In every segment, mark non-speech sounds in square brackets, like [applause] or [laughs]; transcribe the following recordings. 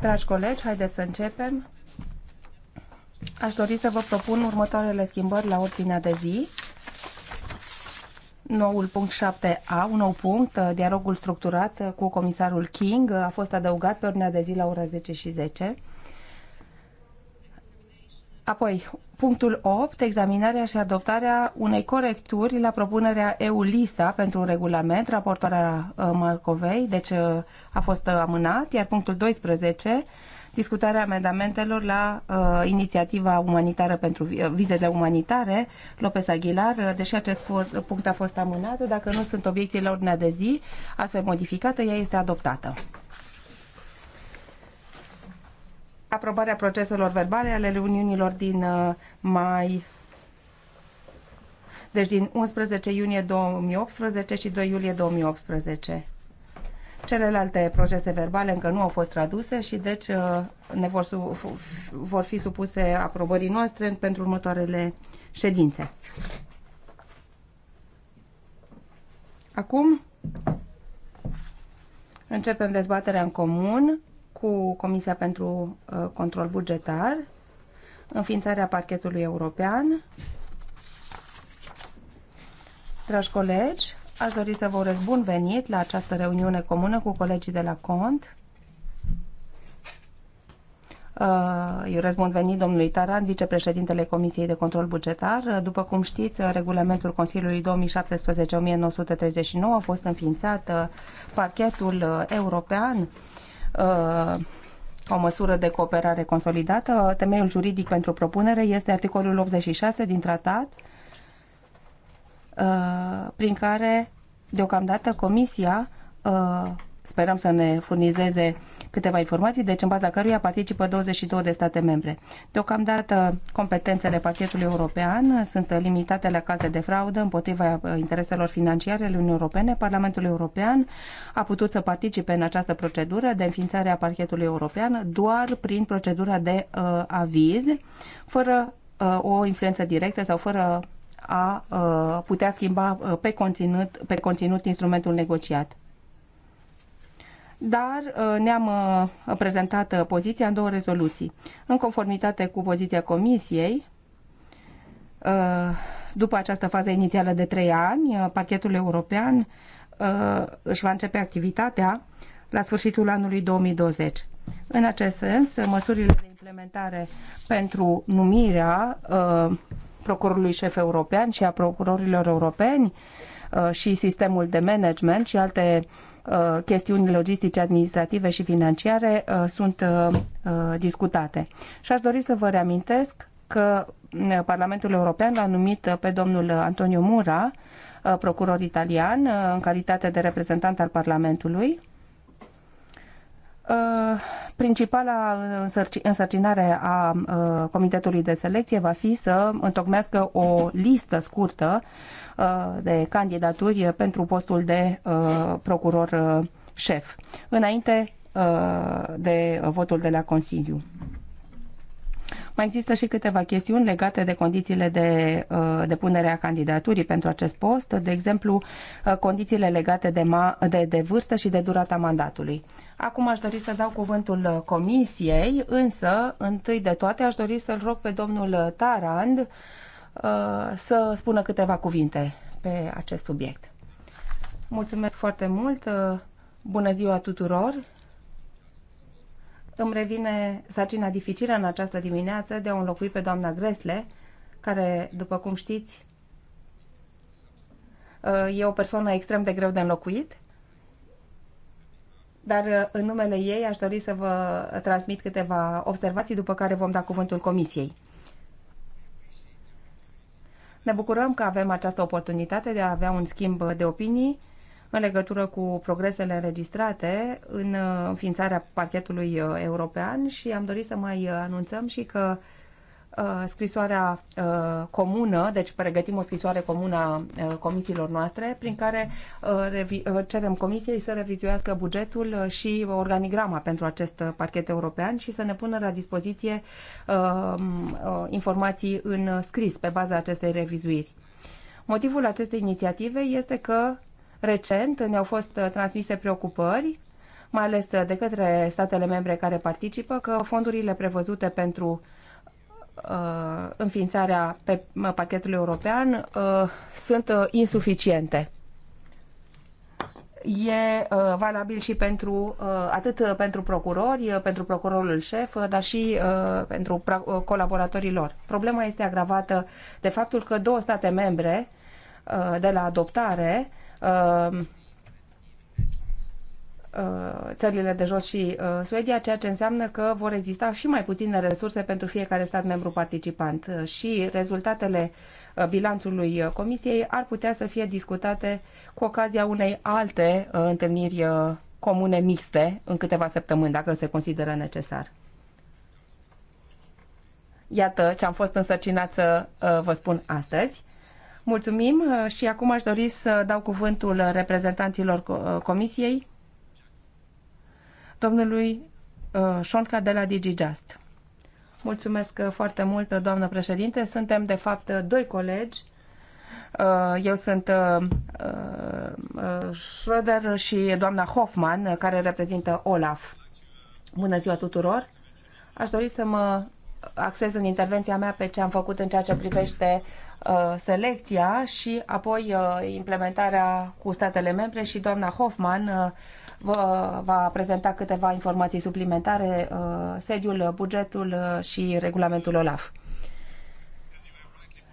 Dragi colegi, haideți să începem. Aș dori să vă propun următoarele schimbări la ordinea de zi. Noul punct 7a, un nou punct, uh, dialogul structurat uh, cu comisarul King, uh, a fost adăugat pe ordinea de zi la ora 10 și 10. Apoi, punctul 8, examinarea și adoptarea unei corecturi la propunerea EU-LISA pentru un regulament, raportarea uh, Marcovei, deci uh, a fost uh, amânat, iar punctul 12, discutarea amendamentelor la uh, inițiativa umanitară pentru vizele umanitare, Lopez Aguilar, deși acest punct a fost amânat, dacă nu sunt obiecții la ordinea de zi, astfel modificată, ea este adoptată. aprobarea proceselor verbale ale reuniunilor din uh, mai, deci din 11 iunie 2018 și 2 iulie 2018. Celelalte procese verbale încă nu au fost traduse și deci uh, ne vor, vor fi supuse aprobării noastre pentru următoarele ședințe. Acum începem dezbaterea în comun cu Comisia pentru uh, Control Bugetar, înființarea parchetului european. Dragi colegi, aș dori să vă urez bun venit la această reuniune comună cu colegii de la CONT. Uh, îi urez bun venit domnului Taran, vicepreședintele Comisiei de Control Bugetar. Uh, după cum știți, regulamentul Consiliului 2017-1939 a fost înființat parchetul european ca uh, o măsură de cooperare consolidată. Temeiul juridic pentru propunere este articolul 86 din tratat, uh, prin care, deocamdată, Comisia uh, sperăm să ne furnizeze câteva informații, deci în baza căruia participă 22 de state membre. Deocamdată, competențele pachetului european sunt limitate la caze de fraudă împotriva uh, intereselor financiare ale Uniunii Europene. Parlamentul European a putut să participe în această procedură de înființare a pachetului european doar prin procedura de uh, aviz, fără uh, o influență directă sau fără a uh, putea schimba uh, pe, conținut, pe conținut instrumentul negociat dar uh, ne-am uh, prezentat uh, poziția în două rezoluții. În conformitate cu poziția Comisiei, după această fază inițială de trei ani, parchetul european își va începe activitatea la sfârșitul anului 2020. În acest sens, măsurile de implementare pentru numirea procurorului șef european și a procurorilor europeni și sistemul de management și alte Uh, chestiuni logistice, administrative și financiare uh, sunt uh, discutate. Și aș dori să vă reamintesc că Parlamentul European l-a numit pe domnul Antonio Mura, procuror italian, în calitate de reprezentant al Parlamentului, Uh, principala însărcinare a uh, Comitetului de Selecție va fi să întocmească o listă scurtă uh, de candidaturi pentru postul de procuror șef, înainte de votul de la Consiliu. Mai există și câteva chestiuni legate de condițiile de depunere a candidaturii pentru acest post, de exemplu, condițiile legate de, de, de vârstă și de durata mandatului. Acum aș dori să dau cuvântul uh, comisiei, însă, întâi de toate, aș dori să-l rog pe domnul uh, Tarand uh, să spună câteva cuvinte pe acest subiect. Mulțumesc foarte mult! Bună ziua tuturor! Îmi revine sarcina dificilă în această dimineață de a înlocui pe doamna Gresle, care, după cum știți, e o persoană extrem de greu de înlocuit dar uh, în numele ei aș dori să vă transmit câteva observații, după care vom da cuvântul Comisiei. Ne bucurăm că avem această oportunitate de a avea un schimb de opinii în legătură cu progresele înregistrate în uh, înființarea parchetului uh, european și am dorit să mai anunțăm și că Uh, scrisoarea uh, comună, deci pregătim o scrisoare comună a uh, comisiilor noastre, prin care cerem comisiei să revizuiască bugetul și organigrama pentru acest parchet european și să ne pună la dispoziție informații în scris pe baza acestei revizuiri. Motivul acestei inițiative este că recent ne-au fost transmise preocupări mai ales de către statele membre care participă, că fondurile prevăzute pentru uh, Uh, înființarea pe pachetul european uh, sunt uh, insuficiente e uh, valabil și pentru uh, atât pentru procurori, uh, pentru procurorul șef, dar și pentru colaboratorii lor. Problema este agravată de faptul că două state membre de la adoptare Uh, țările de jos și uh, Suedia, ceea ce înseamnă că vor exista și mai puține resurse pentru fiecare stat membru participant uh, și rezultatele bilanțului Comisiei ar putea să fie discutate cu ocazia unei alte întâlniri comune mixte în câteva săptămâni, dacă se consideră necesar. Iată ce am fost însărcinat să vă spun astăzi. Mulțumim și acum aș dori să dau cuvântul reprezentanților Comisiei domnului uh, Șonca de la DigiJust. Mulțumesc uh, foarte mult, uh, doamnă președinte. Suntem, de fapt, doi colegi eu sunt Schröder și doamna Hoffman, care reprezintă Olaf. Bună ziua tuturor! Aș dori să mă axez în intervenția mea pe ce am făcut în ceea ce privește Uh, selecția și apoi uh, implementarea cu statele membre și doamna Hoffman uh, vă va prezenta câteva informații suplimentare, sediul, bugetul și regulamentul OLAF.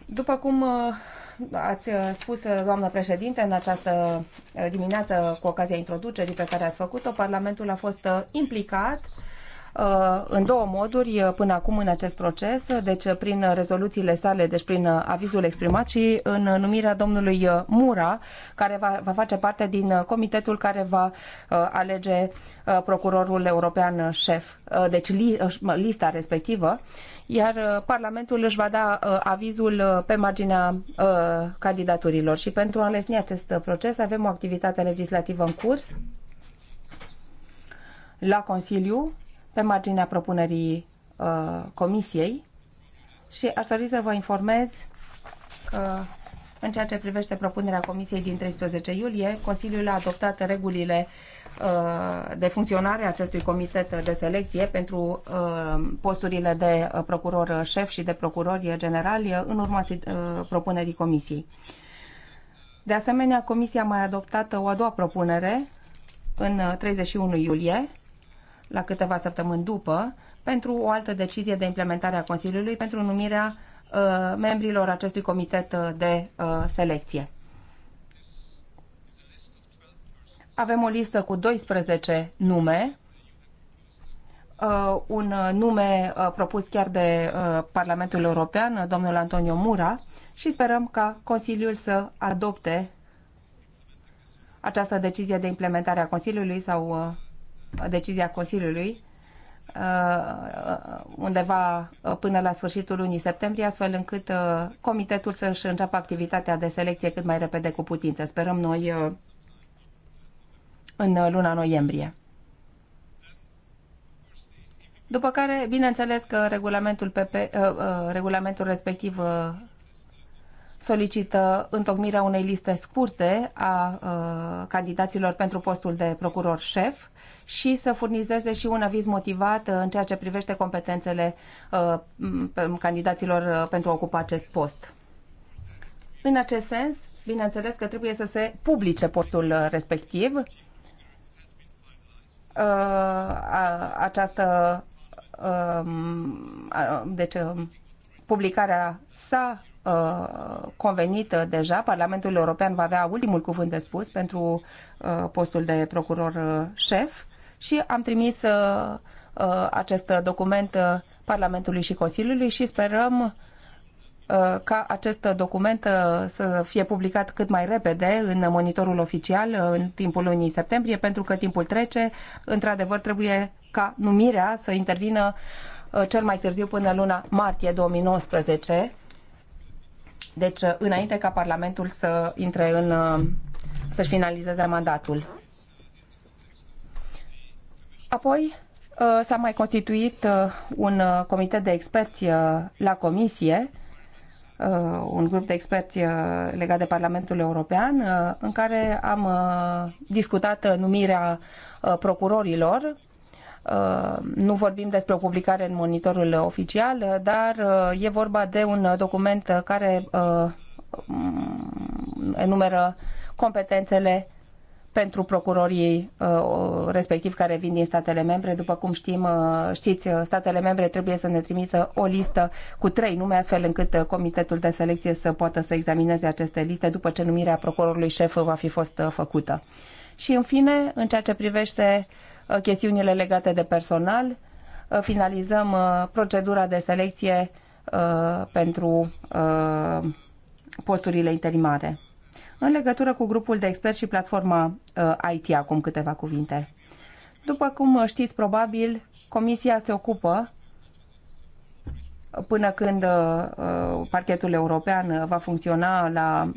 După cum ați spus, doamnă președinte, în această dimineață, cu ocazia introducerii pe care ați făcut-o, Parlamentul a fost implicat Uh, în două moduri uh, până acum în acest proces, uh, deci prin rezoluțiile sale, deci prin avizul exprimat și în numirea domnului Mura, care va, va face parte din comitetul care va alege procurorul european șef, deci lista respectivă iar Parlamentul își va da avizul pe marginea candidaturilor. Și pentru a lesni acest proces avem o activitate legislativă în curs la Consiliu pe marginea propunerii uh, comisiei și aș dori să vă informez că în ceea ce privește propunerea comisiei din 13 iulie, Consiliul a adoptat regulile uh, de funcționare a acestui comitet de selecție pentru uh, posturile de uh, procuror șef și de procuror general uh, în urma uh, propunerii comisiei. De asemenea, Comisia a mai adoptat o a doua propunere în 31 iulie la câteva săptămâni după, pentru o altă decizie de implementare a Consiliului pentru numirea uh, membrilor acestui comitet uh, de uh, selecție. Avem o listă cu 12 nume, uh, un uh, nume uh, propus chiar de uh, Parlamentul European, uh, domnul Antonio Mura, și sperăm ca Consiliul să adopte această decizie de implementare a Consiliului sau decizia Consiliului uh, undeva uh, până la sfârșitul lunii septembrie, astfel încât uh, comitetul să-și înceapă activitatea de selecție cât mai repede cu putință. Sperăm noi în luna noiembrie. După care, bineînțeles că regulamentul, PP, regulamentul respectiv solicită întocmirea unei liste scurte a candidaților pentru postul de procuror șef, și să furnizeze și un aviz motivat uh, în ceea ce privește competențele uh, candidaților uh, pentru a ocupa acest post. În acest sens, bineînțeles că trebuie să se publice postul respectiv. Această um, deci um, publicarea s-a convenit deja. Parlamentul European va avea ultimul cuvânt de spus pentru postul de procuror șef și am trimis uh, uh, acest document uh, Parlamentului și Consiliului și sperăm ca acest document să fie publicat cât mai repede în monitorul oficial în timpul lunii septembrie, pentru că timpul trece. Într-adevăr, trebuie ca numirea să intervină cel mai târziu până luna martie 2019, deci înainte ca Parlamentul să intre în să-și finalizeze mandatul. Apoi uh, s-a mai constituit uh, un uh, comitet de experți la comisie, un grup de experți legat de Parlamentul European, în care am discutat numirea procurorilor nu vorbim despre o publicare în monitorul oficial, dar e vorba de un document care enumeră competențele pentru procurorii uh, respectiv care vin din statele membre. După cum știm, uh, știți, uh, statele membre trebuie să ne trimită o listă cu trei nume, astfel încât comitetul de selecție să poată să examineze aceste liste după ce numirea procurorului șef va fi fost făcută. Și, în fine, în ceea ce privește chestiunile legate de personal, finalizăm procedura de selecție pentru posturile interimare. În legătură cu grupul de experți și platforma uh, IT, acum câteva cuvinte. După cum știți, probabil, Comisia se ocupă până când uh, uh parchetul european uh, va funcționa la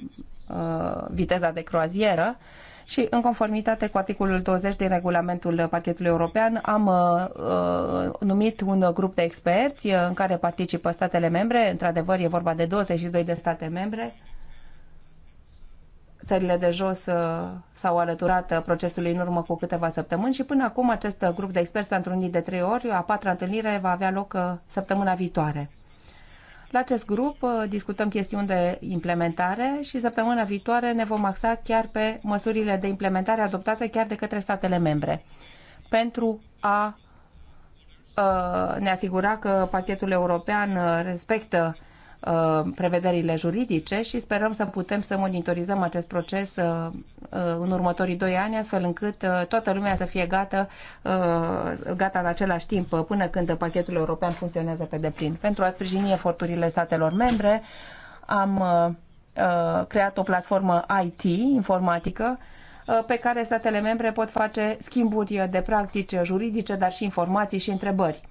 uh, viteza de croazieră și în conformitate cu articolul 20 din regulamentul parchetului european am uh, numit un grup de experți în care participă statele membre, într-adevăr e vorba de 22 de state membre, uh, țările de jos uh, s-au alăturat uh, procesului în urmă cu câteva săptămâni și până acum acest uh, grup de experți s-a întrunit de trei ori, a patra întâlnire va avea loc săptămâna viitoare. La acest grup discutăm chestiuni de implementare și săptămâna viitoare ne vom axa chiar pe măsurile de implementare adoptate chiar de către statele membre pentru a ne asigura că pachetul european respectă Uh, prevederile juridice și sperăm să putem să monitorizăm acest proces uh, uh, în următorii doi ani, astfel încât toată lumea să fie gata, gata în același timp până când pachetul european funcționează pe deplin. Pentru a sprijini eforturile statelor membre, am creat o platformă IT, informatică, pe care statele membre pot face schimburi de practici juridice, dar și informații și întrebări.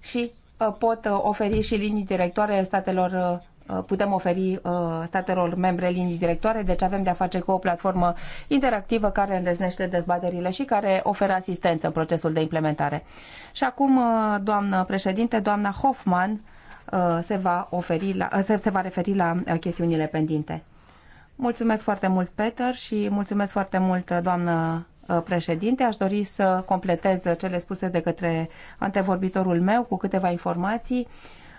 Și Uh, pot uh, oferi și linii directoare statelor uh, putem oferi statelor membre linii directoare, deci avem de-a face cu o platformă interactivă care îndesnește dezbaterile și care oferă asistență în procesul de implementare. Și acum, doamnă președinte, doamna Hoffman se va, oferi la, se, se va referi la chestiunile pendinte. Mulțumesc foarte mult, Peter, și mulțumesc foarte mult, doamnă Uh, președinte. Aș dori să completez cele spuse de către antevorbitorul meu cu câteva informații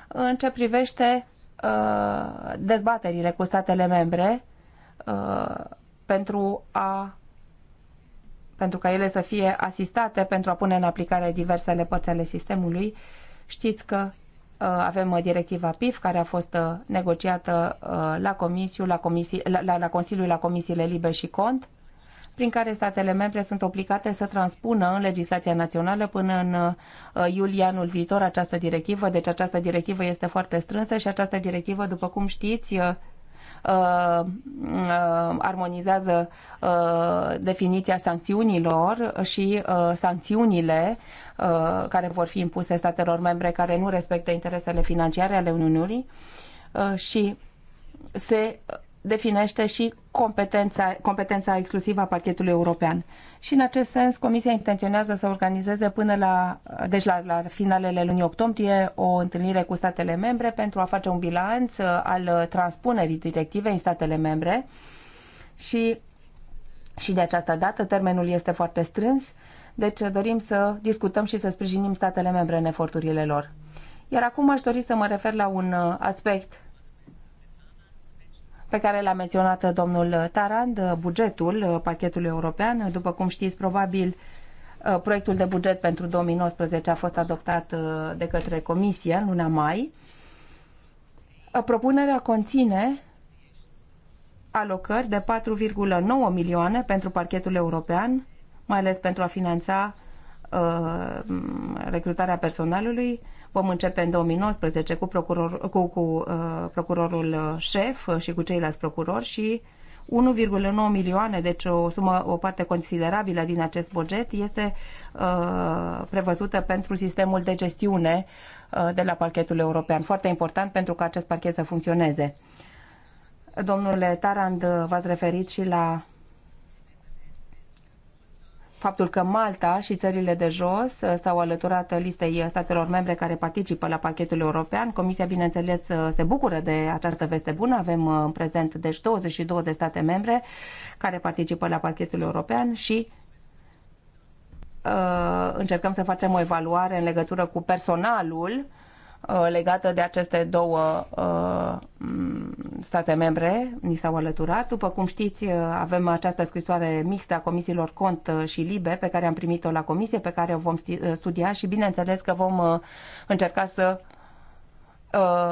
în ce privește uh, dezbaterile cu statele membre uh, pentru a pentru ca ele să fie asistate pentru a pune în aplicare diversele părți ale sistemului. Știți că avem directiva PIF care a fost negociată la, comisiu, la, comisii, la, la, la Consiliu, la comisiile Libe și Cont prin care statele membre sunt obligate să transpună în legislația națională până în uh, iulie anul viitor această directivă. Deci această directivă este foarte strânsă și această directivă, după cum știți, uh, uh, armonizează definiția sancțiunilor și sancțiunile care vor fi impuse statelor membre care nu respectă interesele financiare ale Uniunii și se definește și competența, competența exclusivă a pachetului european. Și în acest sens, Comisia intenționează să organizeze până la, deci la, la finalele lunii octombrie o întâlnire cu statele membre pentru a face un bilanț uh, al uh, transpunerii directivei în statele membre și, și de această dată termenul este foarte strâns, deci uh, dorim să discutăm și să sprijinim statele membre în eforturile lor. Iar acum aș dori să mă refer la un aspect pe care l-a menționat domnul Tarand, bugetul parchetului european. După cum știți, probabil uh, proiectul de buget pentru 2019 a fost adoptat uh, de către Comisie în luna mai. Uh, propunerea conține alocări de 4,9 milioane pentru parchetul european, mai ales pentru a finanța recrutarea personalului, Vom începe în 2019 cu, procuror, cu, cu uh, procurorul șef și cu ceilalți procurori și 1,9 milioane, deci o sumă, o parte considerabilă din acest buget este uh, prevăzută pentru sistemul de gestiune uh, de la parchetul european. Foarte important pentru ca acest parchet să funcționeze. Domnule Tarand, v-ați referit și la faptul că Malta și țările de jos uh, s-au alăturat listei statelor membre care participă la pachetul european. Comisia, bineînțeles, uh, se bucură de această veste bună. Avem uh, în prezent deci 22 de state membre care participă la pachetul european și încercăm să facem o evaluare în legătură cu personalul Uh, legată de aceste două uh, mm, state membre, ni s-au alăturat. După cum știți, uh, avem această scrisoare mixtă a comisiilor Cont și Libe, pe care am primit-o la comisie, pe care o vom studia și bineînțeles că vom încerca să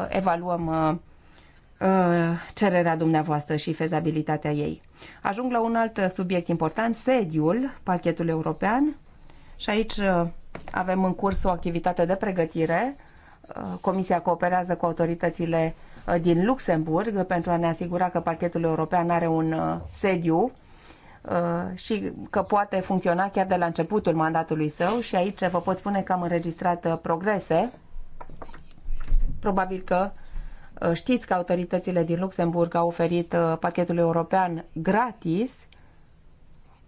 evaluăm cererea dumneavoastră și fezabilitatea ei. Ajung la un alt subiect important, sediul parchetului european și aici avem în curs o activitate de pregătire Uh, Comisia cooperează cu autoritățile uh, din Luxemburg pentru a ne asigura că parchetul european are un uh, sediu și că poate funcționa chiar de la începutul mandatului său și aici vă pot spune că am înregistrat progrese. Probabil că știți că autoritățile din Luxemburg au oferit parchetului european gratis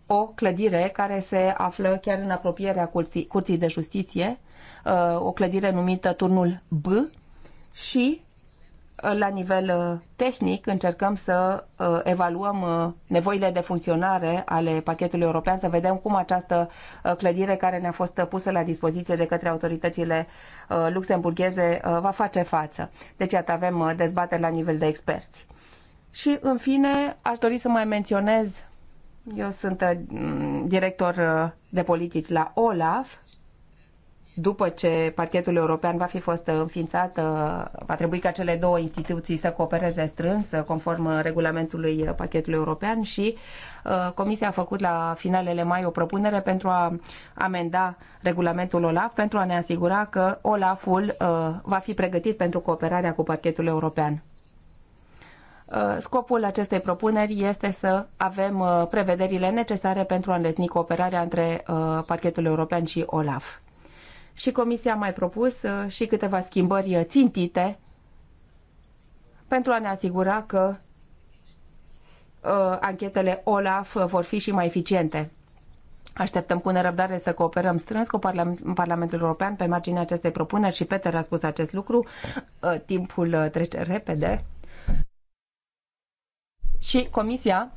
o clădire care se află chiar în apropierea curții, curții de justiție Uh, o clădire numită Turnul B și uh, la nivel uh, tehnic încercăm să evaluăm nevoile de funcționare ale pachetului european, să vedem cum această clădire care ne-a fost pusă la dispoziție de către autoritățile luxemburgheze va face față. Deci, iată, avem dezbateri la nivel de experți. Și, în fine, aș dori să mai menționez, eu sunt director de politici la OLAF, după ce parchetul european va fi fost înființat, uh, va trebui ca cele două instituții să coopereze strâns, uh, conform uh, regulamentului parchetului european și Comisia a făcut la finalele mai o propunere pentru a amenda regulamentul OLAF, pentru a ne asigura că OLAF-ul va fi pregătit pentru cooperarea cu parchetul european. Scopul acestei propuneri este să avem prevederile necesare pentru a înlesni cooperarea între parchetul european și OLAF și Comisia a mai propus uh, și câteva schimbări uh, țintite pentru a ne asigura că uh, anchetele OLAF vor fi și mai eficiente. Așteptăm cu nerăbdare să cooperăm strâns cu Parlamentul European pe marginea acestei propuneri și Peter a spus acest lucru. Timpul trece repede. Și Comisia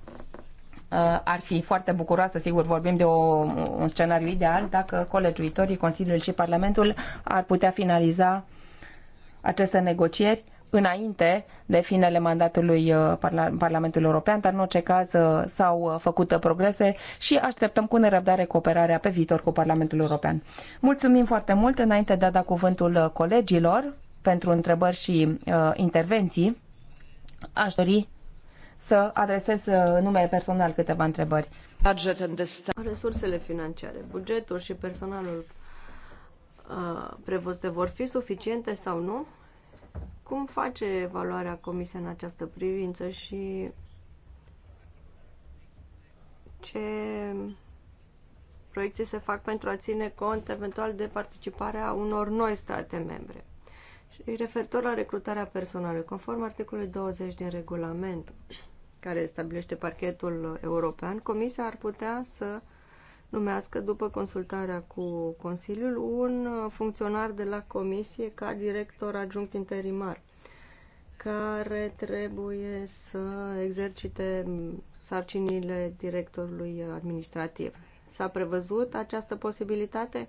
Uh, ar fi foarte bucuroasă, sigur vorbim de o, un scenariu ideal, dacă colegiuitorii, Consiliul și Parlamentul ar putea finaliza aceste negocieri înainte de finele mandatului uh, Parlamentului European, dar în orice caz uh, s-au făcut progrese și așteptăm cu nerăbdare cooperarea pe viitor cu Parlamentul European. Mulțumim foarte mult înainte de a da cuvântul colegilor pentru întrebări și uh, intervenții. Aș dori să adresez uh, în numele personal câteva întrebări. Resursele financiare, bugetul și personalul uh, prevăzute vor fi suficiente sau nu? Cum face evaluarea Comisiei în această privință și ce proiecții se fac pentru a ține cont eventual de participarea unor noi state membre? Și referitor la recrutarea personalului, conform articolului 20 din regulament, care stabilește parchetul european, Comisia ar putea să numească, după consultarea cu Consiliul, un funcționar de la Comisie ca director adjunct interimar, care trebuie să exercite sarcinile directorului administrativ. S-a prevăzut această posibilitate?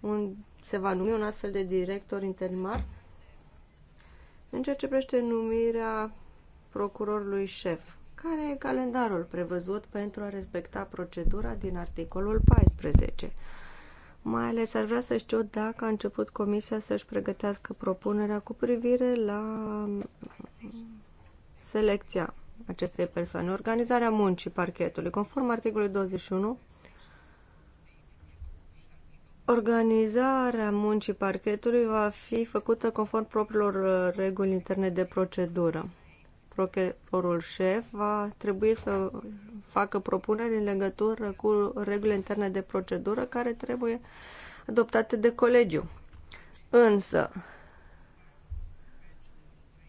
Un, se va numi un astfel de director interimar? În ceea ce privește numirea procurorului șef. Care e calendarul prevăzut pentru a respecta procedura din articolul 14? Mai ales ar vrea să știu dacă a început comisia să-și pregătească propunerea cu privire la um, selecția acestei persoane, organizarea muncii parchetului. Conform articolului 21, organizarea muncii parchetului va fi făcută conform propriilor uh, reguli interne de procedură procurorul șef va trebui să facă propuneri în legătură cu regulile interne de procedură care trebuie adoptate de colegiu. Însă,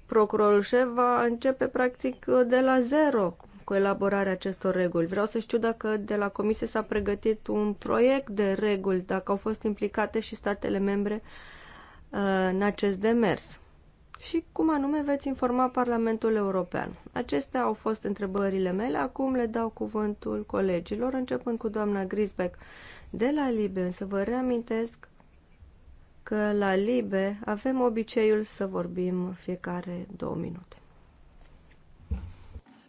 procurorul șef va începe practic de la zero cu elaborarea acestor reguli. Vreau să știu dacă de la comisie s-a pregătit un proiect de reguli, dacă au fost implicate și statele membre uh, în acest demers și cum anume veți informa Parlamentul European. Acestea au fost întrebările mele, acum le dau cuvântul colegilor, începând cu doamna Grisbeck de la Libe, să vă reamintesc că la Libe avem obiceiul să vorbim fiecare două minute.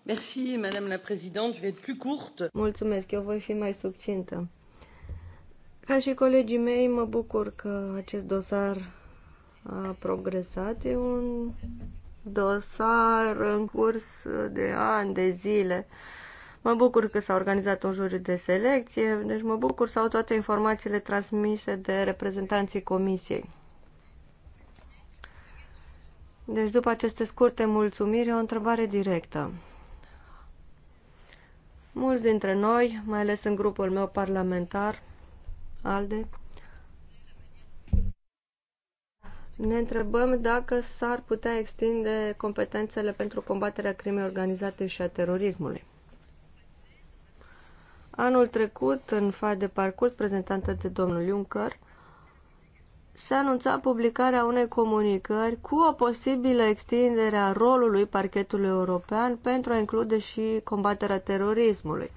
Merci, Madame la Présidente, je vais être plus courte. Mulțumesc, eu voi fi mai succintă. Ca și colegii mei, mă bucur că acest dosar a progresat. E un dosar în curs de ani, de zile. Mă bucur că s-a organizat un juriu de selecție, deci mă bucur să au toate informațiile transmise de reprezentanții comisiei. Deci după aceste scurte mulțumiri, o întrebare directă. Mulți dintre noi, mai ales în grupul meu parlamentar, ALDE, ne întrebăm dacă s-ar putea extinde competențele pentru combaterea crimei organizate și a terorismului. Anul trecut, în faza de parcurs prezentată de domnul Juncker, se anunța publicarea unei comunicări cu o posibilă extindere a rolului parchetului european pentru a include și combaterea terorismului.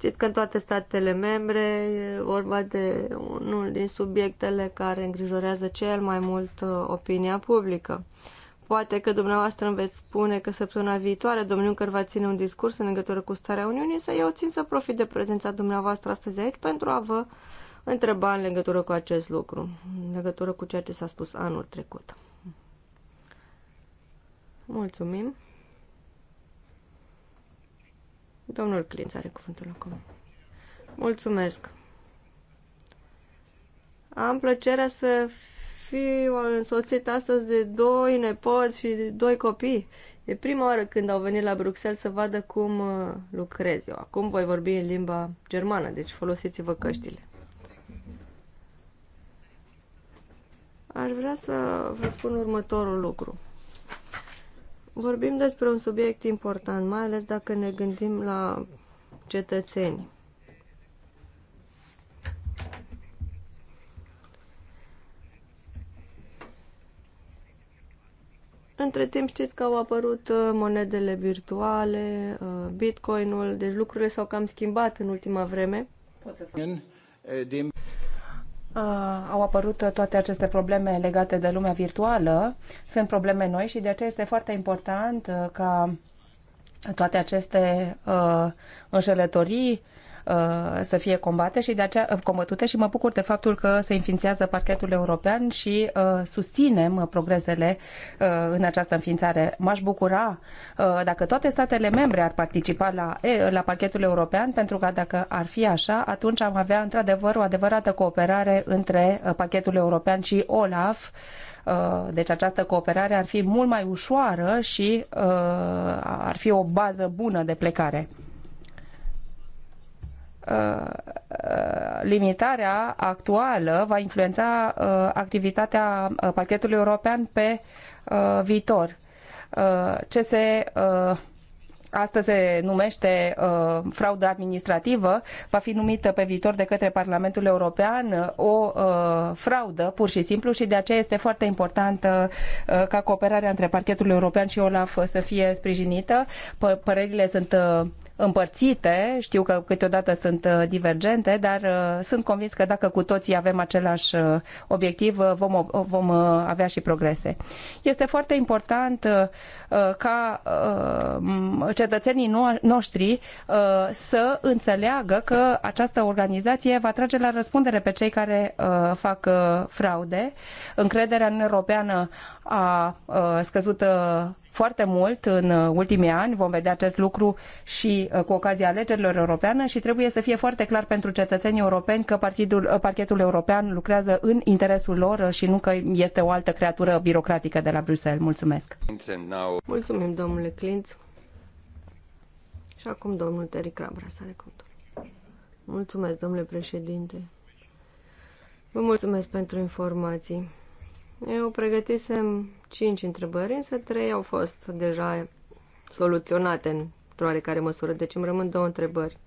Știți că în toate statele membre e vorba de unul din subiectele care îngrijorează cel mai mult uh, opinia publică. Poate că dumneavoastră îmi veți spune că săptămâna viitoare domnul Juncker va ține un discurs în legătură cu starea Uniunii, să eu țin să profit de prezența dumneavoastră astăzi aici pentru a vă întreba în legătură cu acest lucru, în legătură cu ceea ce s-a spus anul trecut. Mulțumim! Domnul Clint are cuvântul acum. Mulțumesc. Am plăcerea să fiu însoțit astăzi de doi nepoți și de doi copii. E prima oară când au venit la Bruxelles să vadă cum uh, lucrez eu. Acum voi vorbi în limba germană, deci folosiți-vă căștile. Aș vrea să vă spun următorul lucru. Vorbim despre un subiect important, mai ales dacă ne gândim la cetățeni. Între timp știți că au apărut uh, monedele virtuale, uh, bitcoinul, deci lucrurile s-au cam schimbat în ultima vreme. să uh, au apărut toate aceste probleme legate de lumea virtuală. Sunt probleme noi și de aceea este foarte important uh, ca toate aceste uh, înșelătorii Uh, să fie combate și de aceea, uh, combătute și mă bucur de faptul că se înființează parchetul european și uh, susținem progresele în această înființare. M-aș bucura dacă toate statele membre ar participa la, la parchetul european, pentru că dacă ar fi așa, atunci am avea într-adevăr o adevărată cooperare între parchetul european și OLAF, deci această cooperare ar fi mult mai ușoară și ar fi o bază bună de plecare. Uh, uh, limitarea actuală va influența uh, activitatea parchetului european pe viitor. Ce se astăzi se numește uh, fraudă administrativă, va fi numită pe viitor de către Parlamentul European o uh, fraudă pur și simplu și de aceea este foarte important uh, ca cooperarea între Parchetul European și OLAF să fie sprijinită. P- părerile sunt uh, împărțite, știu că câteodată sunt uh, divergente, dar uh, sunt convins că dacă cu toții avem același uh, obiectiv, vom, vom avea și progrese. Este foarte important ca cetățenii noștri să înțeleagă că această organizație va trage la răspundere pe cei care fac fraude. Încrederea în europeană a scăzut uh, foarte mult în uh, ultimii ani, vom vedea acest lucru și uh, cu ocazia alegerilor europene și trebuie să fie foarte clar pentru cetățenii europeni că partidul, parchetul european lucrează în interesul lor și nu că este o altă creatură birocratică de la Bruxelles. Mulțumesc! Mulțumim, domnule Clint. Și acum domnul Teric Crabra să are contul. Mulțumesc, domnule președinte. Vă mulțumesc pentru informații. Eu pregătisem cinci întrebări, însă trei au fost deja soluționate în oarecare măsură, deci îmi rămân două întrebări.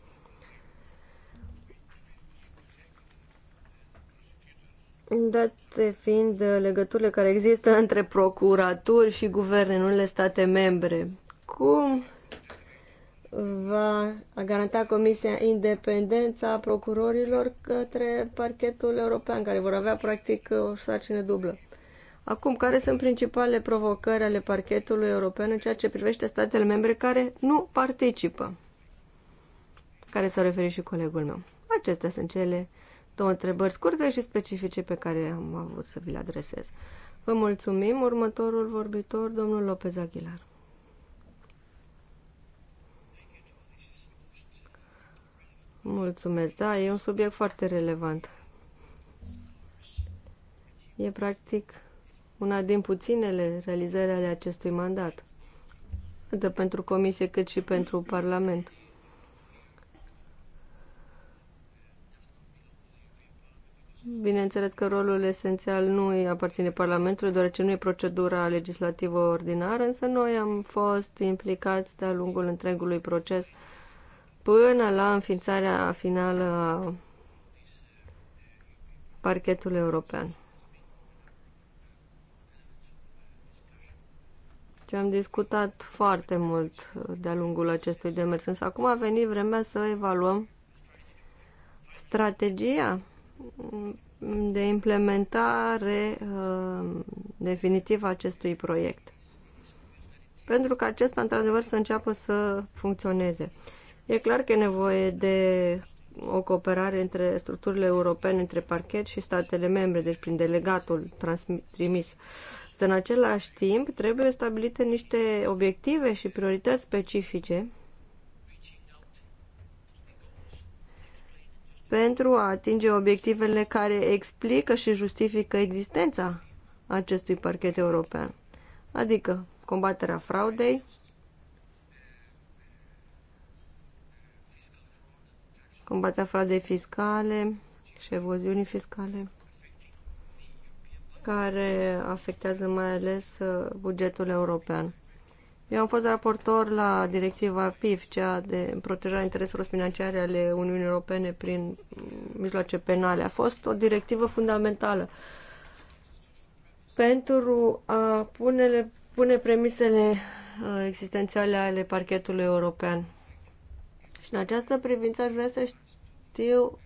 Date fiind legăturile care există între procuraturi și guverne în unele state membre, cum va garanta Comisia independența procurorilor către parchetul european, care vor avea practic o sarcină dublă? Acum, care sunt principalele provocări ale parchetului european în ceea ce privește statele membre care nu participă? Care s-a referit și colegul meu. Acestea sunt cele două întrebări scurte și specifice pe care am avut să vi le adresez. Vă mulțumim. Următorul vorbitor, domnul Lopez Aguilar. Mulțumesc. Da, e un subiect foarte relevant. E practic una din puținele realizări ale acestui mandat, atât pentru Comisie cât și pentru Parlament. Bineînțeles că rolul esențial nu îi aparține Parlamentului, deoarece nu e procedura legislativă ordinară, însă noi am fost implicați de-a lungul întregului proces până la înființarea finală a parchetului european. situație. Deci am discutat foarte mult uh, de-a lungul acestui demers, însă acum a venit vremea să evaluăm strategia mm, de implementare uh, definitivă a acestui proiect. Pentru că acesta, într-adevăr, să înceapă să funcționeze. E clar că e nevoie de o cooperare între structurile europene, între parchet și statele membre, deci prin delegatul trimis. Uh, Însă, în același timp, trebuie stabilite niște obiective și priorități specifice pentru a atinge obiectivele care explică și justifică existența acestui parchet european, adică combaterea fraudei, combaterea fraudei fiscale și evoziunii fiscale care afectează mai ales uh, bugetul european. Eu am fost raportor la directiva PIF, cea de protejarea intereselor financiare ale Uniunii Europene prin mm, mijloace penale. A fost o directivă fundamentală pentru a pune, pune premisele uh, existențiale ale parchetului european. Și în această privință aș vrea să știu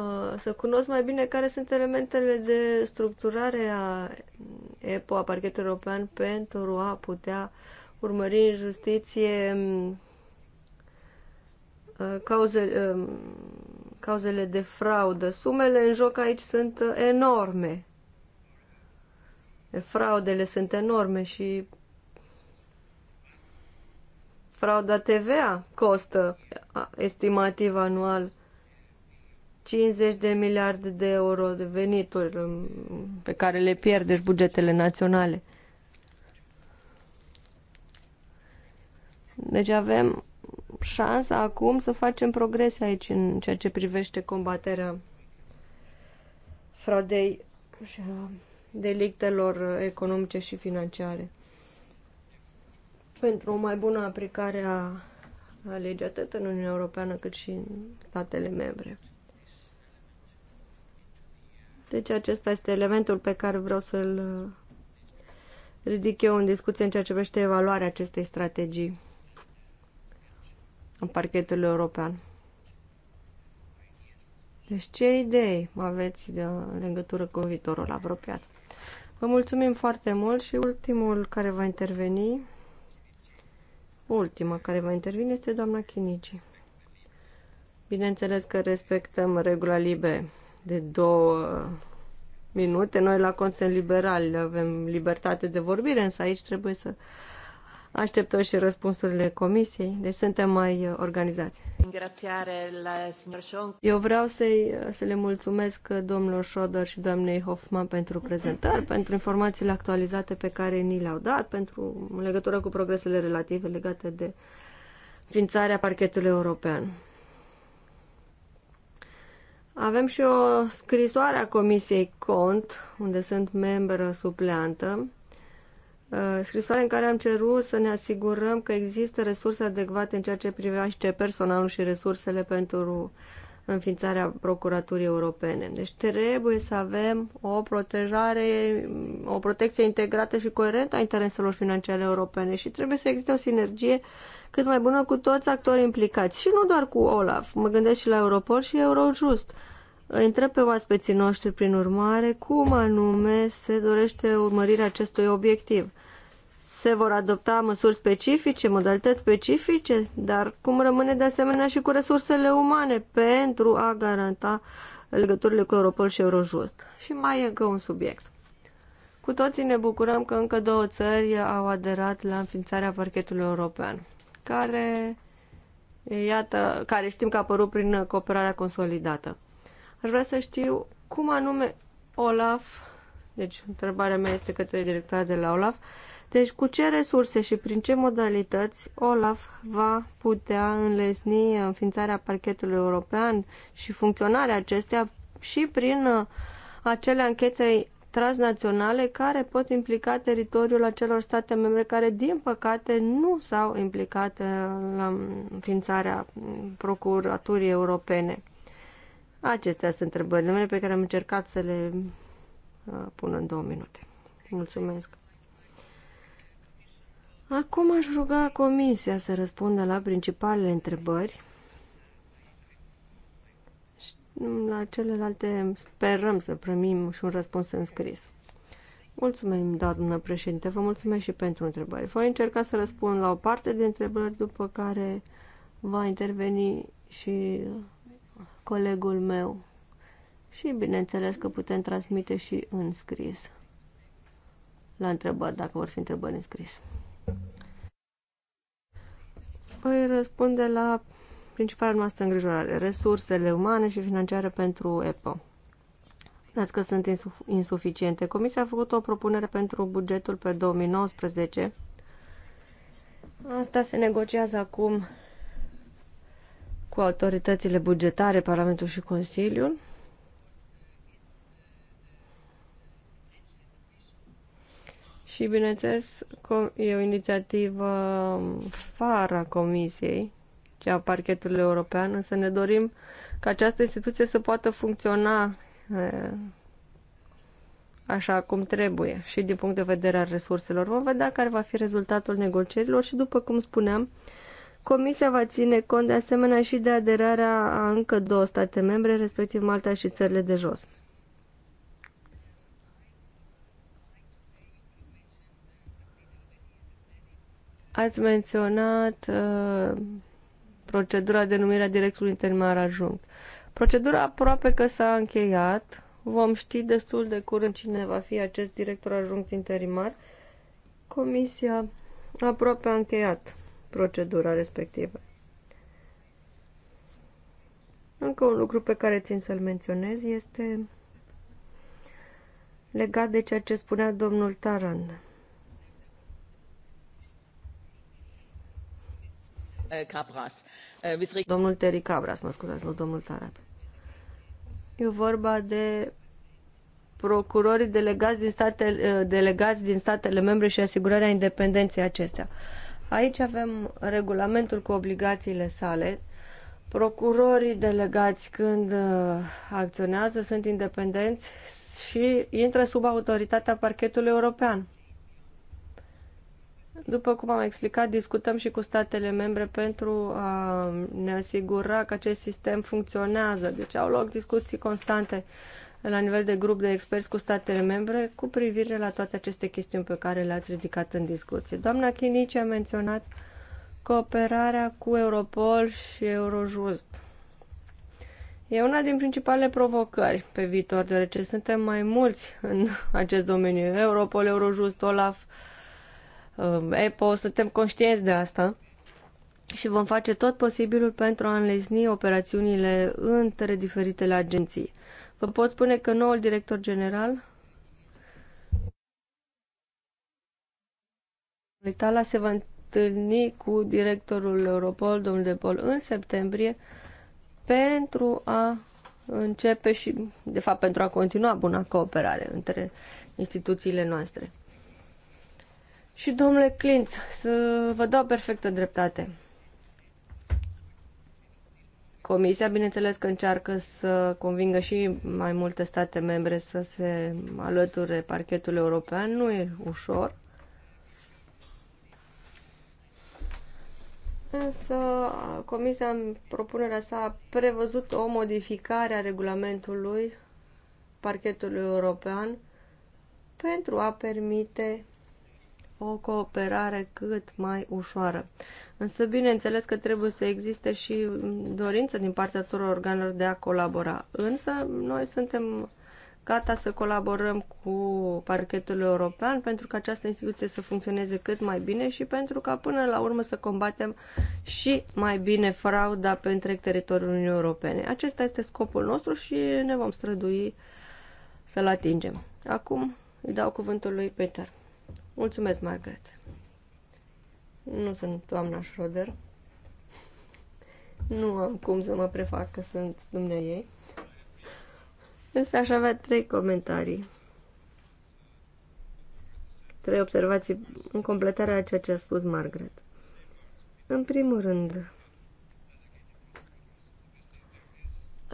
Uh, să cunosc mai bine care sunt elementele de structurare a EPO, a parchetului european, pentru a putea urmări în justiție um, uh, cauze, um, cauzele de fraudă. Sumele în joc aici sunt enorme. Fraudele sunt enorme și frauda TVA costă estimativ anual 50 de miliarde de euro de venituri um, pe care le pierdești bugetele naționale. Deci avem șansa acum să facem progrese aici în ceea ce privește combaterea fraudei și a delictelor economice și financiare. Pentru o mai bună aplicare a legii atât în Uniunea Europeană cât și în statele membre. Deci acesta este elementul pe care vreau să-l uh, ridic eu în discuție în ceea ce privește evaluarea acestei strategii în parchetul european. Deci ce idei aveți de legătură cu viitorul apropiat? Vă mulțumim foarte mult și ultimul care va interveni, ultima care va interveni este doamna Chinici. Bineînțeles că respectăm regula libe de două minute. Noi la Consen Liberal avem libertate de vorbire, însă aici trebuie să așteptăm și răspunsurile comisiei, deci suntem mai uh, organizați. Eu vreau să uh, să le mulțumesc domnilor Schroeder și doamnei Hoffman pentru prezentări, pentru informațiile actualizate pe care ni le-au dat, pentru în legătură cu progresele relative legate de ființarea parchetului european. Avem și o scrisoare a Comisiei Cont, unde sunt membră supleantă, uh, scrisoare în care am cerut să ne asigurăm că există resurse adecvate în ceea ce privește personalul și resursele pentru înființarea Procuraturii Europene. Deci trebuie să avem o protejare, o protecție integrată și coerentă a intereselor financiare europene și trebuie să existe o sinergie uh, cât mai bună cu toți actorii implicați și nu doar cu Olaf. Mă gândesc și la Europol și Eurojust. Îi întreb pe oaspeții noștri, prin urmare, cum anume se dorește urmărirea acestui obiectiv. Se vor adopta măsuri specifice, modalități specifice, dar cum rămâne de asemenea și cu resursele umane pentru a garanta legăturile cu Europol și Eurojust. Și mai e încă un subiect. Cu toții ne bucurăm că încă două țări au aderat la înființarea parchetului european care, iată, care știm că a apărut prin cooperarea consolidată. Aș vrea să știu cum anume Olaf, deci întrebarea mea este către directora de la Olaf, deci cu ce resurse și prin ce modalități Olaf va putea înlesni înființarea parchetului european și funcționarea acestea și prin uh, acele anchete transnaționale care pot implica teritoriul acelor state membre care, din păcate, nu s-au implicat uh, la înființarea Procuraturii Europene. Acestea sunt întrebările mele pe care am încercat să le uh, pun în două minute. Mulțumesc! Acum aș ruga Comisia să răspundă la principalele întrebări la celelalte sperăm să primim și un răspuns în scris. Mulțumim, da, doamnă președinte, vă mulțumesc și pentru întrebări. Voi încerca să răspund la o parte de întrebări, după care va interveni și colegul meu. Și bineînțeles că putem transmite și în scris la întrebări, dacă vor fi întrebări în scris. Voi răspunde la principala noastră îngrijorare, resursele umane și financiare pentru EPO. Dați că sunt insuf insuficiente. Comisia a făcut o propunere pentru bugetul pe 2019. Asta se negociază acum cu autoritățile bugetare, Parlamentul și Consiliul. Și, bineînțeles, e o inițiativă fara Comisiei cea a parchetului european, însă ne dorim ca această instituție să poată funcționa așa cum trebuie și din punct de vedere al resurselor. Vom vedea care va fi rezultatul negocierilor și, după cum spuneam, Comisia va ține cont de asemenea și de aderarea a încă două state membre, respectiv Malta și țările de jos. Ați menționat uh, procedura de numire a directului interimar ajunct. Procedura aproape că s-a încheiat. Vom ști destul de curând cine va fi acest director ajunct interimar. Comisia aproape a încheiat procedura respectivă. Încă un lucru pe care țin să-l menționez este legat de ceea ce spunea domnul Taran. Eh, eh, domnul Terry Cabras, mă scuzați, nu domnul Tarap. E vorba de procurorii delegați din, state, eh, delegați din statele membre și asigurarea independenței acestea. Aici avem regulamentul cu obligațiile sale. Procurorii delegați când acționează sunt independenți și intră sub autoritatea parchetului european. După cum am explicat, discutăm și cu statele membre pentru a ne asigura că acest sistem funcționează. Deci au loc discuții constante la nivel de grup de experți cu statele membre cu privire la toate aceste chestiuni pe care le-ați ridicat în discuție. Doamna Chinici a menționat cooperarea cu Europol și Eurojust. E una din principalele provocări pe viitor, deoarece suntem mai mulți în acest domeniu. Europol, Eurojust, Olaf, uh, Apple, um, suntem conștienți de asta și vom face tot posibilul pentru a înlesni operațiunile între diferitele agenții. Vă pot spune că noul director general Itala se va întâlni cu directorul Europol, domnul De Pol, în septembrie pentru a începe și, de fapt, pentru a continua buna cooperare între instituțiile noastre. Și domnule Clint, să vă dau perfectă dreptate. Comisia, bineînțeles că încearcă să convingă și mai multe state membre să se alăture parchetul european. Nu e ușor. Însă Comisia în propunerea sa a prevăzut o modificare a regulamentului parchetului european pentru a permite o cooperare cât mai ușoară. Însă, bineînțeles că trebuie să existe și dorință din partea tuturor organelor de a colabora. Însă, noi suntem gata să colaborăm cu parchetul european pentru ca această instituție să funcționeze cât mai bine și pentru ca până la urmă să combatem și mai bine frauda pe întreg teritoriul Uniunii Europene. Acesta este scopul nostru și ne vom strădui să-l atingem. Acum îi dau cuvântul lui Peter. Mulțumesc, Margaret. Nu sunt doamna Schroeder. Nu am cum să mă prefac că sunt dumneai ei. Însă aș avea trei comentarii. Trei observații în completarea a ceea ce a spus Margaret. În primul rând,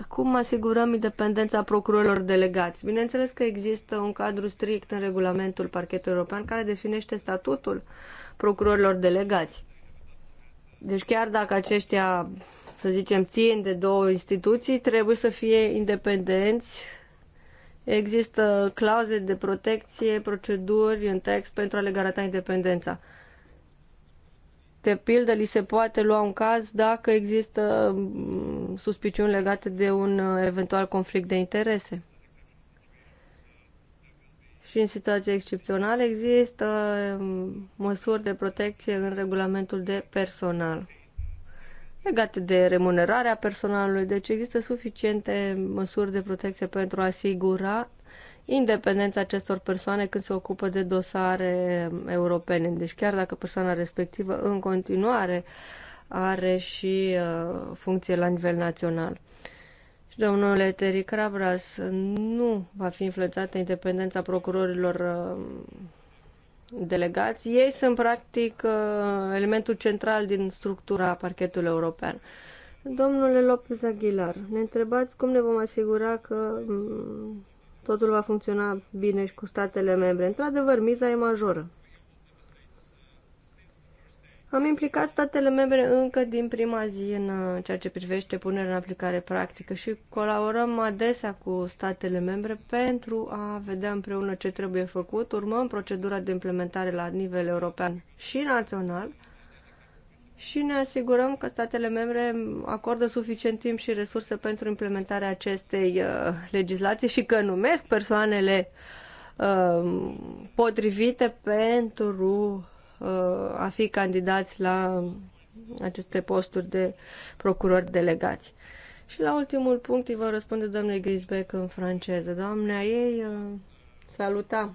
Cum asigurăm independența procurorilor delegați? Bineînțeles că există un cadru strict în regulamentul parchetului european care definește statutul procurorilor delegați. Deci chiar dacă aceștia, să zicem, țin de două instituții, trebuie să fie independenți. Există clauze de protecție, proceduri în text pentru a le garanta independența. De pildă, li se poate lua un caz dacă există mm, suspiciuni legate de un uh, eventual conflict de interese. Și în situații excepționale există mm, măsuri de protecție în regulamentul de personal legate de remunerarea personalului, deci există suficiente măsuri de protecție pentru a asigura independența acestor persoane când se ocupă de dosare europene. Deci chiar dacă persoana respectivă în continuare are și uh, funcție la nivel național. Și domnule Terry Crabras, nu va fi influențată independența procurorilor uh, delegați. Ei sunt practic uh, elementul central din structura parchetului european. Domnule Lopez Aguilar, ne întrebați cum ne vom asigura că mm, totul va funcționa bine și cu statele membre. Într-adevăr, miza e majoră. Am implicat statele membre încă din prima zi în uh, ceea ce privește punerea în aplicare practică și colaborăm adesea cu statele membre pentru a vedea împreună ce trebuie făcut. Urmăm procedura de implementare la nivel european și național și ne asigurăm că statele membre acordă suficient timp și resurse pentru implementarea acestei uh, legislații și că numesc persoanele uh, potrivite pentru uh, a fi candidați la aceste posturi de procurori delegați. Și la ultimul punct îi vă răspunde doamnei Grisbeck în franceză. Doamnea ei uh, saluta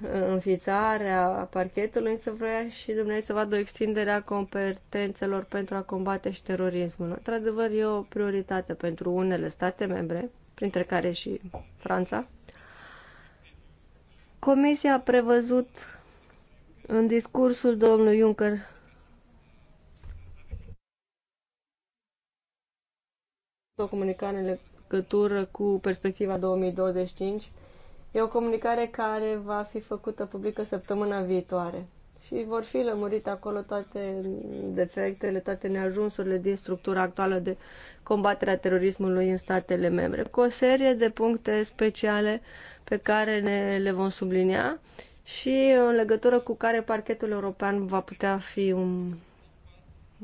înfițarea parchetului, însă vrea și dumneavoastră să vadă o extindere a competențelor pentru a combate și terorismul. Într-adevăr, e o prioritate pentru unele state membre, printre care și Franța. Comisia a prevăzut în discursul domnului Juncker o comunicare în legătură cu perspectiva 2025 E o comunicare care va fi făcută publică săptămâna viitoare și vor fi lămurite acolo toate defectele, toate neajunsurile din structura actuală de combaterea terorismului în statele membre, cu o serie de puncte speciale pe care ne le vom sublinia și în legătură cu care parchetul european va putea fi un,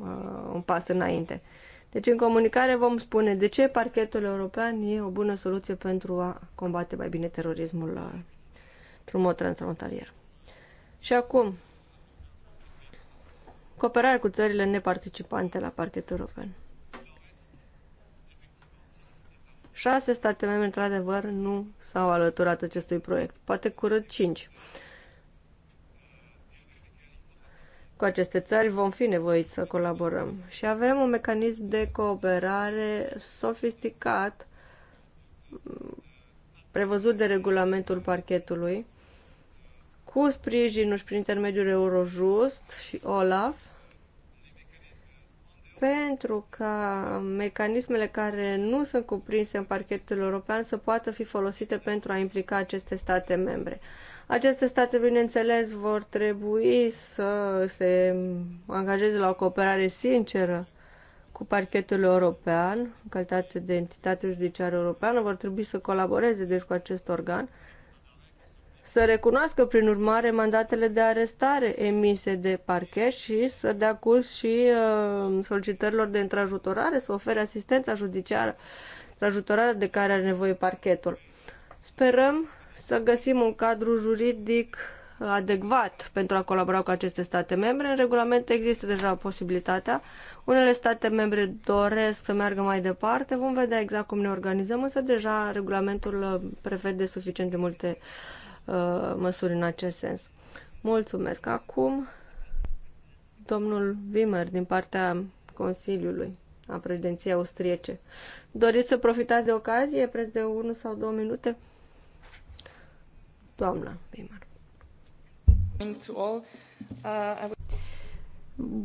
uh, un pas înainte. Deci în comunicare vom spune de ce parchetul european e o bună soluție pentru a combate mai bine terorismul la, uh, într-un mod transfrontalier. Și acum, cooperare cu țările neparticipante la parchetul european. Șase state membre, într-adevăr, nu s-au alăturat acestui proiect, poate curând cinci. cu aceste țări vom fi nevoiți să colaborăm. Și avem un mecanism de cooperare sofisticat prevăzut de regulamentul parchetului cu sprijinul și prin intermediul Eurojust și OLAF pentru ca mecanismele care nu sunt cuprinse în parchetul european să poată fi folosite pentru a implica aceste state membre. Aceste state, bineînțeles, vor trebui să se angajeze la o cooperare sinceră cu parchetul european, în calitate de entitate judiciară europeană, vor trebui să colaboreze deci cu acest organ, să recunoască prin urmare mandatele de arestare emise de parchet și să dea curs și uh, solicitărilor de întrajutorare, să ofere asistența judiciară, întrajutorare de care are nevoie parchetul. Sperăm să găsim un cadru juridic adecvat pentru a colabora cu aceste state membre. În regulament există deja posibilitatea. Unele state membre doresc să meargă mai departe. Vom vedea exact cum ne organizăm, însă deja regulamentul prevede suficient de multe uh, măsuri în acest sens. Mulțumesc. Acum, domnul Wimmer, din partea Consiliului a președinției austriece. Doriți să profitați de ocazie, preț de 1 sau 2 minute? Doamna Weimar.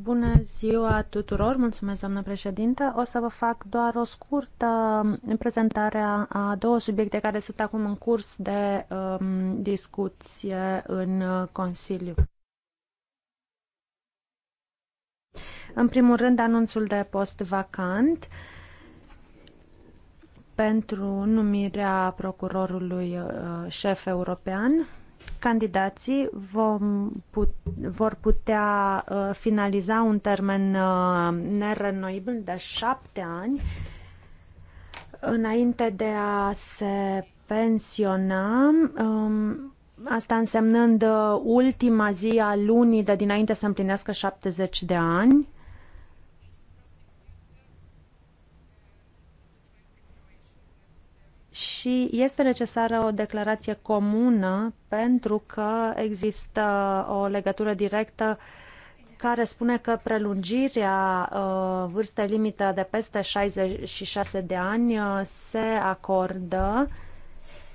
Bună ziua tuturor, mulțumesc doamnă președintă. O să vă fac doar o scurtă prezentare a două subiecte care sunt acum în curs de um, discuție în Consiliu. În primul rând, anunțul de post vacant. Uh, pentru numirea procurorului uh, șef european. Candidații vom put, vor putea uh, finaliza un termen uh, nerenoibil de șapte ani înainte de a se pensiona. Um, asta însemnând ultima zi a lunii de dinainte să împlinească 70 de ani. și este necesară o declarație comună pentru că există o legătură directă care spune că prelungirea uh, vârstei limită de peste 66 de ani uh, se acordă,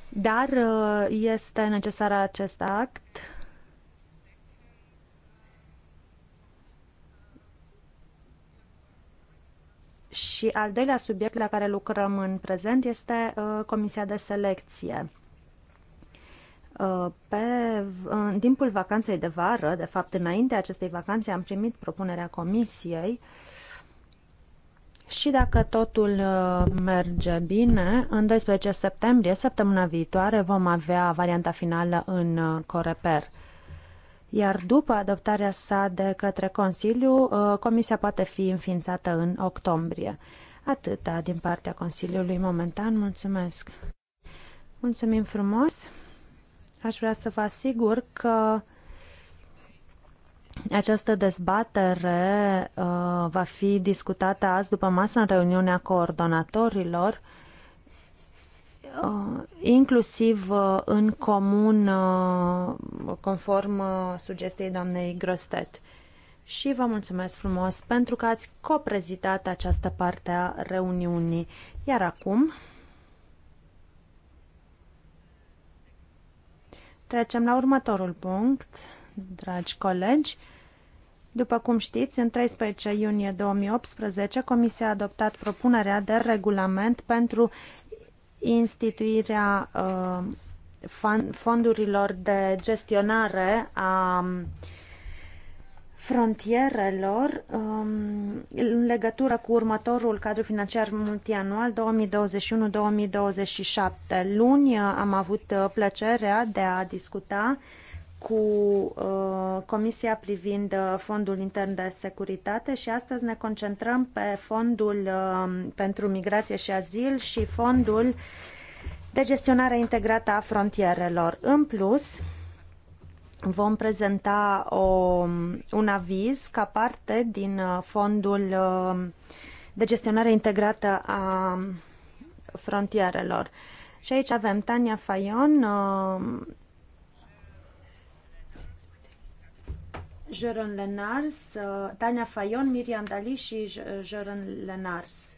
dar uh, este necesar acest act Și al doilea subiect la care lucrăm în prezent este uh, comisia de selecție. Uh, pe, în timpul vacanței de vară, de fapt înainte acestei vacanțe, am primit propunerea comisiei și dacă totul uh, merge bine, în 12 septembrie, săptămâna viitoare, vom avea varianta finală în Coreper iar după adoptarea sa de către Consiliu, uh, comisia poate fi înființată în octombrie. Atâta din partea Consiliului momentan. Mulțumesc! Mulțumim frumos! Aș vrea să vă asigur că această dezbatere uh, va fi discutată azi după masă în reuniunea coordonatorilor Uh, inclusiv uh, în comun, uh, conform sugestiei doamnei Grostet. Și vă mulțumesc frumos pentru că ați coprezitat această parte a reuniunii. Iar acum trecem la următorul punct, dragi colegi. După cum știți, în 13 iunie 2018, Comisia a adoptat propunerea de regulament pentru instituirea uh, fondurilor de gestionare a um, frontierelor um, în legătură cu următorul cadru financiar multianual 2021-2027. Luni uh, am avut uh, plăcerea de a discuta cu uh, Comisia privind uh, Fondul Intern de Securitate și astăzi ne concentrăm pe Fondul uh, pentru Migrație și Azil și Fondul de Gestionare Integrată a Frontierelor. În plus, vom prezenta o, un aviz ca parte din uh, Fondul uh, de Gestionare Integrată a Frontierelor. Și aici avem Tania Fayon, uh, Jeron Lenars, euh, Tania Fayon, Miriam Dali și Jeron Lenars.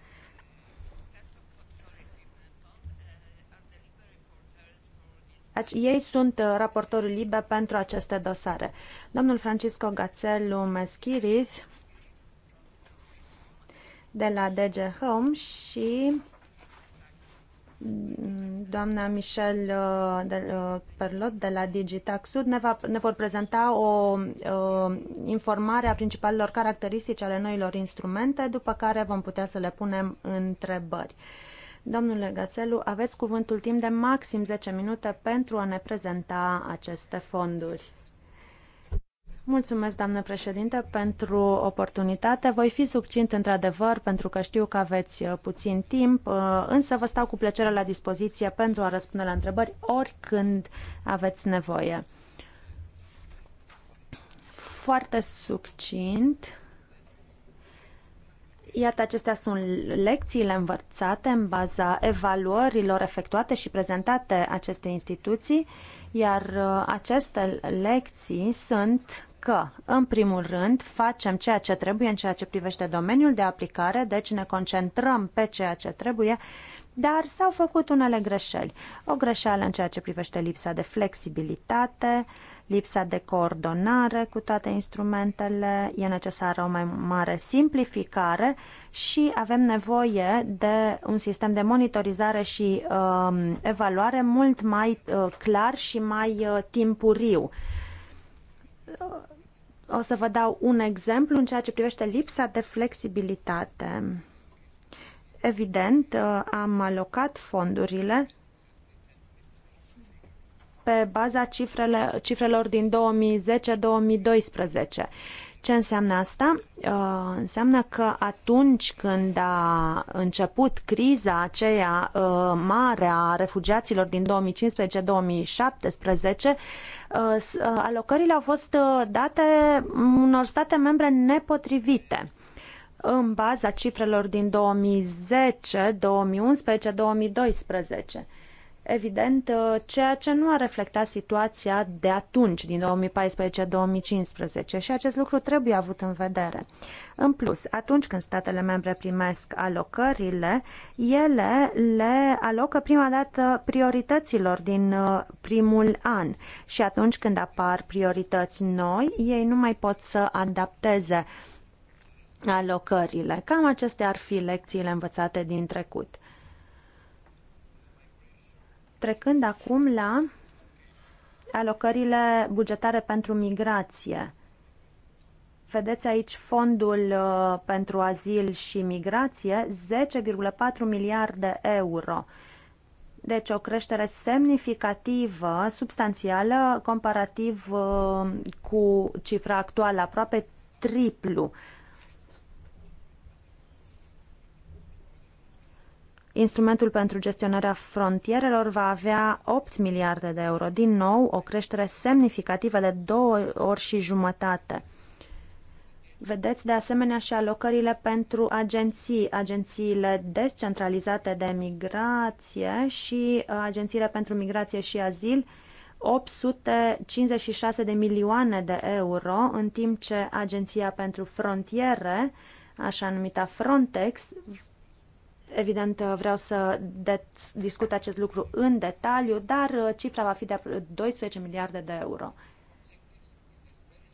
Deci, ei sunt uh, raportorul liber pentru aceste dosare. Domnul Francisco Gațelu Meschiriz de la DG Home și doamna Michel uh, uh, Perlot de la Digitax Sud ne, va, ne vor prezenta o uh, informare a principalelor caracteristici ale noilor instrumente, după care vom putea să le punem întrebări. Domnule Gațelu, aveți cuvântul timp de maxim 10 minute pentru a ne prezenta aceste fonduri. Mulțumesc, doamnă președinte, pentru oportunitate. Voi fi succint într-adevăr, pentru că știu că aveți uh, puțin timp, uh, însă vă stau cu plăcere la dispoziție pentru a răspunde la întrebări oricând aveți nevoie. Foarte succint. Iată, acestea sunt lecțiile învățate în baza evaluărilor efectuate și prezentate aceste instituții, iar uh, aceste lecții sunt că, în primul rând, facem ceea ce trebuie în ceea ce privește domeniul de aplicare, deci ne concentrăm pe ceea ce trebuie, dar s-au făcut unele greșeli. O greșeală în ceea ce privește lipsa de flexibilitate, lipsa de coordonare cu toate instrumentele, e necesară o mai mare simplificare și avem nevoie de un sistem de monitorizare și uh, evaluare mult mai uh, clar și mai uh, timpuriu o să vă dau un exemplu în ceea ce privește lipsa de flexibilitate. Evident, uh, am alocat fondurile pe baza cifrele, cifrelor din 2010-2012 ce înseamnă asta? Uh, înseamnă că atunci când a început criza aceea uh, mare a refugiaților din 2015-2017, uh, uh, alocările au fost uh, date unor state membre nepotrivite în baza cifrelor din 2010, 2011, 2012 evident, uh, ceea ce nu a reflectat situația de atunci, din 2014-2015 și acest lucru trebuie avut în vedere. În plus, atunci când statele membre primesc alocările, ele le alocă prima dată priorităților din uh, primul an și atunci când apar priorități noi, ei nu mai pot să adapteze alocările. Cam acestea ar fi lecțiile învățate din trecut. Trecând acum la alocările bugetare pentru migrație. Vedeți aici fondul uh, pentru azil și migrație, 10,4 miliarde euro. Deci o creștere semnificativă, substanțială, comparativ uh, cu cifra actuală, aproape triplu Instrumentul pentru gestionarea frontierelor va avea 8 miliarde de euro, din nou o creștere semnificativă de două ori și jumătate. Vedeți de asemenea și alocările pentru agenții, agențiile descentralizate de migrație și uh, agențiile pentru migrație și azil, 856 de milioane de euro, în timp ce Agenția pentru Frontiere, așa numita Frontex, Evident, vreau să discut acest lucru în detaliu, dar uh, cifra va fi de 12 miliarde de euro.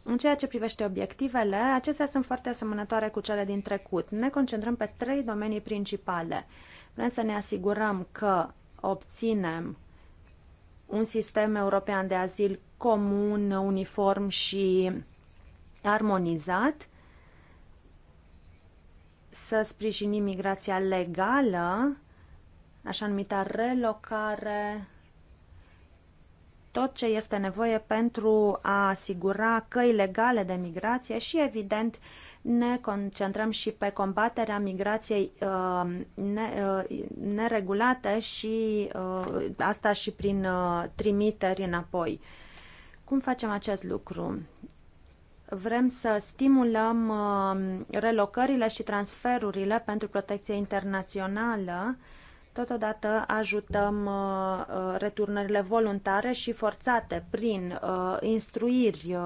În ceea ce privește obiectivele, acestea sunt foarte asemănătoare cu cele din trecut. Ne concentrăm pe trei domenii principale. Vrem să ne asigurăm că obținem un sistem european de azil comun, uniform și armonizat să sprijinim migrația legală, așa numita relocare, tot ce este nevoie pentru a asigura căi legale de migrație și, evident, ne concentrăm și pe combaterea migrației uh, ne, uh, neregulate și uh, asta și prin uh, trimiteri înapoi. Cum facem acest lucru? vrem să stimulăm uh, relocările și transferurile pentru protecție internațională. Totodată ajutăm uh, uh, returnările voluntare și forțate prin instruiri,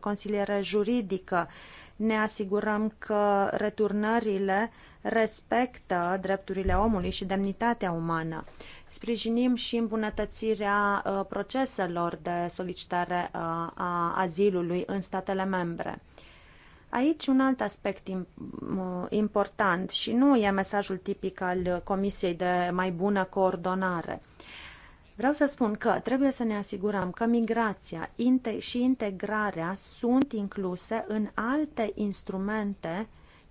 consiliere juridică. Ne asigurăm că returnările respectă drepturile omului și demnitatea umană. Sprijinim și îmbunătățirea uh, proceselor de solicitare uh, a azilului în statele membre. Aici un alt aspect uh, important și nu e mesajul tipic al Comisiei de mai bună coordonare. Vreau să spun că trebuie să ne asigurăm că migrația și integrarea sunt incluse în alte instrumente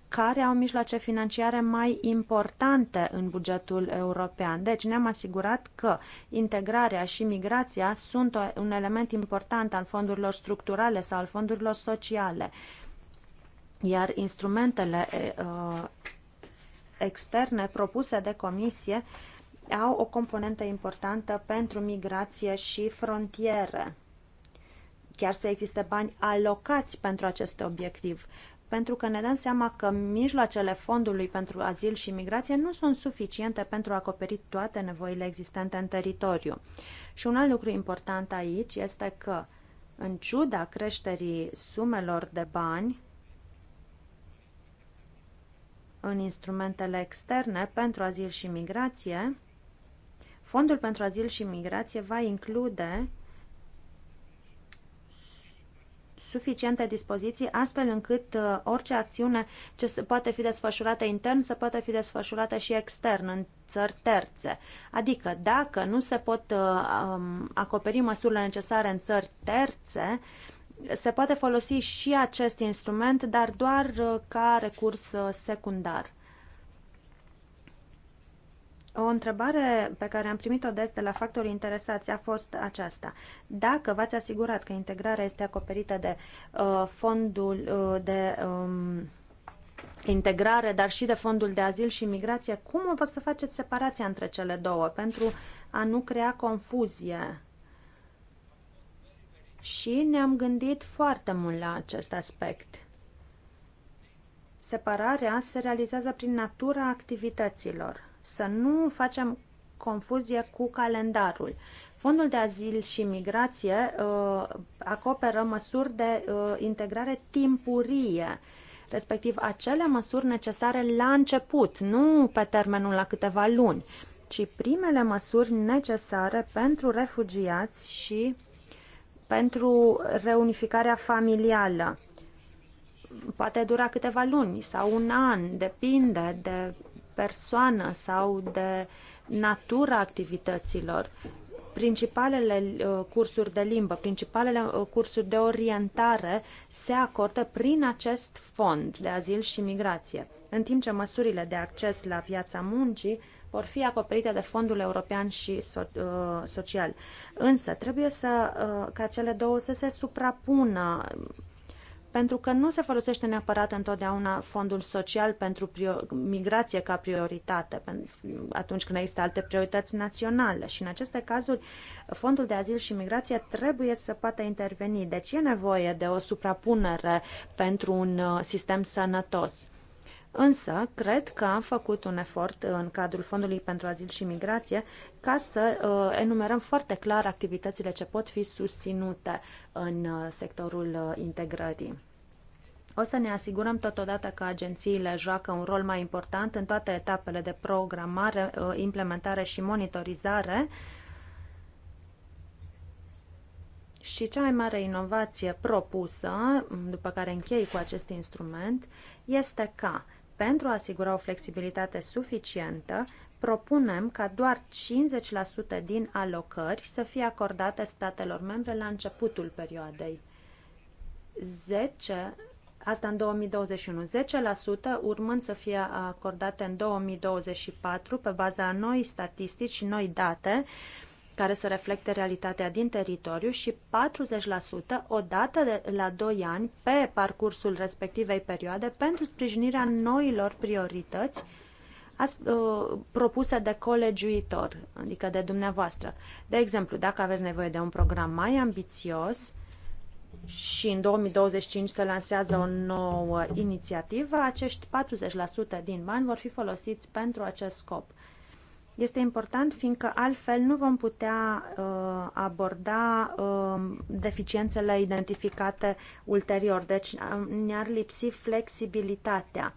care au mijloace financiare mai importante în bugetul european. Deci ne-am asigurat că integrarea și migrația sunt un element important al fondurilor structurale sau al fondurilor sociale. Iar instrumentele uh, externe propuse de comisie au o componentă importantă pentru migrație și frontiere. Chiar să existe bani alocați pentru acest obiectiv pentru că ne dăm seama că mijloacele fondului pentru azil și migrație nu sunt suficiente pentru a acoperi toate nevoile existente în teritoriu. Și un alt lucru important aici este că, în ciuda creșterii sumelor de bani în instrumentele externe pentru azil și migrație, Fondul pentru azil și migrație va include suficiente dispoziții astfel încât uh, orice acțiune ce se poate fi desfășurată intern să poată fi desfășurată și extern în țări terțe. Adică dacă nu se pot uh, um, acoperi măsurile necesare în țări terțe, se poate folosi și acest instrument, dar doar uh, ca recurs secundar. O întrebare pe care am primit-o des de la factorii interesați a fost aceasta. Dacă v-ați asigurat că integrarea este acoperită de uh, fondul uh, de um, integrare, dar și de fondul de azil și migrație, cum vă să faceți separația între cele două pentru a nu crea confuzie? Și ne-am gândit foarte mult la acest aspect. Separarea se realizează prin natura activităților să nu facem confuzie cu calendarul. Fondul de azil și migrație uh, acoperă măsuri de uh, integrare timpurie, respectiv acele măsuri necesare la început, nu pe termenul la câteva luni, ci primele măsuri necesare pentru refugiați și pentru reunificarea familială. Poate dura câteva luni sau un an, depinde de persoană sau de natura activităților. Principalele uh, cursuri de limbă, principalele uh, cursuri de orientare se acordă prin acest fond de azil și migrație, în timp ce măsurile de acces la piața muncii vor fi acoperite de fondul european și so- uh, social. Însă trebuie să, ca cele două să se suprapună pentru că nu se folosește neapărat întotdeauna fondul social pentru migrație ca prioritate, atunci când există alte priorități naționale. Și în aceste cazuri, fondul de azil și migrație trebuie să poată interveni. Deci e nevoie de o suprapunere pentru un uh, sistem sănătos. Însă, cred că am făcut un efort în cadrul Fondului pentru Azil și Migrație ca să uh, enumerăm foarte clar activitățile ce pot fi susținute în uh, sectorul uh, integrării. O să ne asigurăm totodată că agențiile joacă un rol mai important în toate etapele de programare, uh, implementare și monitorizare. Și cea mai mare inovație propusă, după care închei cu acest instrument, este ca pentru a asigura o flexibilitate suficientă, propunem ca doar 50% din alocări să fie acordate statelor membre la începutul perioadei. 10 asta în 2021, 10% urmând să fie acordate în 2024 pe baza noi statistici și noi date care să reflecte realitatea din teritoriu și 40% odată de la 2 ani pe parcursul respectivei perioade pentru sprijinirea noilor priorități as, uh, propuse de colegiuitor, adică de dumneavoastră. De exemplu, dacă aveți nevoie de un program mai ambițios și în 2025 se lansează o nouă inițiativă, acești 40% din bani vor fi folosiți pentru acest scop. Este important fiindcă altfel nu vom putea uh, aborda uh, deficiențele identificate ulterior, deci ne-ar lipsi flexibilitatea.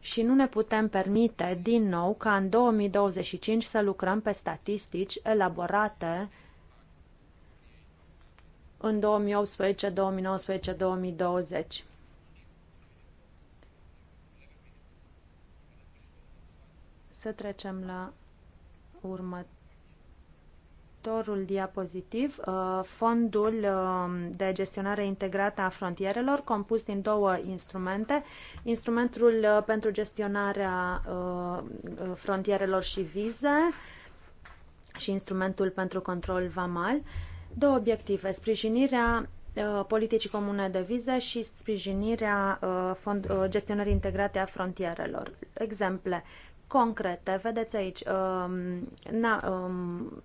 Și nu ne putem permite, din nou, ca în 2025 să lucrăm pe statistici elaborate în 2018, 2019, 2020. Să trecem la următorul diapozitiv. Uh, fondul uh, de gestionare integrată a frontierelor, compus din două instrumente. Instrumentul uh, pentru gestionarea frontierelor și vize și instrumentul pentru control vamal. Două obiective, sprijinirea politicii comune de vize și sprijinirea fond, gestionării integrate a frontierelor. Exemple, concrete. Vedeți aici um, na, um,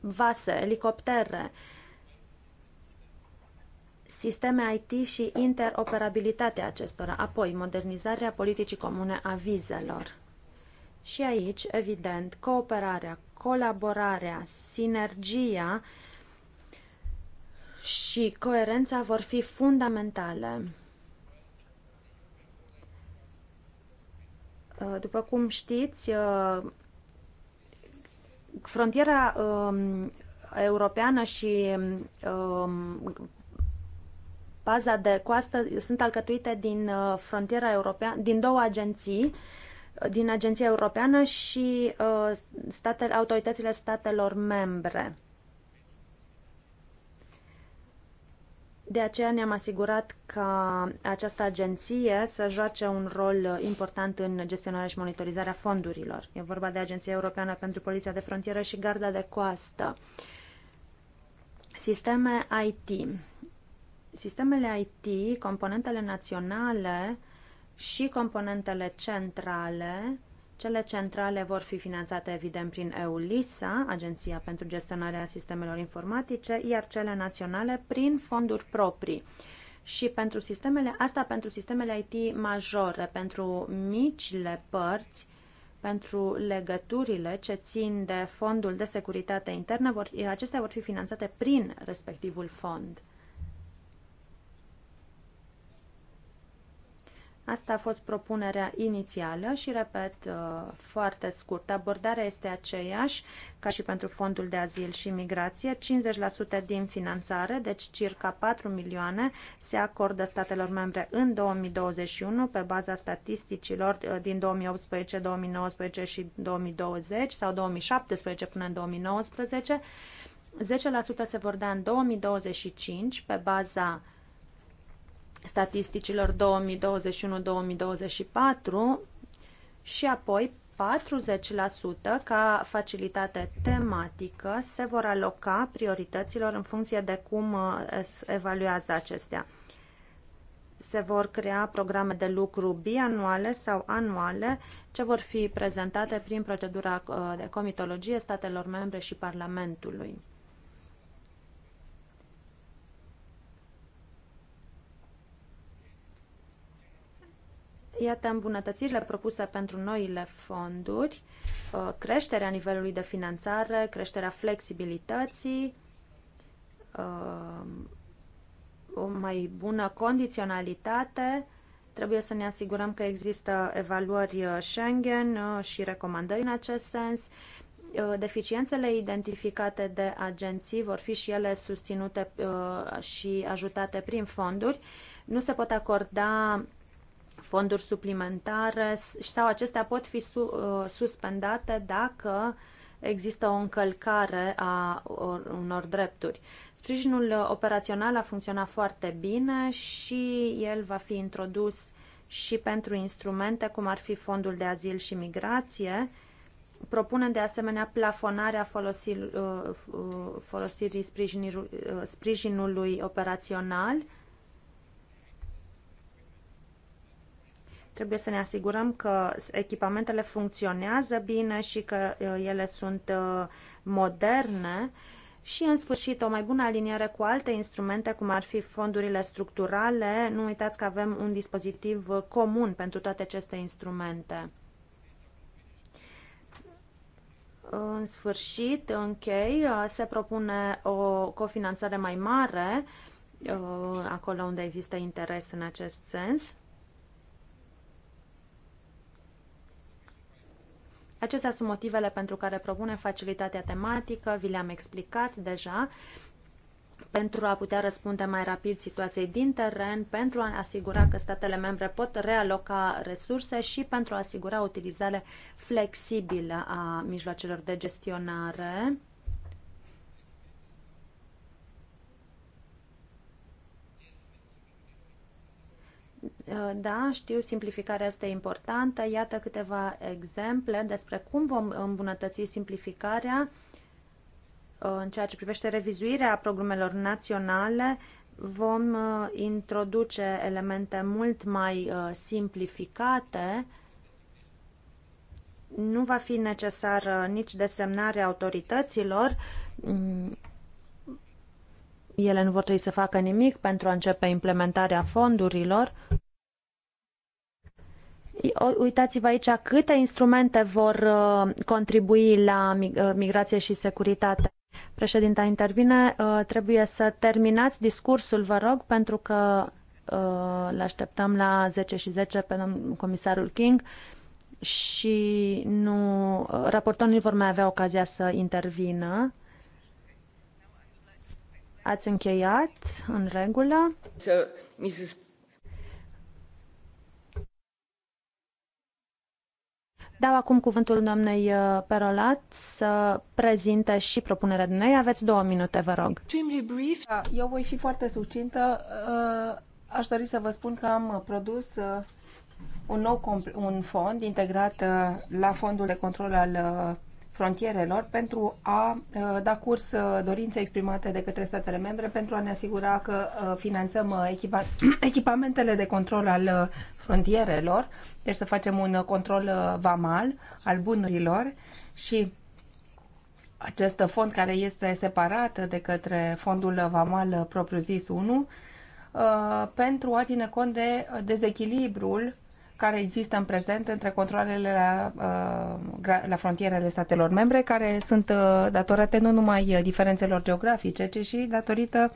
vase, elicoptere, sisteme IT și interoperabilitatea acestora, apoi modernizarea politicii comune a vizelor. Și aici, evident, cooperarea, colaborarea, sinergia și coerența vor fi fundamentale. Uh, după cum știți, uh, frontiera um, europeană și um, baza de coastă sunt alcătuite din uh, frontiera europeană, din două agenții, din Agenția Europeană și statele autoritățile statelor membre. De aceea ne-am asigurat ca această agenție să joace un rol important în gestionarea și monitorizarea fondurilor. E vorba de Agenția Europeană pentru Poliția de Frontieră și Garda de Coastă. Sisteme IT. Sistemele IT, componentele naționale și componentele centrale cele centrale vor fi finanțate, evident, prin EULISA, Agenția pentru Gestionarea Sistemelor Informatice, iar cele naționale prin fonduri proprii. Și pentru sistemele, asta pentru sistemele IT majore, pentru micile părți, pentru legăturile ce țin de fondul de securitate internă, vor, acestea vor fi finanțate prin respectivul fond. Asta a fost propunerea inițială și, repet, uh, foarte scurt. Abordarea este aceeași ca și pentru fondul de azil și migrație. 50% din finanțare, deci circa 4 milioane, se acordă statelor membre în 2021 pe baza statisticilor uh, din 2018, 2019 și 2020 sau 2017 până în 2019. 10% se vor da în 2025 pe baza statisticilor 2021-2024 și apoi 40% ca facilitate tematică se vor aloca priorităților în funcție de cum uh, evaluează acestea. Se vor crea programe de lucru bianuale sau anuale ce vor fi prezentate prin procedura uh, de comitologie statelor membre și Parlamentului. iată îmbunătățirile propuse pentru noile fonduri, uh, creșterea nivelului de finanțare, creșterea flexibilității, uh, o mai bună condiționalitate. Trebuie să ne asigurăm că există evaluări uh, Schengen și recomandări în acest sens. Deficiențele identificate de agenții vor fi și ele susținute și ajutate prin fonduri. Nu se pot acorda fonduri suplimentare sau acestea pot fi su, uh, suspendate dacă există o încălcare a unor drepturi. Sprijinul operațional a funcționat foarte bine și el va fi introdus și pentru instrumente cum ar fi fondul de azil și migrație. Propunem de asemenea plafonarea uh, uh, folosirii uh, sprijinului operațional Trebuie să ne asigurăm că echipamentele funcționează bine și că uh, ele sunt uh, moderne și, în sfârșit, o mai bună aliniere cu alte instrumente, cum ar fi fondurile structurale. Nu uitați că avem un dispozitiv uh, comun pentru toate aceste instrumente. În sfârșit, închei, se propune o cofinanțare mai mare acolo unde există interes în acest sens. Acestea sunt motivele pentru care propunem facilitatea tematică, vi le-am explicat deja, pentru a putea răspunde mai rapid situației din teren, pentru a asigura că statele membre pot realoca resurse și pentru a asigura utilizare flexibilă a mijloacelor de gestionare Uh, da, știu, simplificarea este importantă. Iată câteva exemple despre cum vom îmbunătăți simplificarea uh, în ceea ce privește revizuirea programelor naționale. Vom uh, introduce elemente mult mai simplificate. Nu va fi necesară nici desemnarea autorităților mm, ele nu vor trebui să facă nimic pentru a începe implementarea fondurilor. Uitați-vă aici câte instrumente vor uh, contribui la uh, migrație și securitate. Președinta intervine, uh, trebuie să terminați discursul, vă rog, pentru că îl așteptăm la 10 și 10 pe comisarul King și nu, nu vor mai avea ocazia să intervină. Ați încheiat în regulă? So, Mrs. Dau acum cuvântul doamnei uh, Perolat să prezinte și propunerea dumnei. Aveți două minute, vă rog. Da, eu voi fi foarte succintă. Uh, aș dori să vă spun că am produs uh, un nou un fond integrat la fondul de control al frontierelor pentru a uh, da curs uh, dorințe exprimate de către statele membre pentru a ne asigura că uh, finanțăm echipa [clears throat] echipamentele de control al frontierelor, deci să facem un control vamal al bunurilor și acest fond care este separat de către fondul vamal propriu-zis 1 pentru a ține cont de dezechilibrul care există în prezent între controlele la, uh, la frontierele statelor membre, care sunt uh, datorate nu numai uh, diferențelor geografice, ci și datorită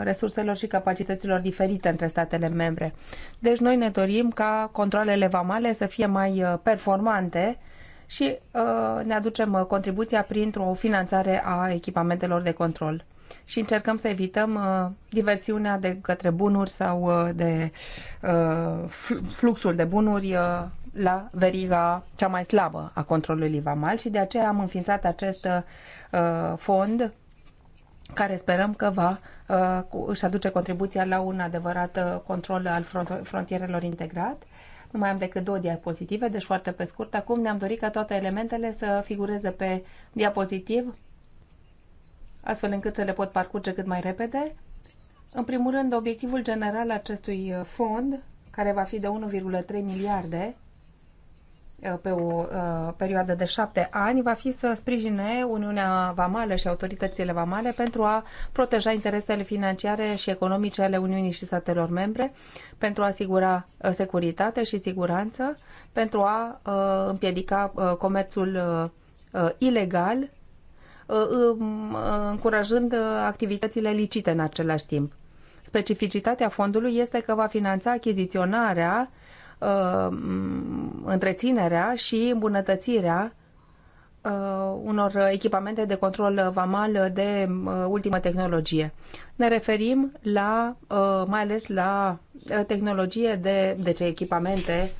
resurselor și capacităților diferite între statele membre. Deci noi ne dorim ca controlele vamale să fie mai performante și ne aducem contribuția printr-o finanțare a echipamentelor de control și încercăm să evităm uh, diversiunea de către bunuri sau uh, de uh, fluxul de bunuri la veriga cea mai slabă a controlului Livamal și de aceea am înființat acest fond care sperăm că va își aduce contribuția la un adevărat control al frontierelor integrat. Nu mai am decât două diapozitive, deci foarte pe scurt. Acum ne-am dorit ca toate elementele să figureze pe diapozitiv astfel încât să le pot parcurge cât mai repede. În primul rând, obiectivul general acestui uh, fond, care va fi de 1,3 miliarde uh, pe o uh, perioadă de șapte ani, va fi să sprijine Uniunea Vamală și autoritățile vamale pentru a proteja interesele financiare și economice ale Uniunii și statelor membre, pentru a asigura securitate și siguranță, pentru a împiedica comerțul ilegal Uh, uh, încurajând uh, activitățile licite în același timp. Specificitatea fondului este că va finanța achiziționarea, întreținerea și îmbunătățirea unor echipamente de control vamal de ultimă tehnologie. Ne referim la, mai ales la tehnologie de, deci echipamente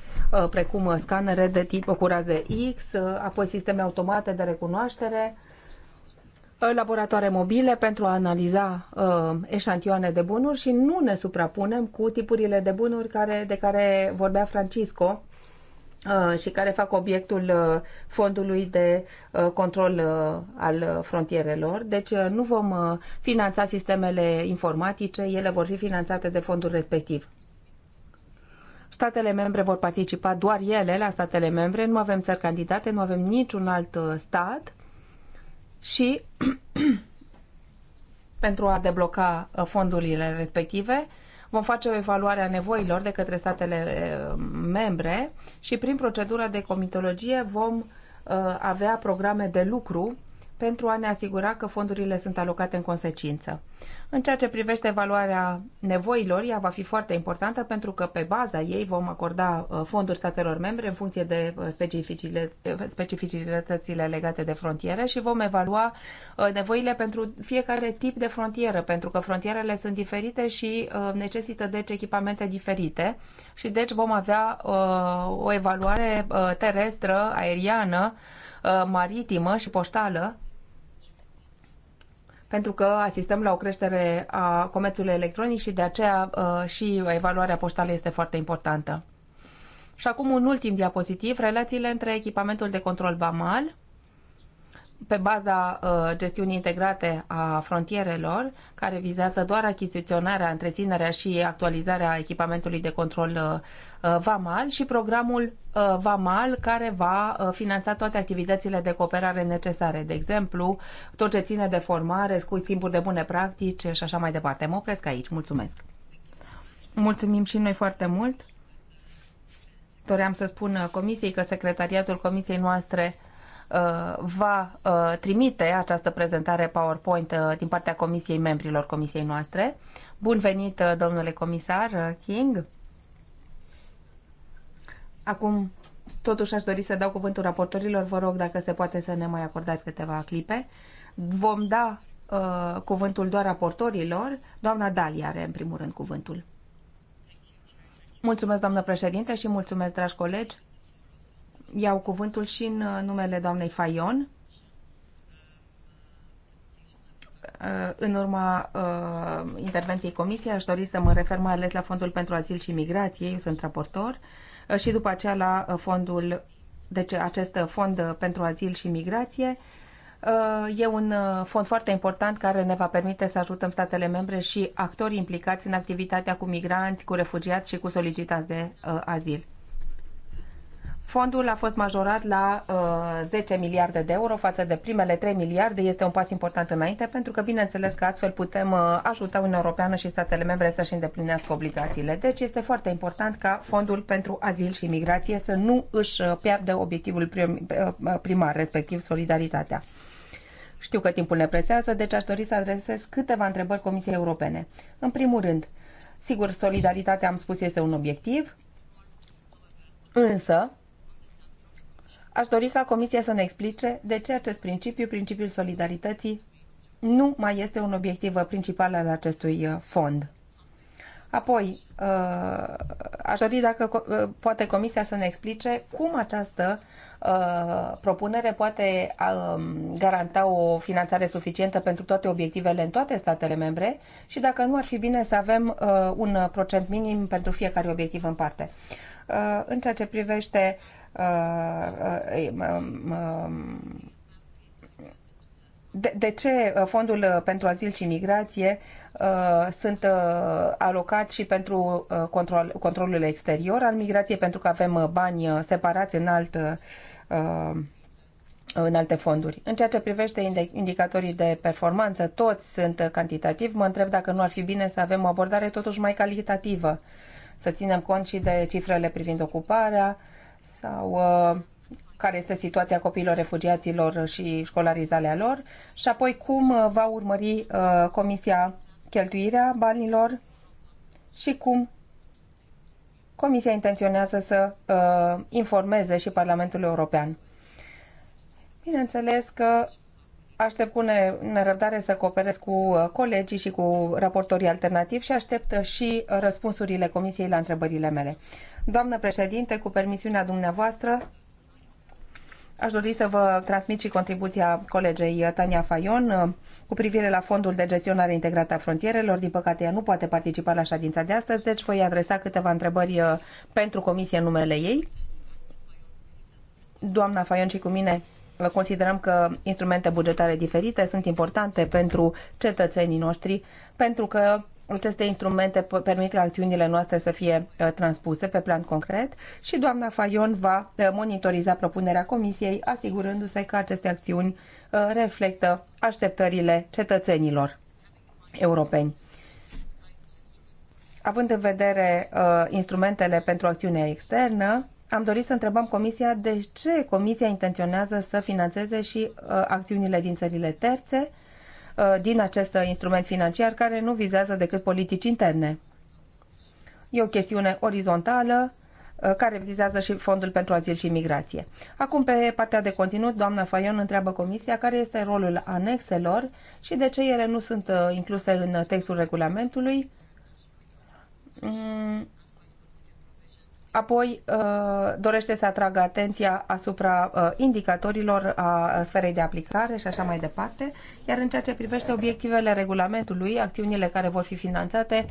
precum scanere de tip cu raze X, apoi sisteme automate de recunoaștere, Uh, laboratoare mobile pentru a analiza uh, eșantioane de bunuri și nu ne suprapunem cu tipurile de bunuri care, de care vorbea Francisco uh, și care fac obiectul uh, fondului de uh, control uh, al frontierelor. Deci uh, nu vom uh, finanța sistemele informatice, ele vor fi finanțate de fondul respectiv statele membre vor participa doar ele la statele membre, nu avem țări candidate, nu avem niciun alt uh, stat și [clears throat] pentru a debloca uh, fondurile respective, vom face o evaluare a nevoilor de către statele uh, membre și prin procedura de comitologie vom uh, avea programe de lucru pentru a ne asigura că fondurile sunt alocate în consecință. În ceea ce privește evaluarea nevoilor, ea va fi foarte importantă pentru că pe baza ei vom acorda uh, fonduri statelor membre în funcție de uh, uh, specificitățile legate de frontiere și vom evalua nevoile pentru fiecare tip de frontieră, pentru că frontierele sunt diferite și necesită deci echipamente diferite și deci vom avea o evaluare terestră, aeriană, maritimă și poștală pentru că asistăm la o creștere a comerțului electronic și de aceea uh, și evaluarea poștală este foarte importantă. Și acum un ultim diapozitiv, relațiile între echipamentul de control vamal, pe baza uh, gestiunii integrate a frontierelor, care vizează doar achiziționarea, întreținerea și actualizarea echipamentului de control uh, Uh, VAMAL și programul uh, VAMAL care va uh, finanța toate activitățile de cooperare necesare, de exemplu, tot ce ține de formare, scuit timpuri de bune practici și așa mai departe. Mă opresc aici. Mulțumesc! Mulțumim și noi foarte mult! Doream să spun comisiei că secretariatul comisiei noastre va trimite această prezentare PowerPoint din partea comisiei membrilor comisiei noastre. Bun venit, domnule comisar King! Acum, totuși aș dori să dau cuvântul raportorilor. Vă rog dacă se poate să ne mai acordați câteva clipe. Vom da uh, cuvântul doar raportorilor. Doamna Dalia are în primul rând cuvântul. Mulțumesc, doamnă președinte, și mulțumesc, dragi colegi. Iau cuvântul și în uh, numele doamnei Fayon. Uh, în urma uh, intervenției comisiei aș dori să mă refer mai ales la Fondul pentru Azil și Migrație. Eu sunt raportor. Uh, și după aceea la uh, fondul, deci acest fond uh, pentru azil și migrație. Uh, e un fond foarte important care ne va permite să ajutăm statele membre și actorii implicați în activitatea cu migranți, cu refugiați și cu solicitanți de azil. Fondul a fost majorat la uh, 10 miliarde de euro față de primele 3 miliarde. Este un pas important înainte pentru că, bineînțeles, că astfel putem uh, ajuta Uniunea Europeană și statele membre să-și îndeplinească obligațiile. Deci este foarte important ca Fondul pentru Azil și Migrație să nu își uh, piardă obiectivul prim, uh, primar, respectiv solidaritatea. Știu că timpul ne presează, deci aș dori să adresez câteva întrebări Comisiei Europene. În primul rând, sigur, solidaritatea, am spus, este un obiectiv, însă Aș dori ca Comisia să ne explice de ce acest principiu, principiul solidarității, nu mai este un obiectiv principal al acestui uh, fond. Apoi, uh, aș dori dacă uh, poate Comisia să ne explice cum această propunere poate um, garanta o finanțare suficientă pentru toate obiectivele în toate statele membre și dacă nu ar fi bine să avem un procent minim pentru fiecare obiectiv în parte. În ceea ce privește uh, de, de ce fondul pentru azil și migrație uh, sunt uh, alocat și pentru uh, control, controlul exterior al migrației, pentru că avem bani separați în alt în alte fonduri. În ceea ce privește indicatorii de performanță, toți sunt cantitativ. Mă întreb dacă nu ar fi bine să avem o abordare totuși mai calitativă, să ținem cont și de cifrele privind ocuparea, uh, sau uh, care este situația copiilor refugiaților și școlarizarea lor și apoi cum uh, va urmări uh, Comisia cheltuirea banilor și cum Comisia intenționează să informeze și Parlamentul European. Bineînțeles că aștept cu nerăbdare să cooperez cu colegii și cu raportorii alternativi și aștept și răspunsurile Comisiei la întrebările mele. Doamnă președinte, cu permisiunea dumneavoastră, aș dori să vă transmit și contribuția colegei Tania Fayon uh, cu privire la Fondul de Gestionare Integrată a Frontierelor. Din păcate, ea nu poate participa la ședința de astăzi, deci voi adresa câteva întrebări uh, pentru comisie în numele ei. Doamna Fayon și cu mine uh, considerăm că instrumente bugetare diferite sunt importante pentru cetățenii noștri, pentru că aceste instrumente permit ca acțiunile noastre să fie uh, transpuse pe plan concret și doamna Fayon va uh, monitoriza propunerea Comisiei, asigurându-se că aceste acțiuni uh, reflectă așteptările cetățenilor europeni. Având în vedere instrumentele pentru acțiunea externă, am dorit să întrebăm Comisia de ce Comisia intenționează să financeze și acțiunile din țările terțe, Uh, din acest instrument financiar care nu vizează decât politici interne. E o chestiune orizontală uh, care vizează și Fondul pentru Azil și imigrație. Acum, pe partea de conținut, doamna Fayon întreabă Comisia care este rolul anexelor și de ce ele nu sunt uh, incluse în textul regulamentului mm, Apoi uh, dorește să atragă atenția asupra uh, indicatorilor a uh, sferei de aplicare și așa mai departe. Iar în ceea ce privește obiectivele regulamentului, acțiunile care vor fi finanțate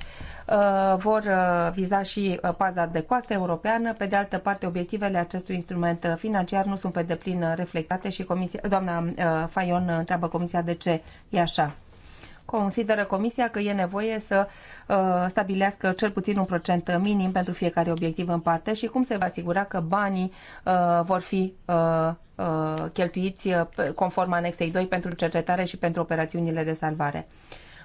vor viza și paza de coastă europeană. Pe de altă parte, obiectivele acestui instrument financiar nu sunt pe deplin reflectate și comisia, doamna Fayon întreabă comisia de ce e așa consideră Comisia că e nevoie să uh, stabilească cel puțin un procent minim pentru fiecare obiectiv în parte și cum se va asigura că banii uh, vor fi uh, uh, cheltuiți uh, conform anexei 2 pentru cercetare și pentru operațiunile de salvare.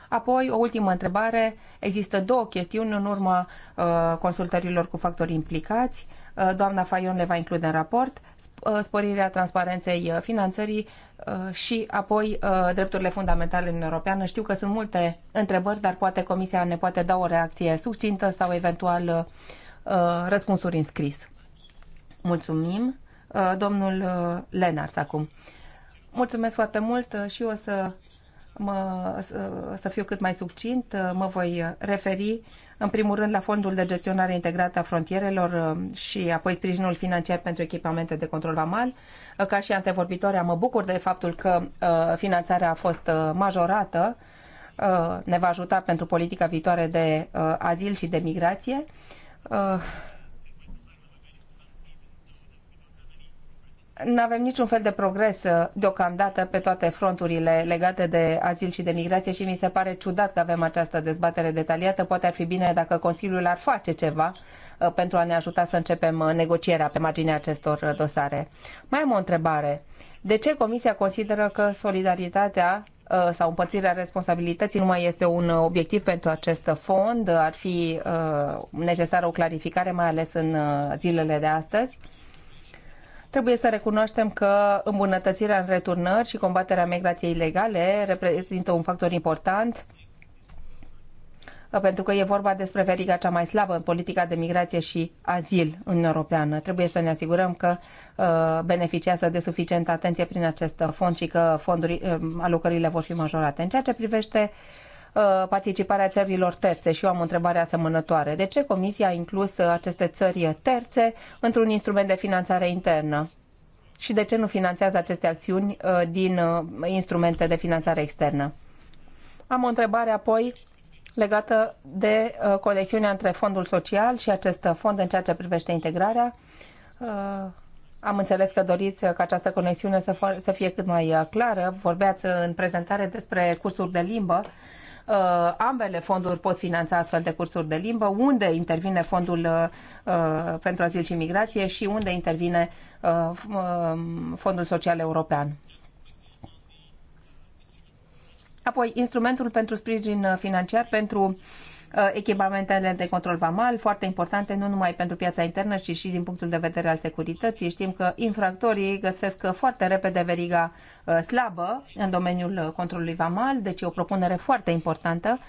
Apoi, o ultimă întrebare. Există două chestiuni în urma uh, consultărilor cu factorii implicați. Uh, doamna Fayon le va include în raport. Sp- uh, sporirea transparenței uh, finanțării Uh, și apoi uh, drepturile fundamentale în Europeană. Știu că sunt multe întrebări, dar poate Comisia ne poate da o reacție succintă sau eventual uh, răspunsuri în scris. Mulțumim. Domnul Lenarț acum. Mulțumesc foarte mult și o să, mă, să fiu cât mai succint. Mă voi referi în primul rând la Fondul de Gestionare Integrată a Frontierelor și apoi sprijinul financiar pentru echipamente de control vamal. Ca și antevorbitoarea, mă bucur de faptul că uh, finanțarea a fost uh, majorată, uh, ne va ajuta pentru politica viitoare de azil și de migrație nu avem niciun fel de progres uh, deocamdată pe toate fronturile legate de azil și de migrație și mi se pare ciudat că avem această dezbatere detaliată. Poate ar fi bine dacă Consiliul ar face ceva uh, pentru a ne ajuta să începem uh, negocierea pe marginea acestor dosare. Mai am o întrebare. De ce Comisia consideră că solidaritatea sau împărțirea responsabilității nu mai este un obiectiv pentru acest fond? Ar fi necesară o clarificare, mai ales în zilele de astăzi? Trebuie să recunoaștem că îmbunătățirea în returnări și combaterea migrației ilegale reprezintă un factor important pentru că e vorba despre veriga cea mai slabă în politica de migrație și azil în Europeană. Trebuie să ne asigurăm că uh, beneficiază de suficientă atenție prin acest fond și că fonduri, uh, alocările vor fi majorate. În ceea ce privește uh, Uh, participarea țărilor terțe și eu am o întrebare asemănătoare. De ce Comisia a inclus uh, aceste țări terțe într-un instrument de finanțare internă? Și de ce nu finanțează aceste acțiuni uh, din instrumente de finanțare externă? Am o întrebare apoi legată de conexiunea între fondul social și acest fond în ceea ce privește integrarea. Am înțeles că doriți ca această conexiune să, fie cât mai clară. Vorbeați în prezentare despre cursuri de limbă Uh, ambele fonduri pot finanța astfel de cursuri de limbă, unde intervine fondul uh, uh, pentru azil și migrație și unde intervine fondul social european. Apoi, instrumentul pentru sprijin financiar pentru uh, Uh, echipamentele de control vamal, foarte importante nu numai pentru piața internă, ci și din punctul de vedere al securității. Știm că infractorii găsesc foarte repede veriga uh, slabă în domeniul controlului vamal, deci e o propunere foarte importantă.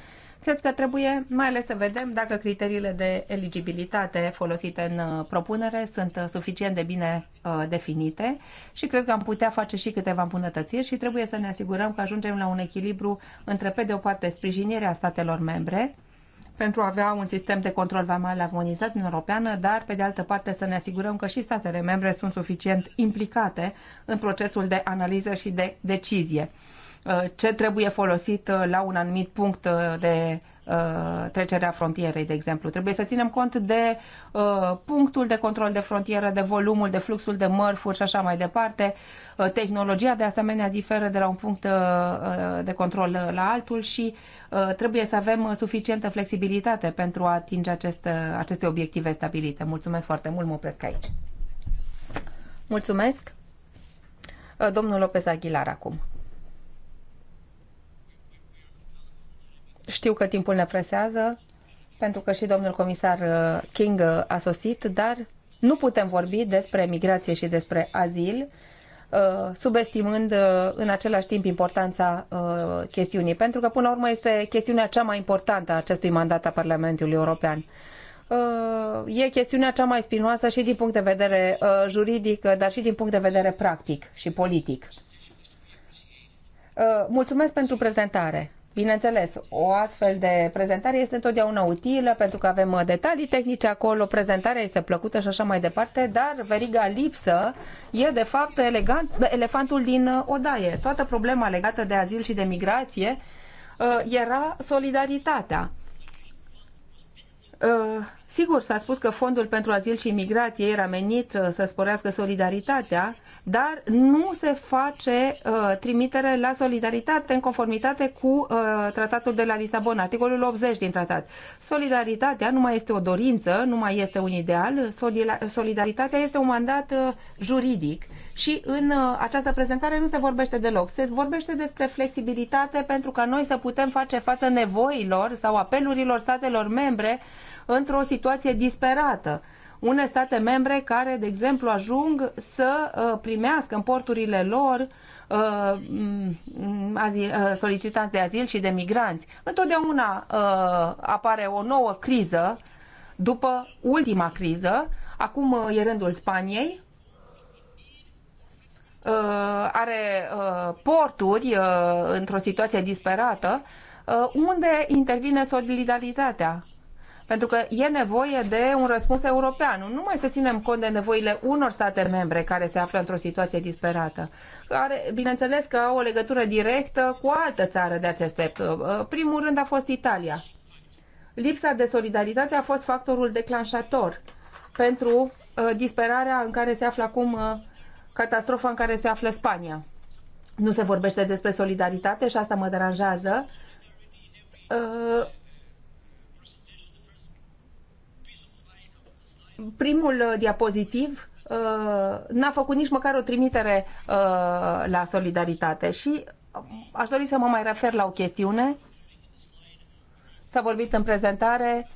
Cred că trebuie mai ales să vedem dacă criteriile de eligibilitate folosite în uh, propunere sunt suficient de bine definite și cred că am putea face și câteva îmbunătățiri și trebuie să ne asigurăm că ajungem la un echilibru între, pe de o parte, sprijinirea statelor membre, pentru a avea un sistem de control vamal armonizat în Europeană, dar, pe de altă parte, să ne asigurăm că și statele membre sunt suficient implicate în procesul de analiză și de decizie Uh, ce trebuie folosit uh, la un anumit punct uh, de trecerea frontierei, de exemplu. Trebuie să ținem cont de punctul de control de frontieră, de volumul, de fluxul de mărfuri și așa mai departe. Tehnologia, de asemenea, diferă de la un punct de control la altul și trebuie să avem suficientă flexibilitate pentru a atinge aceste, aceste obiective stabilite. Mulțumesc foarte mult, mă opresc aici. Mulțumesc. Domnul Lopez Aguilar acum. Știu că timpul ne presează, pentru că și domnul comisar uh, King uh, a sosit, dar nu putem vorbi despre migrație și despre azil, uh, subestimând în același timp importanța chestiunii, pentru că până la urmă este chestiunea cea mai importantă a acestui mandat a Parlamentului European. E chestiunea cea mai spinoasă și din punct de vedere juridic, dar și din punct de vedere practic și politic. Mulțumesc pentru prezentare. Bineînțeles, o astfel de prezentare este întotdeauna utilă pentru că avem uh, detalii tehnice acolo, prezentarea este plăcută și așa mai departe, dar veriga lipsă e de fapt elegant, elefantul din uh, odaie. Toată problema legată de azil și de migrație uh, era solidaritatea Sigur, s-a spus că fondul pentru azil și imigrație era menit uh, să sporească solidaritatea, dar nu se face uh, trimitere la solidaritate în conformitate cu uh, tratatul de la Lisabona, articolul 80 din tratat. Solidaritatea nu mai este o dorință, nu mai este un ideal, solidaritatea este un mandat uh, juridic și în uh, această prezentare nu se vorbește deloc. Se vorbește despre flexibilitate pentru ca noi să putem face față nevoilor sau apelurilor statelor membre uh, într-o situație disperată. Unele state membre care, de exemplu, ajung să uh, primească în porturile lor uh, mm, uh, solicitanți de azil și de migranți. Întotdeauna apare o nouă criză după ultima criză. Acum e rândul Spaniei, are porturi într-o situație disperată, unde intervine solidaritatea. Pentru că e nevoie de un răspuns european. Nu mai să ținem cont de nevoile unor state membre care se află într-o situație disperată, care, bineînțeles că au o legătură directă cu o altă țară de acest tip. Uh, uh, primul rând a fost Italia. Lipsa de solidaritate a fost factorul declanșator pentru uh, disperarea în care se află acum catastrofa în care se află Spania. Nu se vorbește despre solidaritate și asta mă deranjează. primul uh, diapozitiv uh, n-a făcut nici măcar o trimitere uh, la solidaritate și aș dori să mă mai refer la o chestiune. S-a vorbit în prezentare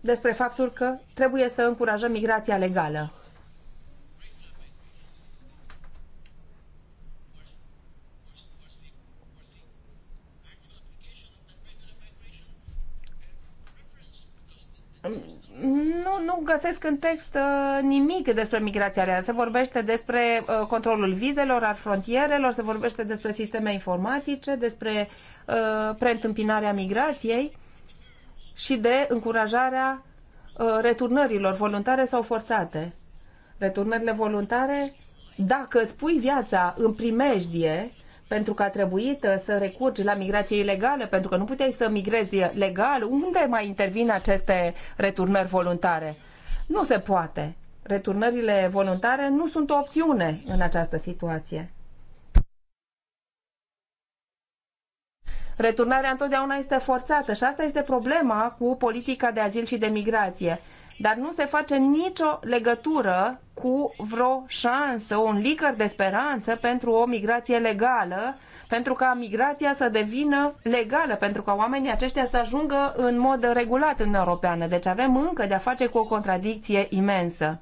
despre faptul că trebuie să încurajăm migrația legală. nu, nu găsesc în text uh, nimic despre migrația reală. Se vorbește despre uh, controlul vizelor, al frontierelor, se vorbește despre sisteme informatice, despre uh, preîntâmpinarea migrației și de încurajarea uh, returnărilor voluntare sau forțate. Returnările voluntare, dacă îți pui viața în primejdie, pentru că a trebuit uh, să recurgi la migrație ilegală, pentru că nu puteai să migrezi legal, unde mai intervin aceste returnări voluntare? Nu se poate. Returnările voluntare nu sunt o opțiune în această situație. Returnarea întotdeauna este forțată și asta este problema cu politica de azil și de migrație dar nu se face nicio legătură cu vreo șansă, un licăr de speranță pentru o migrație legală, pentru ca migrația să devină legală, pentru ca oamenii aceștia să ajungă în mod regulat în Europeană. Deci avem încă de-a face cu o contradicție imensă.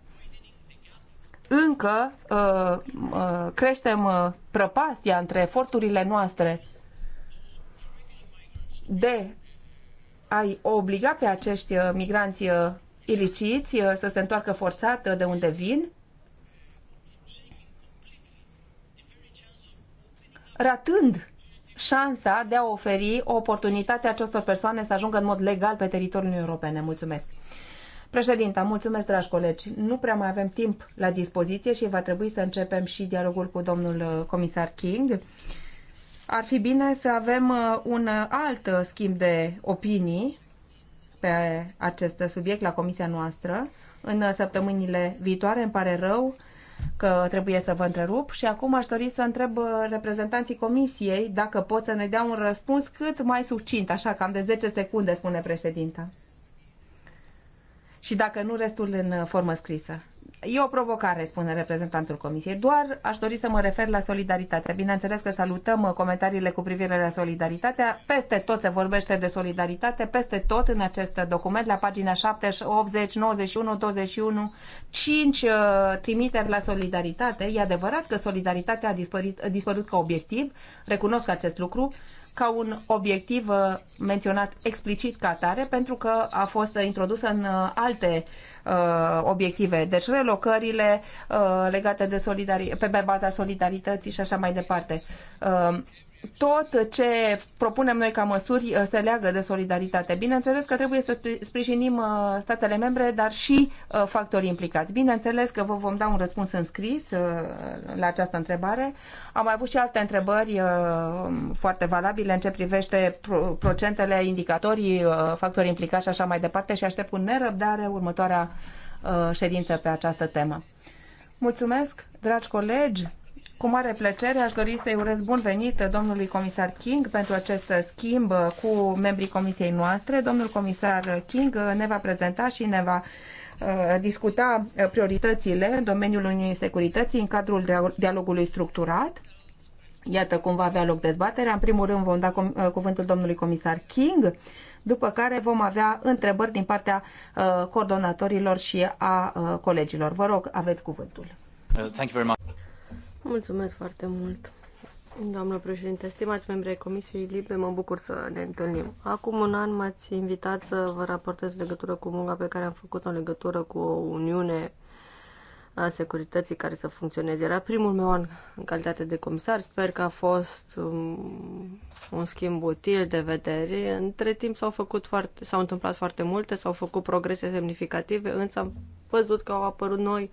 Încă uh, uh, creștem uh, prăpastia între eforturile noastre de a-i obliga pe acești uh, migranți uh, iliciți uh, să se întoarcă forțat uh, de unde vin, ratând șansa de a oferi o oportunitate acestor persoane să ajungă în mod legal pe teritoriul european. Mulțumesc! Președinta, mulțumesc, dragi colegi. Nu prea mai avem timp la dispoziție și va trebui să începem și dialogul cu domnul uh, comisar King. Ar fi bine să avem un alt schimb de opinii pe acest subiect la comisia noastră în săptămânile viitoare. Îmi pare rău că trebuie să vă întrerup și acum aș dori să întreb reprezentanții comisiei dacă pot să ne dea un răspuns cât mai succint, așa cam de 10 secunde, spune președinta. Și dacă nu, restul în formă scrisă. E o provocare, spune reprezentantul Comisiei. Doar aș dori să mă refer la solidaritate. Bineînțeles că salutăm uh, comentariile cu privire la solidaritatea. Peste tot se vorbește de solidaritate, peste tot în acest document, la pagina 7, 80, 91, 21, 5 trimiteri la solidaritate. E adevărat că solidaritatea a dispărut, a dispărut ca obiectiv, recunosc acest lucru, ca un obiectiv uh, menționat explicit ca atare, pentru că a fost introdusă în uh, alte uh, obiective, deci relocările legate de solidari- pe baza solidarității și așa mai departe tot ce propunem noi ca măsuri uh, se leagă de solidaritate. Bineînțeles că trebuie să sprijinim uh, statele membre, dar și uh, factorii implicați. Bineînțeles că vă vom da un răspuns în scris la această întrebare. Am mai avut și alte întrebări foarte valabile în ce privește procentele, indicatorii, factorii implicați și așa mai departe și aștept cu nerăbdare următoarea ședință pe această temă. Mulțumesc, dragi colegi! Cu mare plăcere aș dori să-i urez bun venit domnului comisar King pentru acest schimb cu membrii comisiei noastre. Domnul comisar King ne va prezenta și ne va uh, discuta prioritățile în domeniul Uniunii Securității în cadrul dialogului structurat. Iată cum va avea loc dezbaterea. În primul rând vom da uh, cuvântul domnului comisar King, după care vom avea întrebări din partea uh, coordonatorilor și a colegilor. Vă rog, aveți cuvântul. Thank you very much. Mulțumesc foarte mult, doamnă președinte. Stimați membrii Comisiei Libe, mă bucur să ne întâlnim. Acum un an m-ați invitat să vă raportez legătură cu munca pe care am făcut-o în legătură cu o uniune a securității care să funcționeze. Era primul meu an în calitate de comisar. Sper că a fost um, un schimb util de vedere. Între timp s-au făcut foarte, s-au întâmplat foarte multe, s-au făcut progrese semnificative, însă am văzut că au apărut noi uh,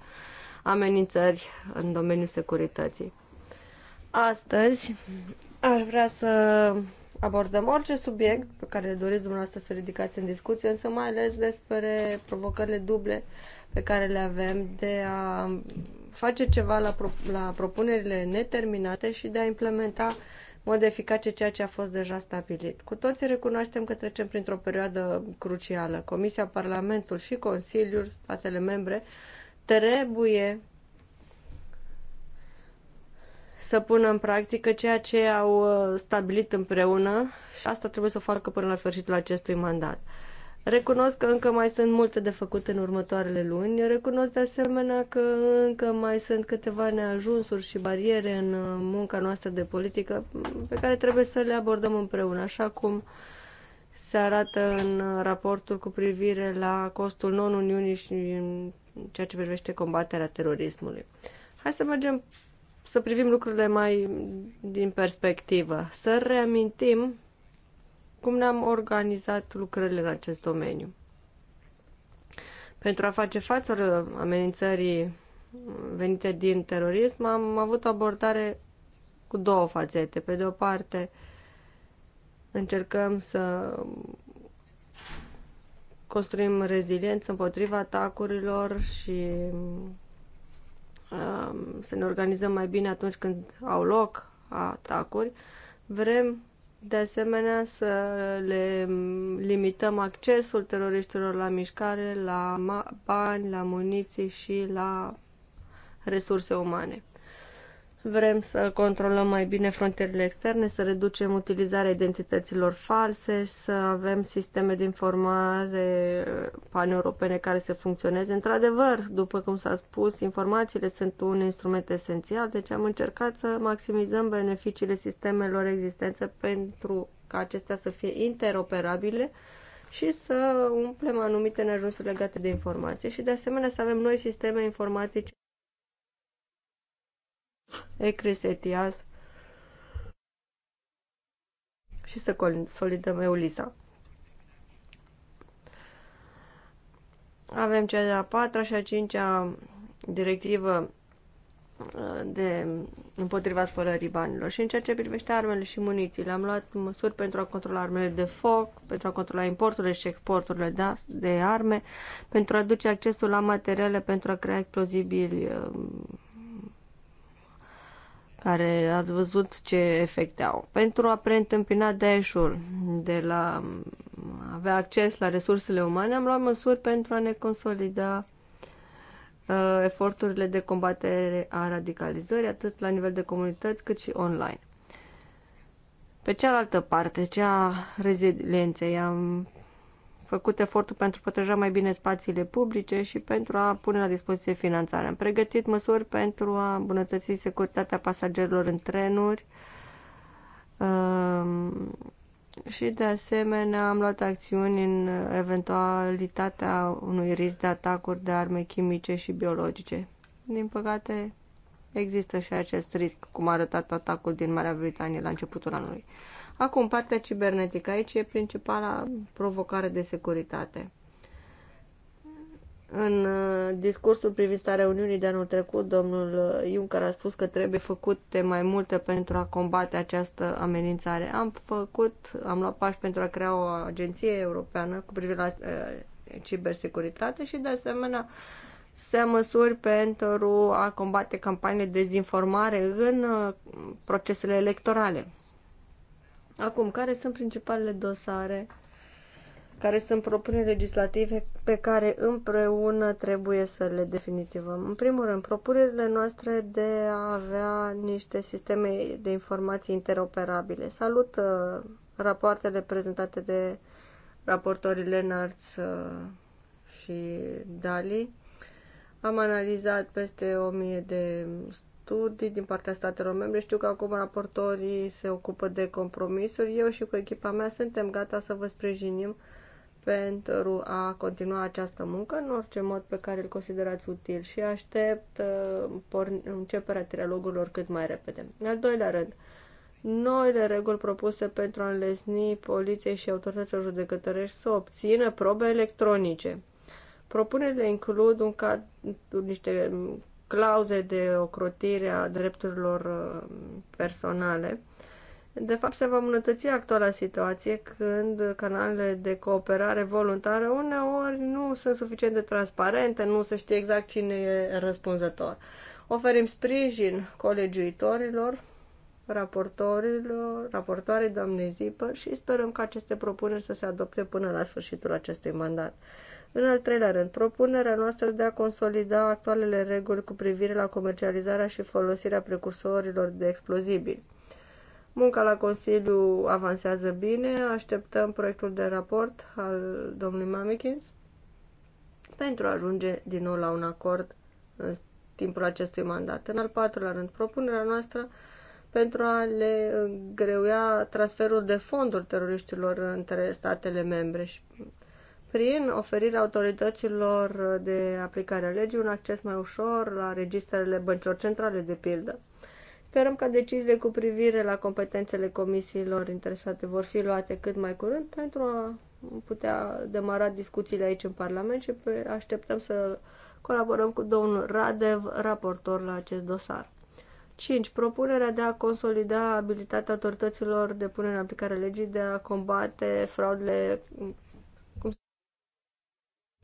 amenințări în domeniul securității. Astăzi aș vrea să abordăm orice subiect pe care doriți dumneavoastră să ridicați în discuție, însă mai ales despre provocările duble pe care le avem de a face ceva la, pro- la propunerile neterminate și de a implementa mod eficace ceea ce a fost deja stabilit. Cu toții recunoaștem că trecem printr-o perioadă crucială. Comisia, Parlamentul și Consiliul, statele membre, trebuie să pună în practică ceea ce au uh, stabilit împreună și asta trebuie să o facă până la sfârșitul acestui mandat. Recunosc că încă mai sunt multe de făcut în următoarele luni, recunosc de asemenea că încă mai sunt câteva neajunsuri și bariere în uh, munca noastră de politică pe care trebuie să le abordăm împreună, așa cum se arată în uh, raportul cu privire la costul non-Uniunii și ceea ce privește combaterea terorismului. Hai să mergem să privim lucrurile mai din perspectivă, să reamintim cum ne-am organizat lucrările în acest domeniu. Pentru a face față amenințării venite din terorism, am avut o abordare cu două fațete. Pe de o parte, încercăm să construim reziliență împotriva atacurilor și um, să ne organizăm mai bine atunci când au loc atacuri. Vrem de asemenea să le limităm accesul teroriștilor la mișcare, la bani, la muniții și la resurse umane. Vrem să controlăm mai bine frontierele externe, să reducem utilizarea identităților false, să avem sisteme de informare paneuropene care să funcționeze. Într-adevăr, după cum s-a spus, informațiile sunt un instrument esențial, deci am încercat să maximizăm beneficiile sistemelor existente pentru ca acestea să fie interoperabile și să umplem anumite neajunsuri legate de informație și de asemenea să avem noi sisteme informatice Ecrisethias și să consolidăm Eulisa. Avem cea de-a patra și a cincea directivă uh, de împotriva spălării banilor. Și în ceea ce privește armele și munițiile, am luat măsuri pentru a controla armele de foc, pentru a controla importurile și exporturile de, de arme, pentru a duce accesul la materiale pentru a crea explozibili uh, care ați văzut ce efecte au. Pentru a preîntâmpina Daesh-ul de la avea acces la resursele umane, am luat măsuri pentru a ne consolida uh, eforturile de combatere a radicalizării, atât la nivel de comunități, cât și online. Pe cealaltă parte, cea rezilienței, am făcut efortul pentru a proteja mai bine spațiile publice și pentru a pune la dispoziție finanțarea. Am pregătit măsuri pentru a îmbunătăți securitatea pasagerilor în trenuri um, și, de asemenea, am luat acțiuni în eventualitatea unui risc de atacuri de arme chimice și biologice. Din păcate, există și acest risc, cum a arătat atacul din Marea Britanie la începutul anului. Acum, partea cibernetică. Aici e principala provocare de securitate. În uh, discursul privind starea Uniunii de anul trecut, domnul uh, Juncker a spus că trebuie făcute mai multe pentru a combate această amenințare. Am făcut, am luat pași pentru a crea o agenție europeană cu privire la uh, cibersecuritate și, de asemenea, se măsuri pentru a combate campaniile de dezinformare în procesele electorale. Acum, care sunt principalele dosare care sunt propuneri legislative pe care împreună trebuie să le definitivăm. În primul rând, propunerile noastre de a avea niște sisteme de informații interoperabile. Salut uh, rapoartele prezentate de raportorii Lenart uh, și Dali. Am analizat peste 1000 de studii din partea statelor membre. Știu că acum raportorii se ocupă de compromisuri. Eu și cu echipa mea suntem gata să vă sprijinim pentru a continua această muncă în orice mod pe care îl considerați util și aștept uh, începerea trialogurilor cât mai repede. În al doilea rând, noile reguli propuse pentru a înlesni poliției și autorităților judecătorești să obțină probe electronice. Propunerile includ un cad, niște clauze de ocrotire a drepturilor uh, personale, de fapt se va îmbunătăți actuala situație când canalele de cooperare voluntară uneori nu sunt suficient de transparente, nu se știe exact cine e răspunzător. Oferim sprijin colegiuitorilor, raportorilor, raportoarei doamnei Zipă și sperăm ca aceste propuneri să se adopte până la sfârșitul acestui mandat. În al treilea rând, propunerea noastră de a consolida actualele reguli cu privire la comercializarea și folosirea precursorilor de explozibili. Munca la Consiliu avansează bine, așteptăm proiectul de raport al domnului Mamikins pentru a ajunge din nou la un acord în timpul acestui mandat. În al patrulea rând, propunerea noastră pentru a le greuia transferul de fonduri teroriștilor între statele membre și prin oferirea autorităților de aplicare a legii un acces mai ușor la registrele băncilor centrale, de pildă. Sperăm că deciziile cu privire la competențele comisiilor interesate vor fi luate cât mai curând pentru a putea demara discuțiile aici în Parlament și așteptăm să colaborăm cu domnul Radev, raportor la acest dosar. 5. Propunerea de a consolida abilitatea autorităților de punere în aplicare legii de a combate fraudele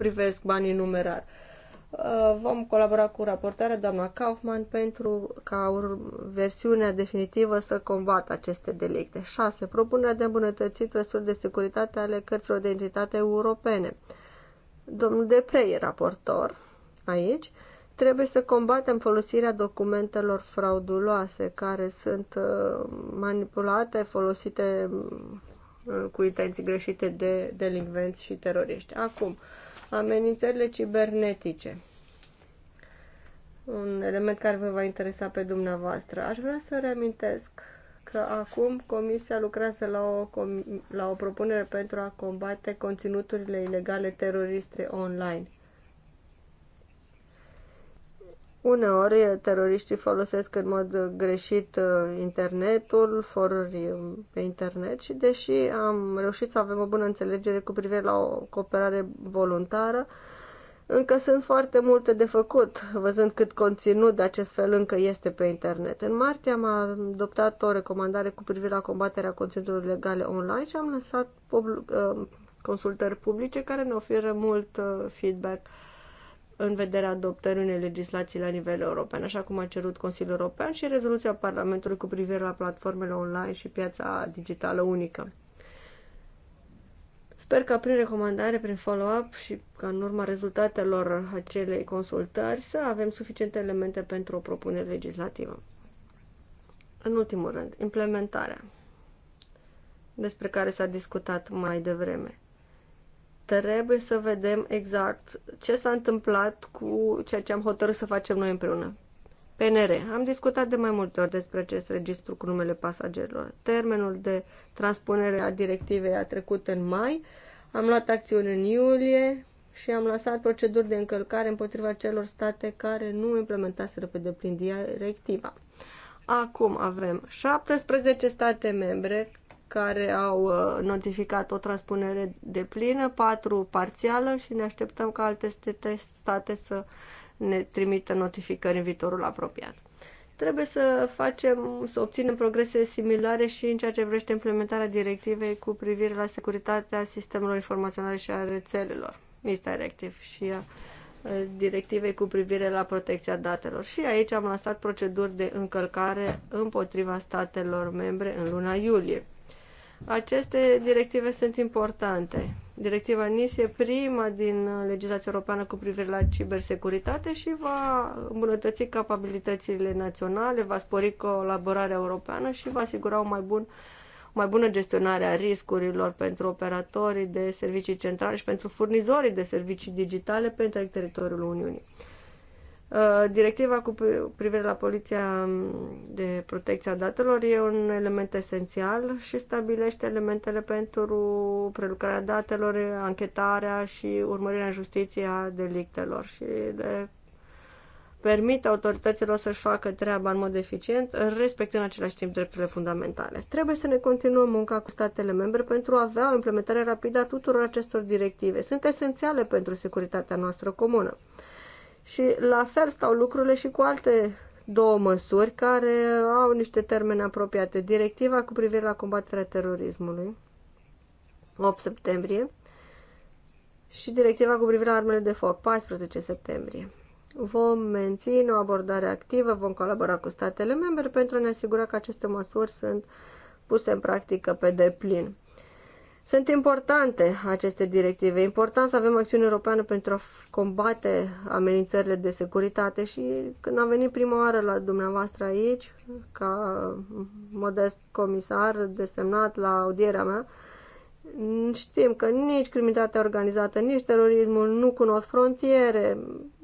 privesc banii numerar. Uh, vom colabora cu raportarea doamna Kaufman pentru ca versiunea definitivă să combată aceste delicte. 6. Propunerea de îmbunătățit măsuri de securitate ale cărților de identitate europene. Domnul Deprey, raportor, aici, trebuie să combatem folosirea documentelor frauduloase care sunt uh, manipulate, folosite uh, cu intenții greșite de delinvenți și teroriști. Acum, uh, amenințările cibernetice. Un element care vă va interesa pe dumneavoastră. Aș vrea să reamintesc că acum Comisia lucrează la o, la o propunere pentru a combate conținuturile ilegale teroriste online. Uneori, teroriștii folosesc în mod greșit uh, internetul, foruri uh, pe internet și deși am reușit să avem o bună înțelegere cu privire la o cooperare voluntară, încă sunt foarte multe de făcut, văzând cât conținut de acest fel încă este pe internet. În martie am adoptat o recomandare cu privire la combaterea conținutului legale online și am lăsat uh, consultări publice care ne oferă mult feedback în vederea adoptării unei legislații la nivel european, așa cum a cerut Consiliul European și rezoluția Parlamentului cu privire la platformele online și piața digitală unică. Sper că prin recomandare, prin follow-up și ca în urma rezultatelor acelei consultări să avem suficiente elemente pentru o propunere legislativă. În ultimul rând, implementarea, despre care s-a discutat mai devreme trebuie să vedem exact ce s-a întâmplat cu ceea ce am hotărât să facem noi împreună. PNR. Am discutat de mai multe ori despre acest registru cu numele pasagerilor. Termenul de transpunere a directivei a trecut în mai, am luat acțiuni în iulie și am lăsat proceduri de încălcare împotriva celor state care nu implementaseră pe deplin directiva. Acum avem 17 state membre care au uh, notificat o transpunere de plină, patru parțială și ne așteptăm ca alte state să ne trimită notificări în viitorul apropiat. Trebuie să facem, să obținem progrese similare și în ceea ce vrește implementarea directivei cu privire la securitatea sistemelor informaționale și a rețelelor, este directiv și a directivei cu privire la protecția datelor. Și aici am lansat proceduri de încălcare împotriva statelor membre în luna iulie. Aceste directive sunt importante. Directiva NIS e prima din legislația europeană cu privire la cibersecuritate și va îmbunătăți capabilitățile naționale, va spori colaborarea europeană și va asigura o mai bun mai bună gestionare a riscurilor pentru operatorii de servicii centrale și pentru furnizorii de servicii digitale pe întreg teritoriul Uniunii. Uh, directiva cu privire la poliția um, de protecție a datelor e un element esențial și stabilește elementele pentru prelucrarea datelor, anchetarea și urmărirea în justiție a delictelor și le permite autorităților să-și facă treaba în mod eficient, respectând în același timp drepturile fundamentale. Trebuie să ne continuăm munca cu statele membre pentru a avea o implementare rapidă a tuturor acestor directive. Sunt esențiale pentru securitatea noastră comună. Și la fel stau lucrurile și cu alte două măsuri care au niște termene apropiate. Directiva cu privire la combaterea terorismului, 8 septembrie, și directiva cu privire la armele de foc, 14 septembrie. Vom menține o abordare activă, vom colabora cu statele membre pentru a ne asigura că aceste măsuri sunt puse în practică pe deplin. Sunt importante aceste directive. E important să avem acțiune europeană pentru a combate amenințările de securitate și când am venit prima oară la dumneavoastră aici, ca modest comisar desemnat la audierea mea, știm că nici criminalitatea organizată, nici terorismul nu cunosc frontiere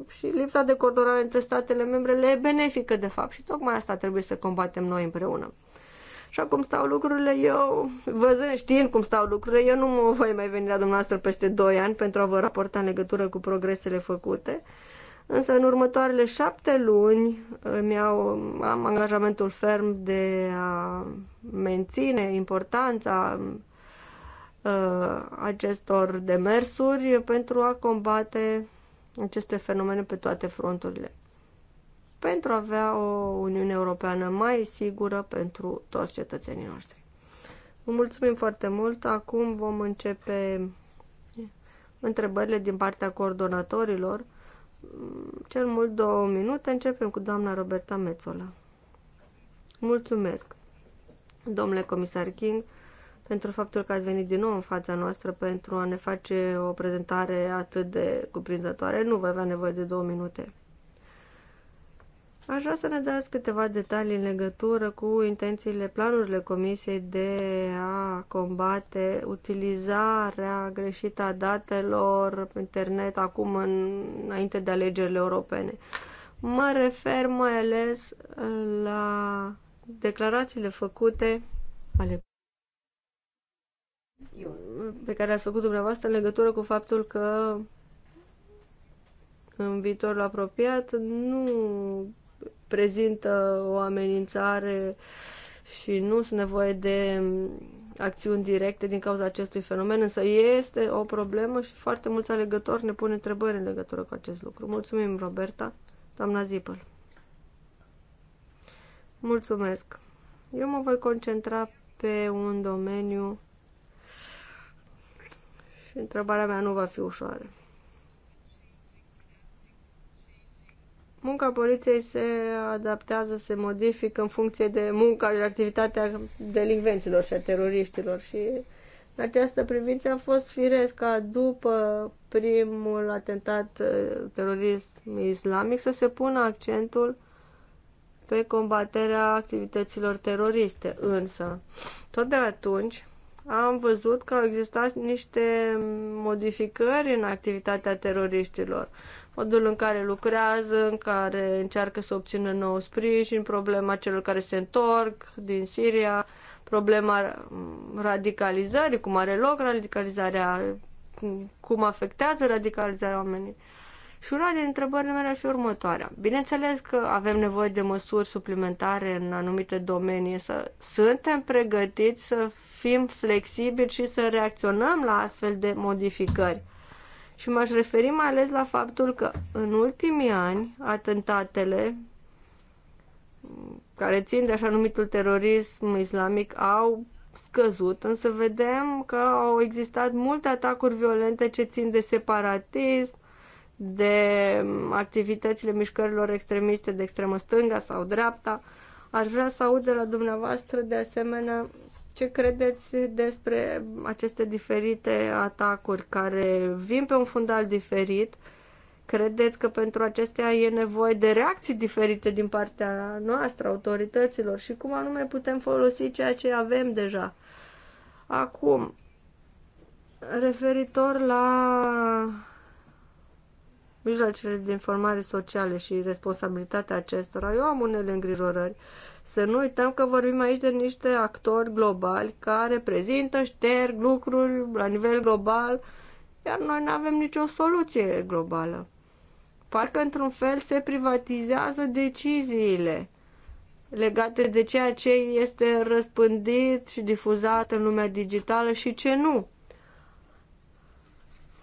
și lipsa de coordonare între statele membre le e benefică, de fapt, și tocmai asta trebuie să combatem noi împreună. Așa cum stau lucrurile, eu, văzând, știind cum stau lucrurile, eu nu mă voi mai veni la dumneavoastră peste 2 ani pentru a vă raporta în legătură cu progresele făcute. Însă în următoarele șapte luni mi-au, am angajamentul ferm de a menține importanța uh, acestor demersuri pentru a combate aceste fenomene pe toate fronturile pentru a avea o Uniune Europeană mai sigură pentru toți cetățenii noștri. Vă mulțumim foarte mult. Acum vom începe întrebările din partea coordonatorilor. Cel mult două minute. Începem cu doamna Roberta Mețola. Mulțumesc, domnule comisar King, pentru faptul că ați venit din nou în fața noastră pentru a ne face o prezentare atât de cuprinzătoare. Nu vă avea nevoie de două minute. Aș vrea să ne dați câteva detalii în legătură cu intențiile, planurile Comisiei de a combate utilizarea greșită a datelor pe internet acum în, înainte de alegerile europene. Mă refer mai ales la declarațiile făcute ale pe care ați făcut dumneavoastră în legătură cu faptul că în viitorul apropiat nu prezintă o amenințare și nu sunt nevoie de mm, acțiuni directe din cauza acestui fenomen, însă este o problemă și foarte mulți alegători ne pun întrebări în legătură cu acest lucru. Mulțumim, Roberta. Doamna Zipăl. Mulțumesc. Eu mă voi concentra pe un domeniu și întrebarea mea nu va fi ușoară. Munca poliției se adaptează, se modifică în funcție de munca și activitatea delinvenților și a teroriștilor și în această privință a fost firesc ca după primul atentat uh, terorist islamic să se pună accentul pe combaterea activităților teroriste. Însă, tot de atunci am văzut că au existat niște modificări în activitatea teroriștilor modul în care lucrează, în care încearcă să obțină nou sprijin, problema celor care se întorc din Siria, problema radicalizării, cum are loc radicalizarea, cum afectează radicalizarea oamenii. Și una din întrebările mele și următoarea. Bineînțeles că avem nevoie de măsuri suplimentare în anumite domenii, să suntem pregătiți să fim flexibili și să reacționăm la astfel de modificări. Și m-aș referi mai ales la faptul că în ultimii ani atentatele care țin de așa numitul terorism islamic au scăzut, însă vedem că au existat multe atacuri violente ce țin de separatism, de activitățile mișcărilor extremiste de extremă stânga sau dreapta. Aș vrea să aud de la dumneavoastră de asemenea ce credeți despre aceste diferite atacuri care vin pe un fundal diferit? Credeți că pentru acestea e nevoie de reacții diferite din partea noastră, autorităților și cum anume putem folosi ceea ce avem deja? Acum, referitor la mijloacele de informare sociale și responsabilitatea acestora, eu am unele îngrijorări. Uh, să nu uităm că vorbim aici de niște actori globali care prezintă, șterg lucruri la nivel global, iar noi nu avem nicio soluție globală. Parcă într-un fel se privatizează deciziile legate de ceea ce este răspândit și difuzat în lumea digitală și ce nu.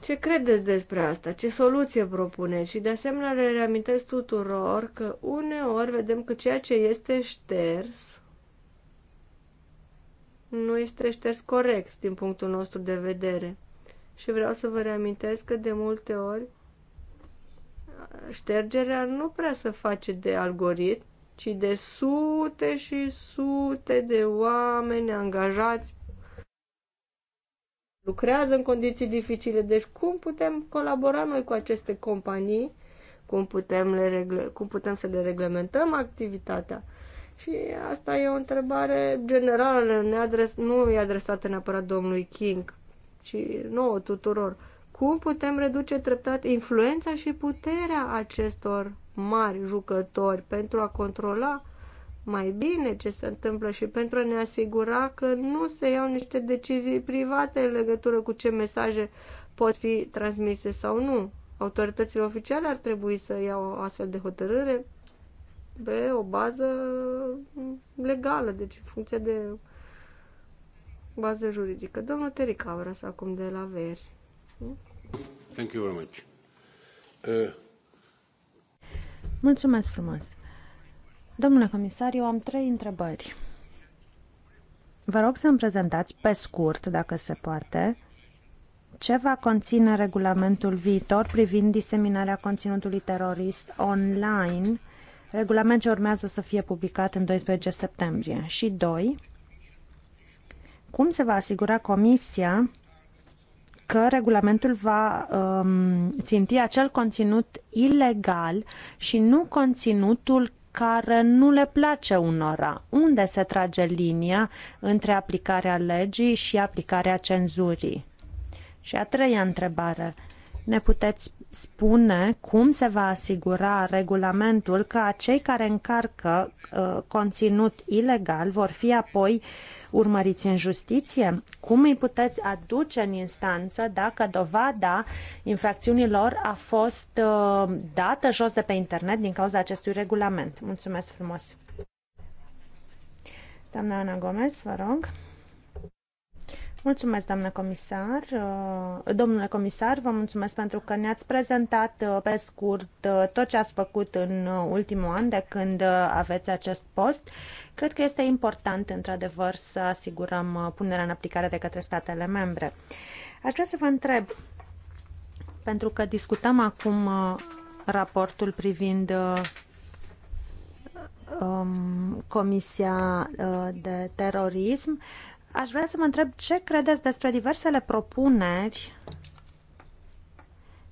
Ce credeți despre asta? Ce soluție propuneți? Și de asemenea le reamintesc tuturor că uneori vedem că ceea ce este șters nu este șters corect din punctul nostru de vedere. Și vreau să vă reamintesc că de multe ori ștergerea nu prea se face de algoritm, ci de sute și sute de oameni angajați lucrează în condiții dificile. Deci cum putem colabora noi cu aceste companii, cum putem, le regle, cum putem să le reglementăm activitatea? Și asta e o întrebare generală, ne adres, nu e adresată neapărat domnului King, ci nouă tuturor. Cum putem reduce treptat influența și puterea acestor mari jucători pentru a controla mai bine ce se întâmplă și pentru a ne asigura că nu se iau niște decizii private în legătură cu ce mesaje pot fi transmise sau nu. Autoritățile oficiale ar trebui să iau o astfel de hotărâre pe o bază legală, deci în funcție de bază juridică. Domnul Terica vrea să acum de la Verzi. Thank you very much. Uh... Mulțumesc frumos. Domnule comisar, eu am trei întrebări. Vă rog să-mi prezentați pe scurt, dacă se poate, ce va conține regulamentul viitor privind diseminarea conținutului terorist online, regulament ce urmează să fie publicat în 12 septembrie. Și doi. Cum se va asigura Comisia că regulamentul va um, ținti acel conținut ilegal și nu conținutul care nu le place unora. Unde se trage linia între aplicarea legii și aplicarea cenzurii? Și a treia întrebare. Ne puteți spune cum se va asigura regulamentul că cei care încarcă uh, conținut ilegal vor fi apoi urmăriți în justiție? Cum îi puteți aduce în instanță dacă dovada infracțiunilor a fost uh, dată jos de pe internet din cauza acestui regulament? Mulțumesc frumos! Doamna Ana Gomez, vă rog. Mulțumesc, doamnă comisar. Uh, domnule comisar, vă mulțumesc pentru că ne-ați prezentat uh, pe scurt uh, tot ce ați făcut în ultimul an de când aveți acest post. Cred că este important, într-adevăr, să asigurăm punerea în aplicare de către statele membre. Aș vrea să vă întreb, pentru că discutăm acum raportul privind um, Comisia de Terorism. Aș vrea să mă întreb ce credeți despre diversele propuneri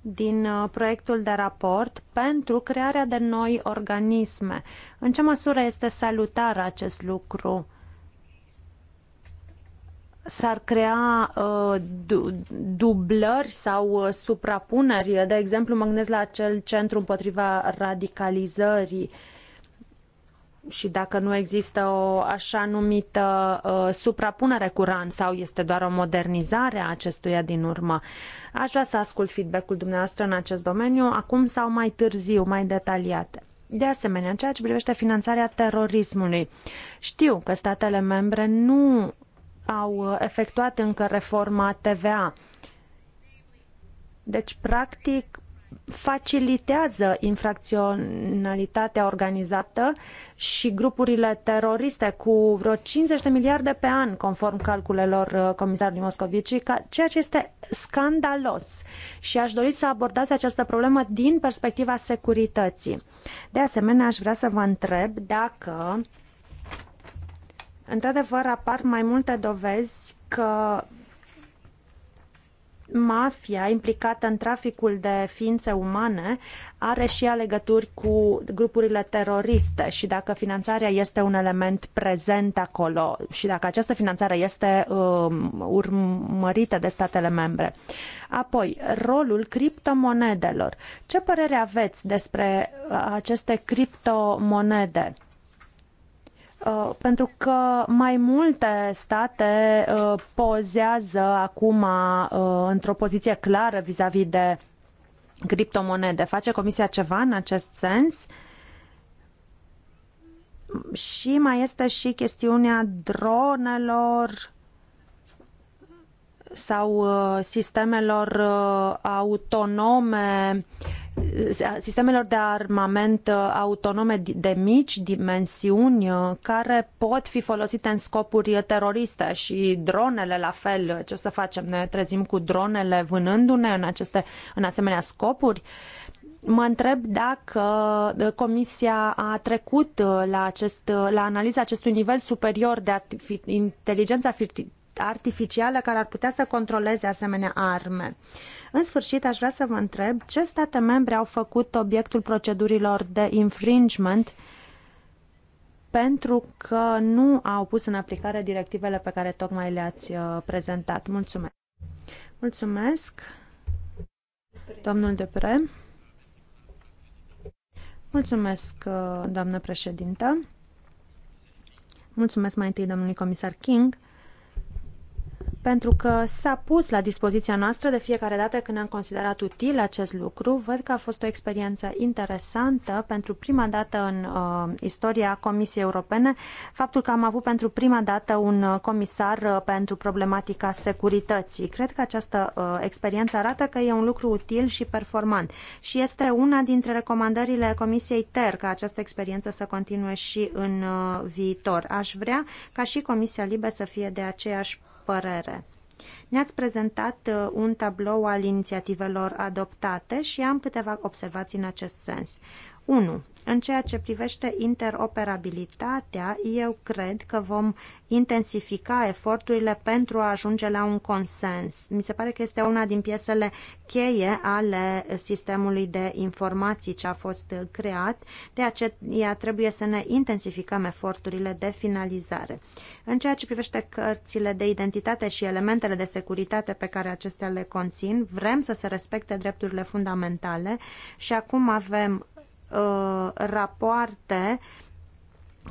din uh, proiectul de raport pentru crearea de noi organisme. În ce măsură este salutar acest lucru? s-ar crea uh, du dublări sau uh, suprapuneri. De exemplu, mă gândesc la acel centru împotriva radicalizării. Uh, și dacă nu există o așa numită uh, suprapunere cu RAN sau este doar o modernizare a acestuia din urmă. Aș vrea să ascult feedback-ul dumneavoastră în acest domeniu, acum sau mai târziu, mai detaliate. De asemenea, în ceea ce privește finanțarea terorismului, știu că statele membre nu au efectuat încă reforma TVA. Deci, practic, facilitează infracționalitatea organizată și grupurile teroriste cu vreo 50 de miliarde pe an, conform calculelor uh, comisarului Moscovici, ceea ce este scandalos. Și aș dori să abordați această problemă din perspectiva securității. De asemenea, aș vrea să vă întreb dacă Într-adevăr, apar mai multe dovezi că mafia implicată în traficul de ființe umane are și ea legături cu grupurile teroriste și dacă finanțarea este un element prezent acolo și dacă această finanțare este um, urmărită de statele membre. Apoi, rolul criptomonedelor. Ce părere aveți despre aceste criptomonede? Uh, pentru că mai multe state uh, pozează acum uh, într-o poziție clară vis-a-vis de criptomonede. Face Comisia ceva în acest sens? Și mai este și chestiunea dronelor sau sistemelor autonome uh, sistemelor de armament uh, autonome de mici dimensiuni uh, care pot fi folosite în scopuri teroriste și dronele la fel. Ce o să facem? Ne trezim cu dronele vânându-ne în, aceste, în asemenea scopuri? Mă întreb dacă uh, Comisia a trecut la, acest, la analiza acestui nivel superior de artific, inteligență artificială care ar putea să controleze asemenea arme. În sfârșit, aș vrea să vă întreb ce state membre au făcut obiectul procedurilor de infringement pentru că nu au pus în aplicare directivele pe care tocmai le-ați uh, prezentat. Mulțumesc! Mulțumesc, domnul Depre. Mulțumesc, uh, doamnă președintă. Mulțumesc mai întâi domnului comisar King pentru că s-a pus la dispoziția noastră de fiecare dată când am considerat util acest lucru. Văd că a fost o experiență interesantă pentru prima dată în uh, istoria Comisiei Europene, faptul că am avut pentru prima dată un uh, comisar uh, pentru problematica securității. Cred că această uh, experiență arată că e un lucru util și performant și este una dintre recomandările Comisiei TER ca această experiență să continue și în uh, viitor. Aș vrea ca și Comisia Libe să fie de aceeași părere. Ne-ați prezentat uh, un tablou al inițiativelor adoptate și am câteva observații în acest sens. 1. În ceea ce privește interoperabilitatea, eu cred că vom intensifica eforturile pentru a ajunge la un consens. Mi se pare că este una din piesele cheie ale sistemului de informații ce a fost creat, de aceea trebuie să ne intensificăm eforturile de finalizare. În ceea ce privește cărțile de identitate și elementele de securitate pe care acestea le conțin, vrem să se respecte drepturile fundamentale și acum avem Uh, rapoarte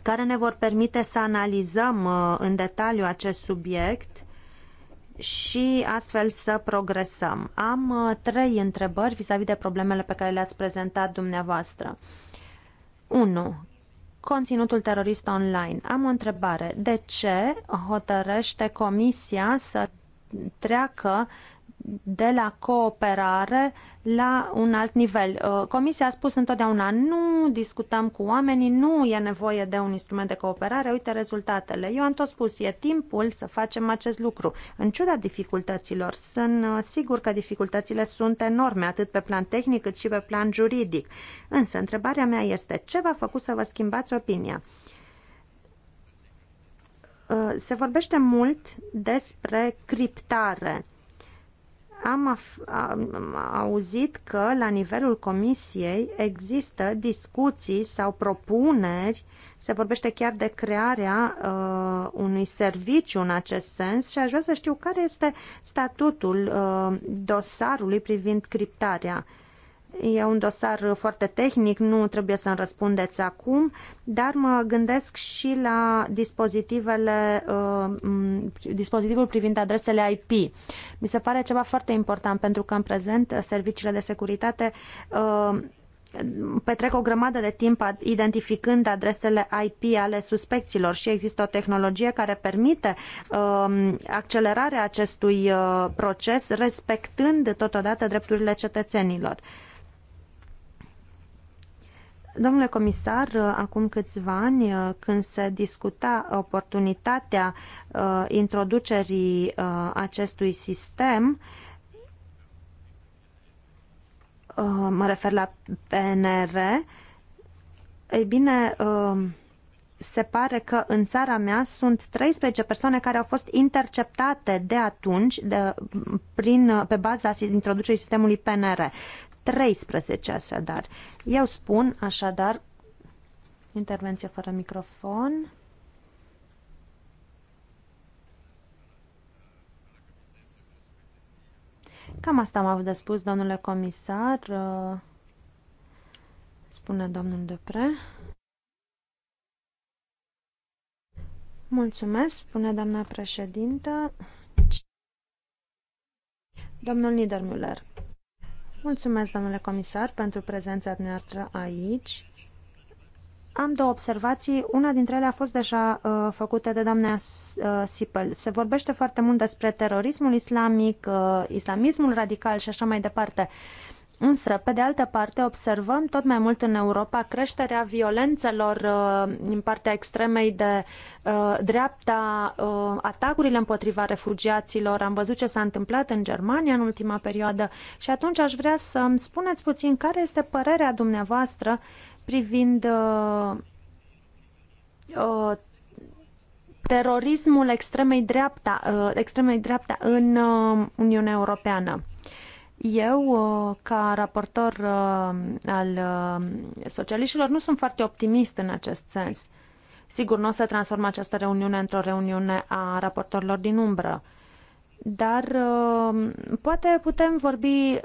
care ne vor permite să analizăm uh, în detaliu acest subiect și astfel să progresăm. Am uh, trei întrebări vis-a-vis -vis de problemele pe care le-ați prezentat dumneavoastră. 1 conținutul terorist online. Am o întrebare. De ce hotărăște Comisia să treacă de la cooperare la un alt nivel. Uh, Comisia a spus întotdeauna nu discutăm cu oamenii, nu e nevoie de un instrument de cooperare, uite rezultatele. Eu am tot spus, e timpul să facem acest lucru. În ciuda dificultăților, sunt uh, sigur că dificultățile sunt enorme, atât pe plan tehnic cât și pe plan juridic. Însă, întrebarea mea este, ce v-a făcut să vă schimbați opinia? Uh, se vorbește mult despre criptare am, am auzit că la nivelul comisiei există discuții sau propuneri, se vorbește chiar de crearea uh, unui serviciu în acest sens și aș vrea să știu care este statutul uh, dosarului privind criptarea. E un dosar foarte tehnic, nu trebuie să-mi răspundeți acum, dar mă gândesc și la dispozitivele, uh, dispozitivul privind adresele IP. Mi se pare ceva foarte important pentru că în prezent serviciile de securitate uh, petrec o grămadă de timp identificând adresele IP ale suspecților și există o tehnologie care permite uh, accelerarea acestui uh, proces respectând totodată drepturile cetățenilor. Domnule comisar, acum câțiva ani, când se discuta oportunitatea uh, introducerii uh, acestui sistem, uh, mă refer la PNR, ei bine, se pare că în țara mea sunt 13 persoane care au fost interceptate de atunci de, prin, pe baza introducerii sistemului PNR. 13 așadar. Eu spun așadar, intervenție fără microfon. Cam asta am avut de spus, domnule comisar, uh, spune domnul Depre. Mulțumesc, spune doamna președintă. Domnul Niedermüller. Mulțumesc, domnule comisar, pentru prezența noastră aici. Am două observații. Una dintre ele a fost deja uh, făcută de doamna uh, Sipel. Se vorbește foarte mult despre terorismul islamic, uh, islamismul radical și așa mai departe. Uh, Însă, pe de altă parte, observăm tot mai mult în Europa creșterea violențelor uh, din partea extremei de uh, dreapta, uh, atacurile împotriva refugiaților. Am văzut ce s-a întâmplat în Germania în ultima perioadă și atunci aș vrea să îmi spuneți puțin care este părerea dumneavoastră privind terorismul extremei dreapta, extremei dreapta în Uniunea Europeană. Eu, uh, ca raportor uh, al uh, socialiștilor, nu sunt foarte optimist în acest sens. Sigur, nu o să transformă această reuniune într-o reuniune a raportorilor din umbră, dar poate putem vorbi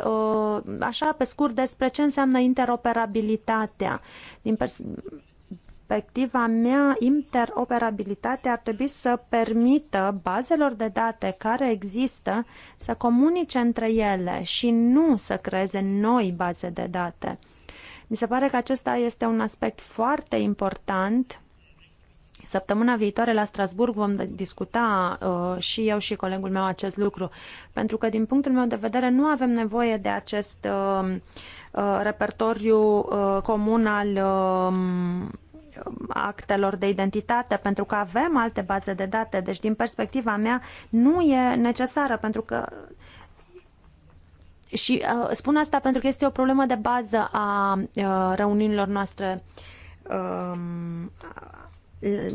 așa pe scurt despre ce înseamnă interoperabilitatea din pers- perspectiva mea, interoperabilitatea ar trebui să permită bazelor de date care există să comunice între ele și nu să creeze noi baze de date. Mi se pare că acesta este un aspect foarte important. Săptămâna viitoare la Strasburg vom discuta uh, și eu și colegul meu acest lucru, pentru că din punctul meu de vedere nu avem nevoie de acest uh, uh, repertoriu uh, comun al uh, actelor de identitate, pentru că avem alte baze de date, deci din perspectiva mea nu e necesară, pentru că și uh, spun asta pentru că este o problemă de bază a uh, reuniunilor noastre uh,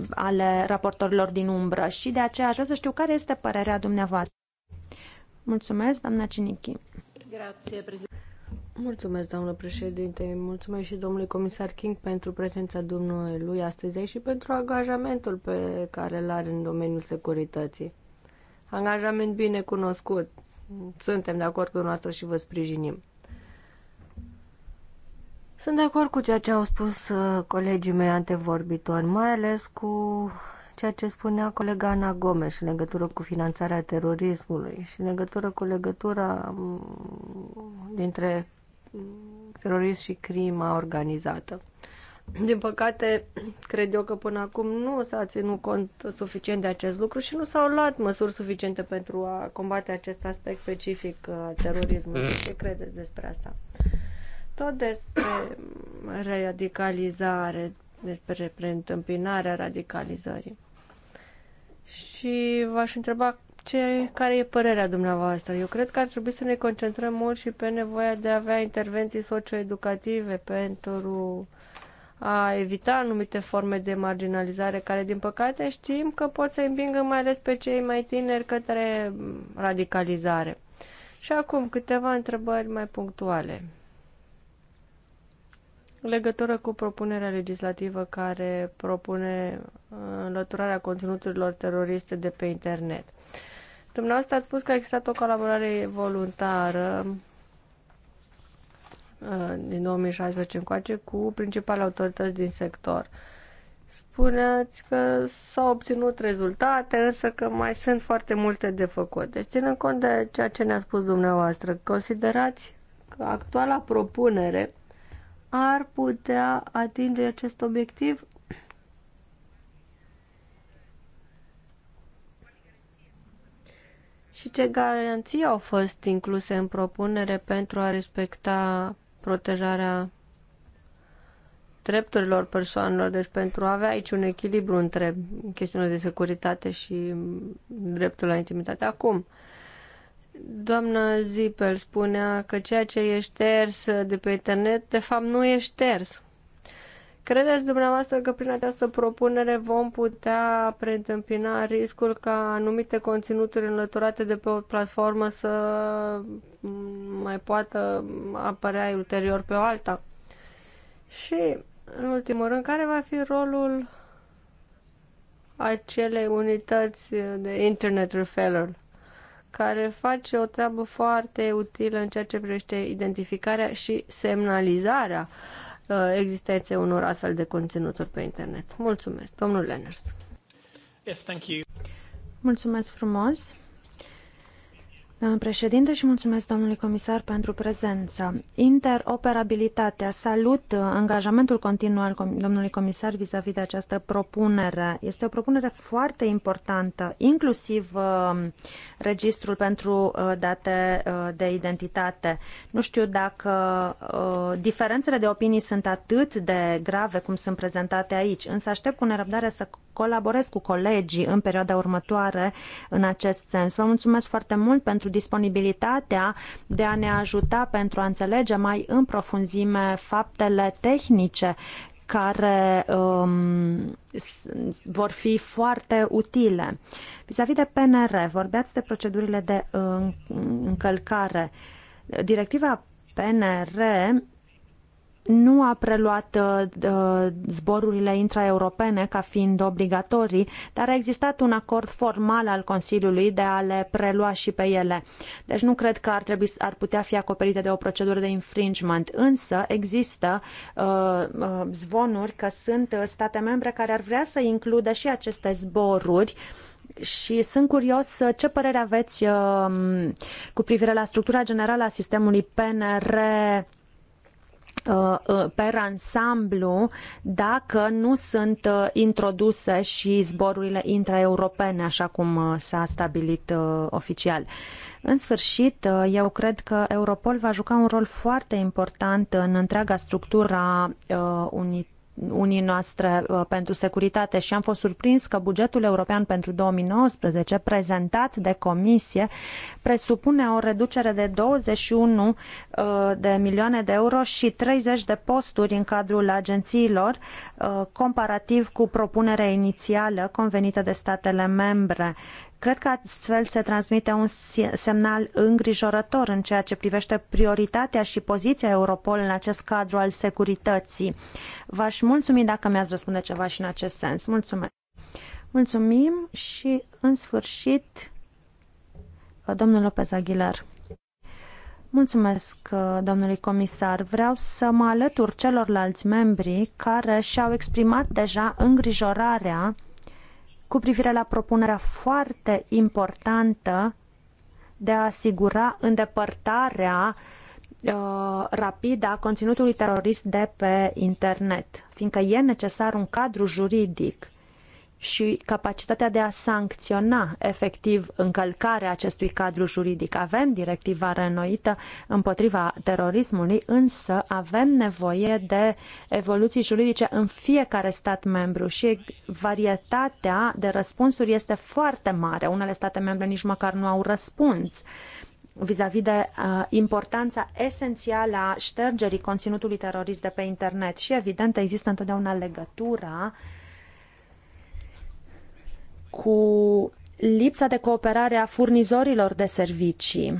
ale raportorilor din umbră și de aceea aș vrea să știu care este părerea dumneavoastră. Mulțumesc, doamna Cinichi. Grazie, președinte. Mulțumesc, doamnă președinte, mulțumesc și domnului comisar King pentru prezența dumneavoastră astăzi și pentru angajamentul pe care îl are în domeniul securității. Angajament bine cunoscut. Suntem de acord cu dumneavoastră și vă sprijinim. Sunt de acord cu ceea ce au spus uh, colegii mei antevorbitori, mai ales cu ceea ce spunea colega Ana Gomes în legătură cu finanțarea terorismului și în legătură cu legătura mm, dintre terorism și crima organizată. Din păcate, cred eu că până acum nu s-a ținut cont suficient de acest lucru și nu s-au luat măsuri suficiente pentru a combate acest aspect specific a uh, terorismului. Mm. Ce credeți despre asta? Tot despre radicalizare, despre preîntâmpinarea radicalizării și v-aș întreba ce, care e părerea dumneavoastră. Eu cred că ar trebui să ne concentrăm mult și pe nevoia de a avea intervenții socioeducative pentru a evita anumite forme de marginalizare care, din păcate, știm că pot să împingă mai ales pe cei mai tineri către radicalizare. Și acum câteva întrebări mai punctuale. În legătură cu propunerea legislativă care propune uh, înlăturarea conținuturilor teroriste de pe internet. Dumneavoastră ați spus că a existat o colaborare voluntară uh, din 2016 încoace cu principalele autorități din sector. Spuneați că s-au obținut rezultate, însă că mai sunt foarte multe de făcut. Deci, ținând cont de ceea ce ne-a spus dumneavoastră, considerați că actuala propunere ar putea atinge acest obiectiv? Și ce garanții au fost incluse în propunere pentru a respecta protejarea drepturilor persoanelor, deci pentru a avea aici un echilibru între chestiunile de securitate și dreptul la intimitate. Acum, uh, Doamna Zipel spunea că ceea ce e șters de pe internet, de fapt, nu e șters. Credeți dumneavoastră că prin această propunere vom putea preîntâmpina riscul ca anumite conținuturi înlăturate de pe o platformă să mai poată apărea ulterior pe o alta? Și, în ultimul rând, care va fi rolul acelei unități de Internet Referral? care face o treabă foarte utilă în ceea ce privește identificarea și semnalizarea uh, existenței unor astfel de conținuturi pe internet. Mulțumesc, domnul Lenners. Yes, thank you. Mulțumesc frumos președinte și mulțumesc domnului comisar pentru prezență. Interoperabilitatea. Salut uh, angajamentul continuu al domnului comisar vis-a-vis -vis de această propunere. Este o propunere foarte importantă, inclusiv uh, registrul pentru uh, date uh, de identitate. Nu știu dacă uh, diferențele de opinii sunt atât de grave cum sunt prezentate aici, însă aștept cu nerăbdare să colaborez cu colegii în perioada următoare în acest sens. Vă mulțumesc foarte mult pentru disponibilitatea de a ne ajuta pentru a înțelege mai în profunzime faptele tehnice care um, vor fi foarte utile. Vis-a-vis de PNR, vorbeați de procedurile de încălcare. Directiva PNR nu a preluat uh, uh, zborurile intraeuropene ca fiind obligatorii, dar a existat un acord formal al Consiliului de a le prelua și pe ele. Deci nu cred că ar, trebui, ar putea fi acoperite de o procedură de infringement, însă există uh, uh, zvonuri că sunt uh, state membre care ar vrea să includă și aceste zboruri și sunt curios uh, ce părere aveți cu privire la structura generală a sistemului PNR Uh, uh, per ansamblu dacă nu sunt uh, introduse și zborurile intraeuropene, așa cum s-a stabilit oficial. În sfârșit, eu cred că Europol va juca un rol foarte important în întreaga a unit Uniunii noastre uh, pentru securitate și am fost surprins că bugetul european pentru 2019 prezentat de comisie presupune o reducere de 21 uh, de milioane de euro și 30 de posturi în cadrul agențiilor uh, comparativ cu propunerea inițială convenită de statele membre Cred că astfel se transmite un semnal îngrijorător în ceea ce privește prioritatea și poziția Europol în acest cadru al securității. V-aș mulțumi dacă mi-ați răspunde ceva și în acest sens. Mulțumesc! Mulțumim și, în sfârșit, domnul Lopez Aguilar. Mulțumesc, domnului comisar. Vreau să mă alătur celorlalți membri care și-au exprimat deja îngrijorarea cu privire la propunerea foarte importantă de a asigura îndepărtarea uh, rapidă a conținutului terorist de pe internet, fiindcă e necesar un cadru juridic și capacitatea de a sancționa efectiv încălcarea acestui cadru juridic. Avem directiva renoită împotriva terorismului, însă avem nevoie de evoluții juridice în fiecare stat membru și varietatea de răspunsuri este foarte mare. Unele state membre nici măcar nu au răspuns vis-a-vis -vis de uh, importanța esențială a ștergerii conținutului terorist de pe internet. Și evident există întotdeauna legătura uh, cu lipsa de cooperare a furnizorilor de servicii.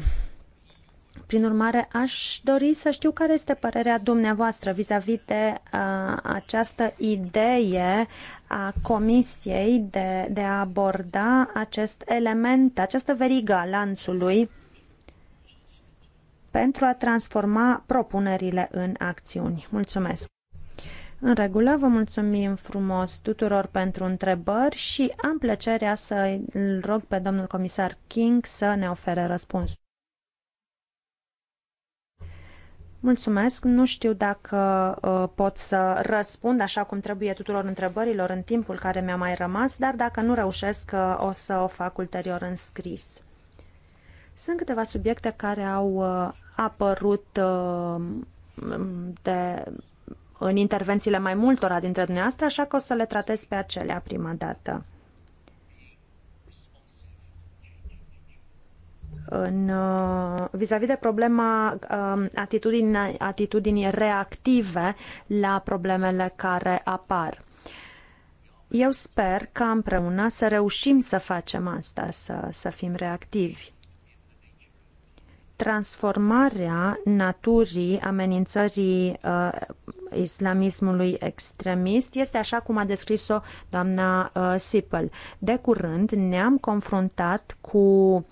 Prin urmare, aș dori să știu care este părerea dumneavoastră vis-a-vis -vis de uh, această idee a Comisiei de, de a aborda acest element, această verigă a lanțului pentru a transforma propunerile în acțiuni. Mulțumesc! În regulă, vă mulțumim frumos tuturor pentru întrebări și am plăcerea să îl rog pe domnul comisar King să ne ofere răspuns. Mulțumesc. Nu știu dacă uh, pot să răspund așa cum trebuie tuturor întrebărilor în timpul care mi-a mai rămas, dar dacă nu reușesc, uh, o să o fac ulterior în scris. Sunt câteva subiecte care au uh, apărut uh, de în intervențiile mai multora dintre dumneavoastră, așa că o să le tratez pe acelea prima dată. în, uh, vis-a-vis -vis de problema um, atitudinii, atitudinii reactive la problemele care apar. Eu sper că împreună să reușim să facem asta, să, să fim reactivi transformarea naturii amenințării uh, islamismului extremist este așa cum a descris-o doamna uh, Sipel. De curând ne-am confruntat cu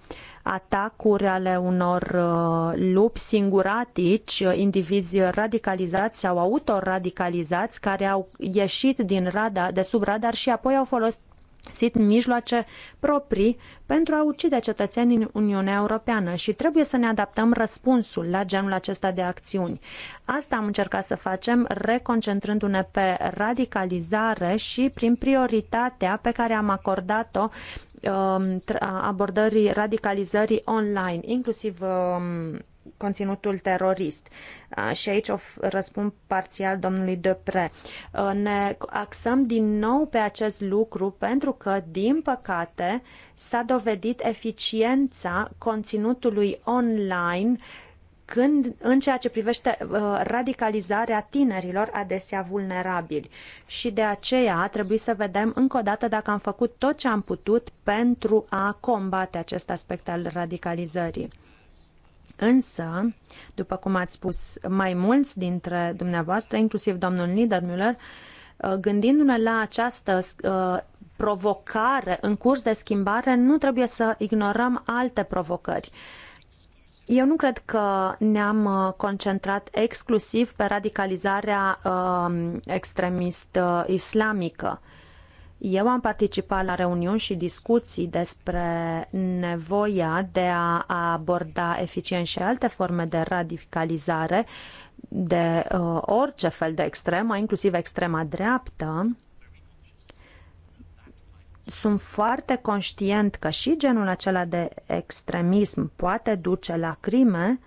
atacuri ale unor uh, lupi singuratici, indivizi radicalizați sau autoradicalizați care au ieșit din radar, de sub radar și apoi au folosit sit mijloace proprii pentru a ucide cetățenii în Uniunea Europeană și trebuie să ne adaptăm răspunsul la genul acesta de acțiuni. Asta am încercat să facem reconcentrându-ne pe radicalizare și prin prioritatea pe care am acordat-o um, abordării radicalizării online, inclusiv um, conținutul terorist. Și aici o răspund parțial domnului Depre. Ne axăm din nou pe acest lucru pentru că, din păcate, s-a dovedit eficiența conținutului online când în ceea ce privește radicalizarea tinerilor adesea vulnerabili. Și de aceea trebuie să vedem încă o dată dacă am făcut tot ce am putut pentru a combate acest aspect al radicalizării. Însă, după cum ați spus mai mulți dintre dumneavoastră, inclusiv domnul Niedermüller, uh, gândindu-ne la această uh, provocare în curs de schimbare, nu trebuie să ignorăm alte provocări. Eu nu cred că ne-am uh, concentrat exclusiv pe radicalizarea uh, extremist-islamică. Uh, eu am participat la reuniuni și discuții despre nevoia de a aborda eficient și alte forme de radicalizare, de uh, orice fel de extremă, inclusiv extrema dreaptă. Sunt foarte conștient că și genul acela de extremism poate duce la crime,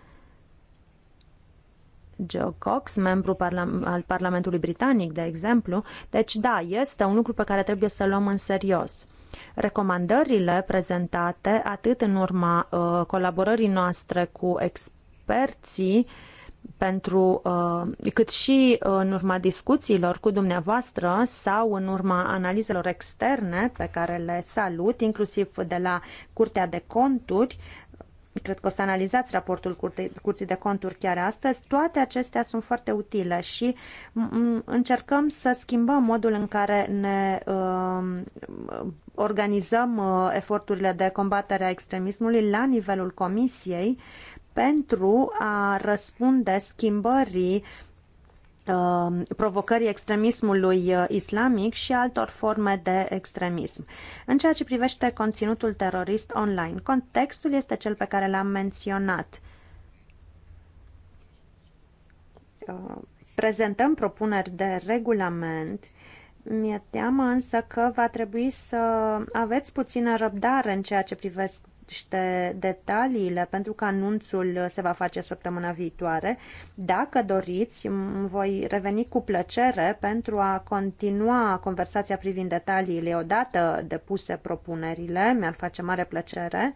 Joe Cox, membru parla- al Parlamentului Britanic, de exemplu. Deci, da, este un lucru pe care trebuie să-l luăm în serios. Recomandările prezentate, atât în urma uh, colaborării noastre cu experții, pentru, uh, cât și uh, în urma discuțiilor cu dumneavoastră sau în urma analizelor externe pe care le salut, inclusiv de la Curtea de Conturi, cred că o să analizați raportul Curții de Conturi chiar astăzi, toate acestea sunt foarte utile și încercăm să schimbăm modul în care ne uh, organizăm uh, eforturile de combatere a extremismului la nivelul Comisiei pentru a răspunde schimbării Uh, provocării extremismului uh, islamic și altor forme de extremism. În ceea ce privește conținutul terorist online, contextul este cel pe care l-am menționat. Uh, prezentăm propuneri de regulament mi-e teamă însă că va trebui să aveți puțină răbdare în ceea ce privește niște detaliile pentru că anunțul se va face săptămâna viitoare. Dacă doriți, voi reveni cu plăcere pentru a continua conversația privind detaliile odată depuse propunerile. Mi-ar face mare plăcere.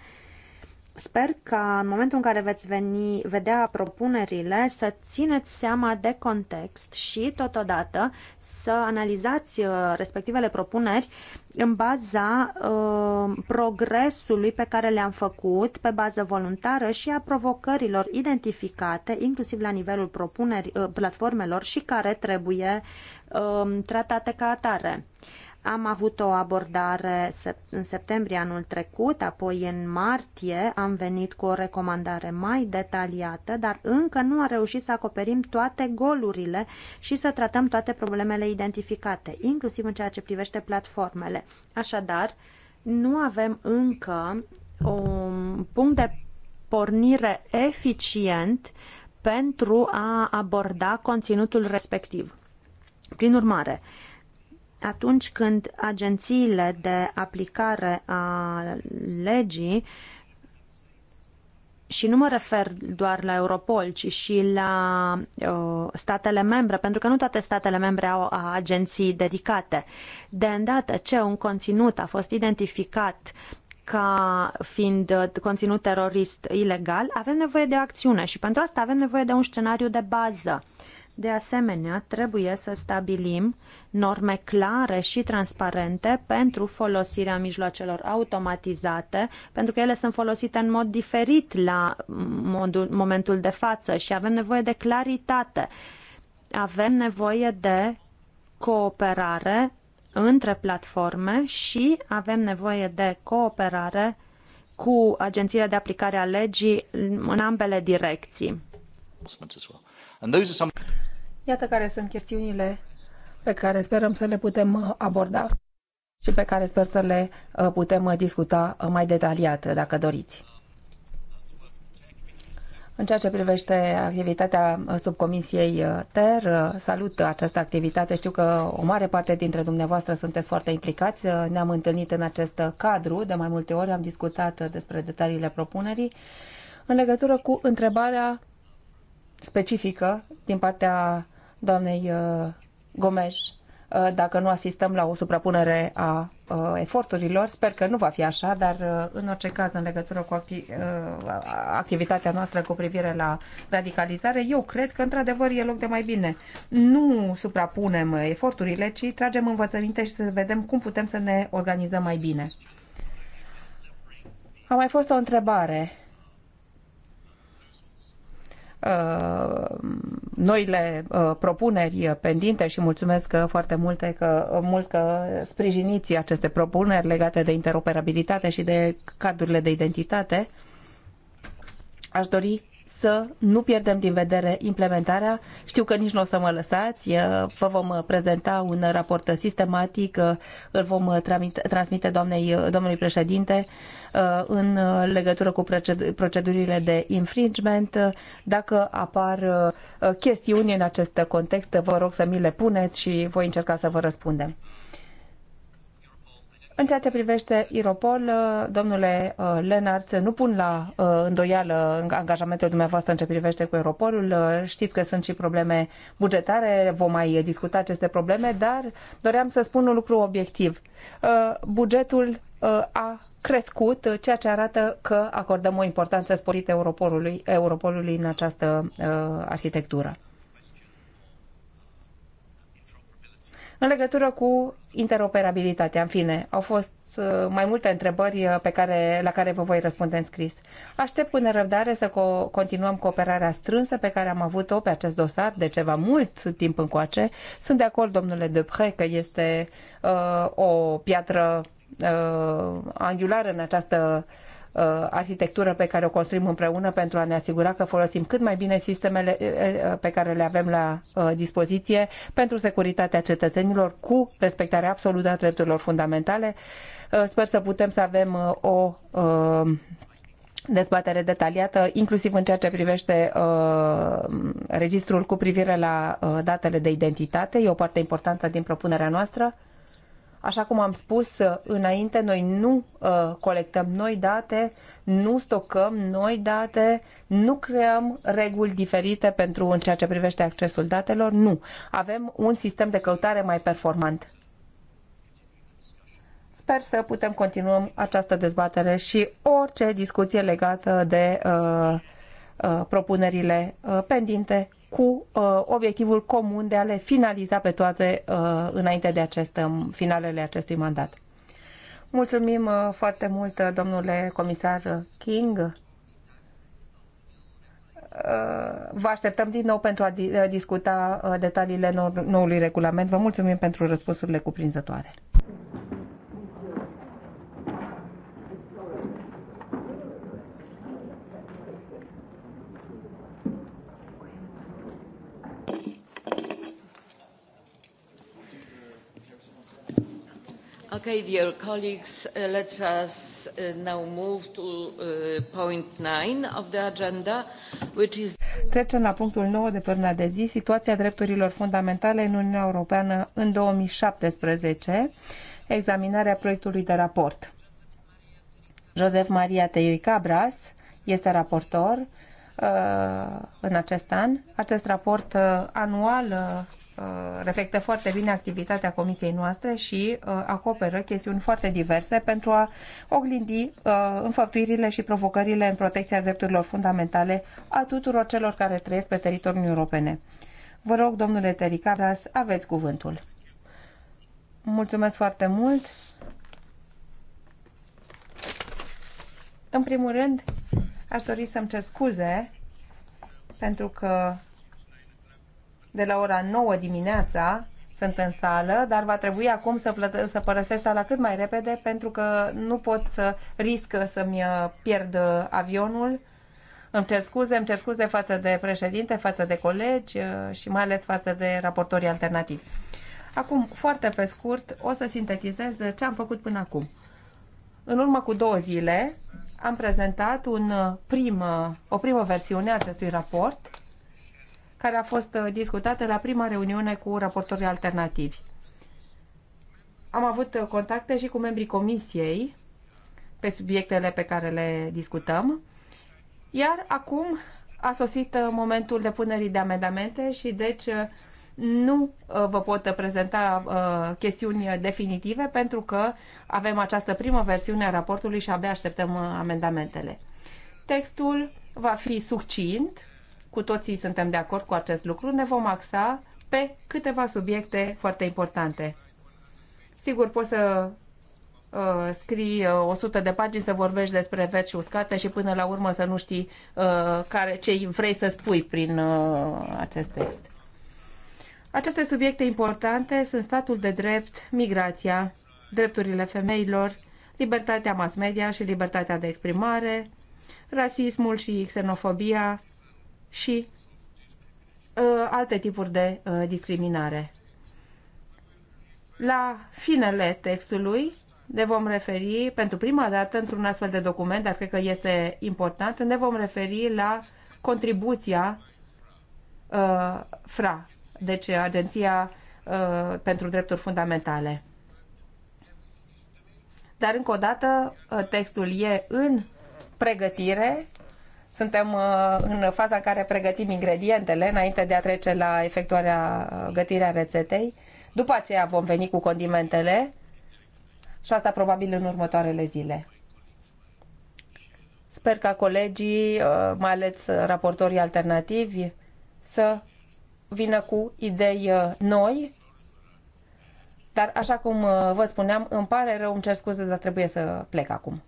Sper că în momentul în care veți veni, vedea propunerile să țineți seama de context și totodată să analizați uh, respectivele propuneri în baza uh, progresului pe care le-am făcut pe bază voluntară și a provocărilor identificate, inclusiv la nivelul propuneri, uh, platformelor și care trebuie uh, tratate ca atare. Uh, am avut o abordare în septembrie anul trecut, apoi în martie am venit cu o recomandare mai detaliată, dar încă nu am reușit să acoperim toate golurile și să tratăm toate problemele identificate, inclusiv în ceea ce privește platformele. Așadar, nu avem încă un punct de pornire eficient pentru a aborda conținutul respectiv. Prin urmare, uh, atunci când agențiile de aplicare a legii și nu mă refer doar la Europol, ci și la uh, statele membre, pentru că nu toate statele membre au agenții dedicate. De îndată ce un conținut a fost identificat ca fiind uh, conținut terorist ilegal, avem nevoie de o acțiune și pentru asta avem nevoie de un scenariu de bază. De asemenea, trebuie să stabilim uh, norme clare și transparente pentru folosirea mijloacelor automatizate, pentru că ele sunt folosite în mod diferit la modul, momentul de față și avem nevoie de claritate. Avem nevoie de cooperare între platforme și avem nevoie de cooperare cu agențiile de aplicare a legii în ambele direcții. Iată care sunt chestiunile pe care sperăm să le putem uh, aborda și pe care sper să le uh, putem uh, discuta mai detaliat, dacă doriți. În ceea ce privește activitatea subcomisiei TER, salut această activitate. Știu că o mare parte dintre dumneavoastră sunteți foarte implicați. Ne-am întâlnit în acest cadru de mai multe ori, am discutat despre detaliile propunerii. În legătură cu întrebarea specifică din partea doamnei Gomes, uh, dacă nu asistăm la o suprapunere a uh, eforturilor. Sper că nu va fi așa, dar uh, în orice caz, în legătură cu activitatea noastră cu privire la radicalizare, eu cred că într-adevăr e loc de mai bine. Nu suprapunem eforturile, ci tragem învățăminte și să vedem cum putem să ne organizăm mai bine. A mai fost o întrebare Uh, noile uh, propuneri pendinte și mulțumesc foarte multe că, mult că sprijiniți aceste propuneri legate de interoperabilitate și de cardurile de identitate. Aș dori să nu pierdem din vedere implementarea. Știu că nici nu o să mă lăsați. Vă vom prezenta un raport sistematic, îl vom transmite doamnei, domnului președinte în legătură cu procedurile de infringement. Dacă apar chestiuni în acest context, vă rog să mi le puneți și voi încerca să vă răspundem. În ceea ce privește Iropol, uh, domnule uh, Lenarț, nu pun la uh, îndoială angajamentele dumneavoastră în ce privește cu Europolul. Știți că sunt și probleme bugetare, vom mai discuta aceste probleme, dar doream să spun un lucru obiectiv. Bugetul a crescut, ceea ce arată că acordăm o importanță sporită Europolului, Europolului în această arhitectură. În legătură cu interoperabilitatea, în fine, au fost uh, mai multe întrebări uh, pe care, la care vă voi răspunde în scris. Aștept cu nerăbdare să co- continuăm cooperarea strânsă pe care am avut-o pe acest dosar de ceva mult timp încoace. Sunt de acord, domnule Depre, că este uh, o piatră uh, angulară în această Uh, arhitectură pe care o construim împreună pentru a ne asigura că folosim cât mai bine sistemele uh, uh, pe care le avem la dispoziție pentru securitatea cetățenilor cu respectarea absolută a drepturilor fundamentale. Sper să putem să avem o dezbatere detaliată, inclusiv în ceea ce privește uh, registrul cu privire la uh, datele de identitate. E o parte importantă din propunerea noastră. Așa cum am spus uh, înainte, noi nu uh, colectăm noi date, nu stocăm noi date, nu creăm reguli diferite pentru în ceea ce privește accesul datelor, nu. Avem un sistem de căutare mai performant. Sper să putem continuăm această dezbatere și orice discuție legată de uh, uh, propunerile uh, pendinte cu uh, obiectivul comun de a le finaliza pe toate uh, înainte de acest, um, finalele acestui mandat. Mulțumim uh, foarte mult, uh, domnule comisar King. Uh, vă așteptăm din nou pentru a di uh, discuta uh, detaliile noului regulament. Vă mulțumim pentru răspunsurile cuprinzătoare. Okay, dear colleagues, uh, let us uh, now move to uh, point 9 of the agenda, which is... Trecem la punctul 9 de până de zi, situația drepturilor fundamentale în Uniunea Europeană în 2017, examinarea proiectului de raport. Josef Maria Teiri Cabras este raportor uh, în acest an. Acest raport uh, anual uh, Uh, reflectă foarte bine activitatea comisiei noastre și uh, acoperă chestiuni foarte diverse pentru a oglindi uh, înfăptuirile și provocările în protecția drepturilor fundamentale a tuturor celor care trăiesc pe teritoriul europene. Vă rog, domnule Tericaras, aveți cuvântul. Mulțumesc foarte mult. În primul rând, aș dori să-mi cer scuze pentru că de la ora 9 dimineața sunt în sală, dar va trebui acum să, plătă, să părăsesc sala cât mai repede pentru că nu pot să risc să-mi uh, pierd uh, avionul. Îmi cer scuze, îmi cer scuze față de președinte, față de colegi uh, și mai ales față de raportorii alternativi. Acum, foarte pe scurt, o să sintetizez ce am făcut până acum. În urmă cu două zile am prezentat un prim, o primă versiune a acestui raport care a fost uh, discutată la prima reuniune cu raportorii alternativi. Am avut uh, contacte și cu membrii comisiei pe subiectele pe care le discutăm, iar acum a sosit uh, momentul depunerii de amendamente și deci nu vă pot prezenta chestiuni definitive pentru că avem această primă versiune a raportului și abia așteptăm amendamentele. Textul va fi succint, cu toții suntem de acord cu acest lucru, ne vom axa pe câteva subiecte foarte importante. Sigur, poți să uh, scrii uh, 100 de pagini să vorbești despre veci și uscate și până la urmă să nu știi uh, care, ce vrei să spui prin uh, acest text. Aceste subiecte importante sunt statul de drept, migrația, drepturile femeilor, libertatea mass media și libertatea de exprimare, rasismul și xenofobia, și uh, alte tipuri de uh, discriminare. La finele textului ne vom referi pentru prima dată într-un astfel de document, dar cred că este important, ne vom referi la contribuția uh, FRA, deci Agenția uh, pentru Drepturi Fundamentale. Dar, încă o dată, uh, textul e în pregătire suntem uh, în faza în care pregătim ingredientele înainte de a trece la efectuarea, uh, gătirea rețetei. După aceea vom veni cu condimentele și asta probabil în următoarele zile. Sper ca colegii, uh, mai ales raportorii alternativi, să vină cu idei noi. Dar, așa cum vă spuneam, îmi pare rău, îmi cer scuze, dar trebuie să plec acum.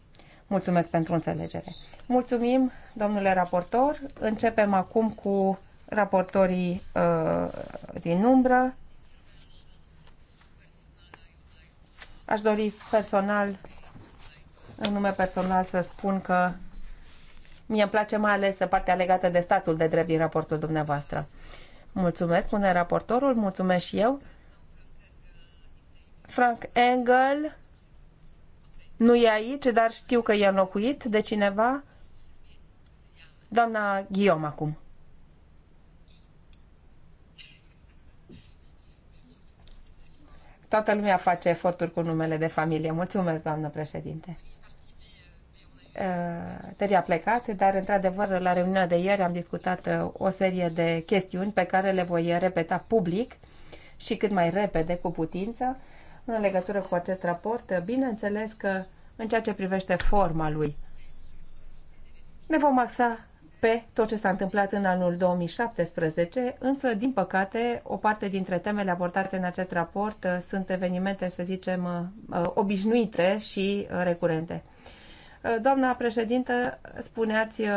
Mulțumesc pentru înțelegere. Mulțumim, domnule raportor. Începem acum cu raportorii uh, din umbră. Aș dori personal, în nume personal, să spun că mie îmi place mai ales partea legată de statul de drept din raportul dumneavoastră. Mulțumesc, spune raportorul, mulțumesc și eu. Frank Engel nu e aici, dar știu că e înlocuit de cineva. Doamna Ghiom acum. Toată lumea face eforturi cu numele de familie. Mulțumesc, doamnă președinte. Uh, Teri a plecat, dar într-adevăr la reuniunea de ieri am discutat uh, o serie de chestiuni pe care le voi repeta public și cât mai repede cu putință în legătură cu acest raport. Bineînțeles că în ceea ce privește forma lui, ne vom axa pe tot ce s-a întâmplat în anul 2017, însă, din păcate, o parte dintre temele abordate în acest raport uh, sunt evenimente, să zicem, uh, uh, obișnuite și recurente. Doamna președintă, spuneați uh,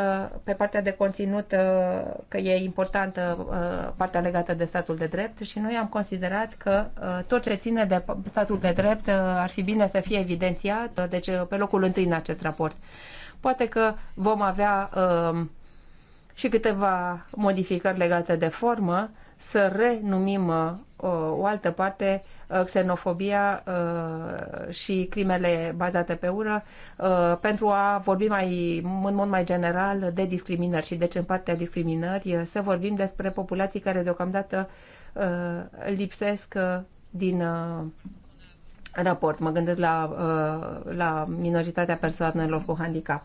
pe partea de conținut uh, că e importantă uh, partea legată de statul de drept și noi am considerat că tot ce ține de statul de drept ar fi bine să fie evidențiat, deci pe locul întâi în acest raport. Poate că vom avea și câteva modificări legate de formă, să renumim o altă parte Uh, xenofobia uh, și crimele bazate pe ură uh, pentru a vorbi mai, în mod mai general de discriminări și deci în partea discriminări să vorbim despre populații care deocamdată lipsesc din raport. Mă gândesc la, la minoritatea persoanelor cu handicap.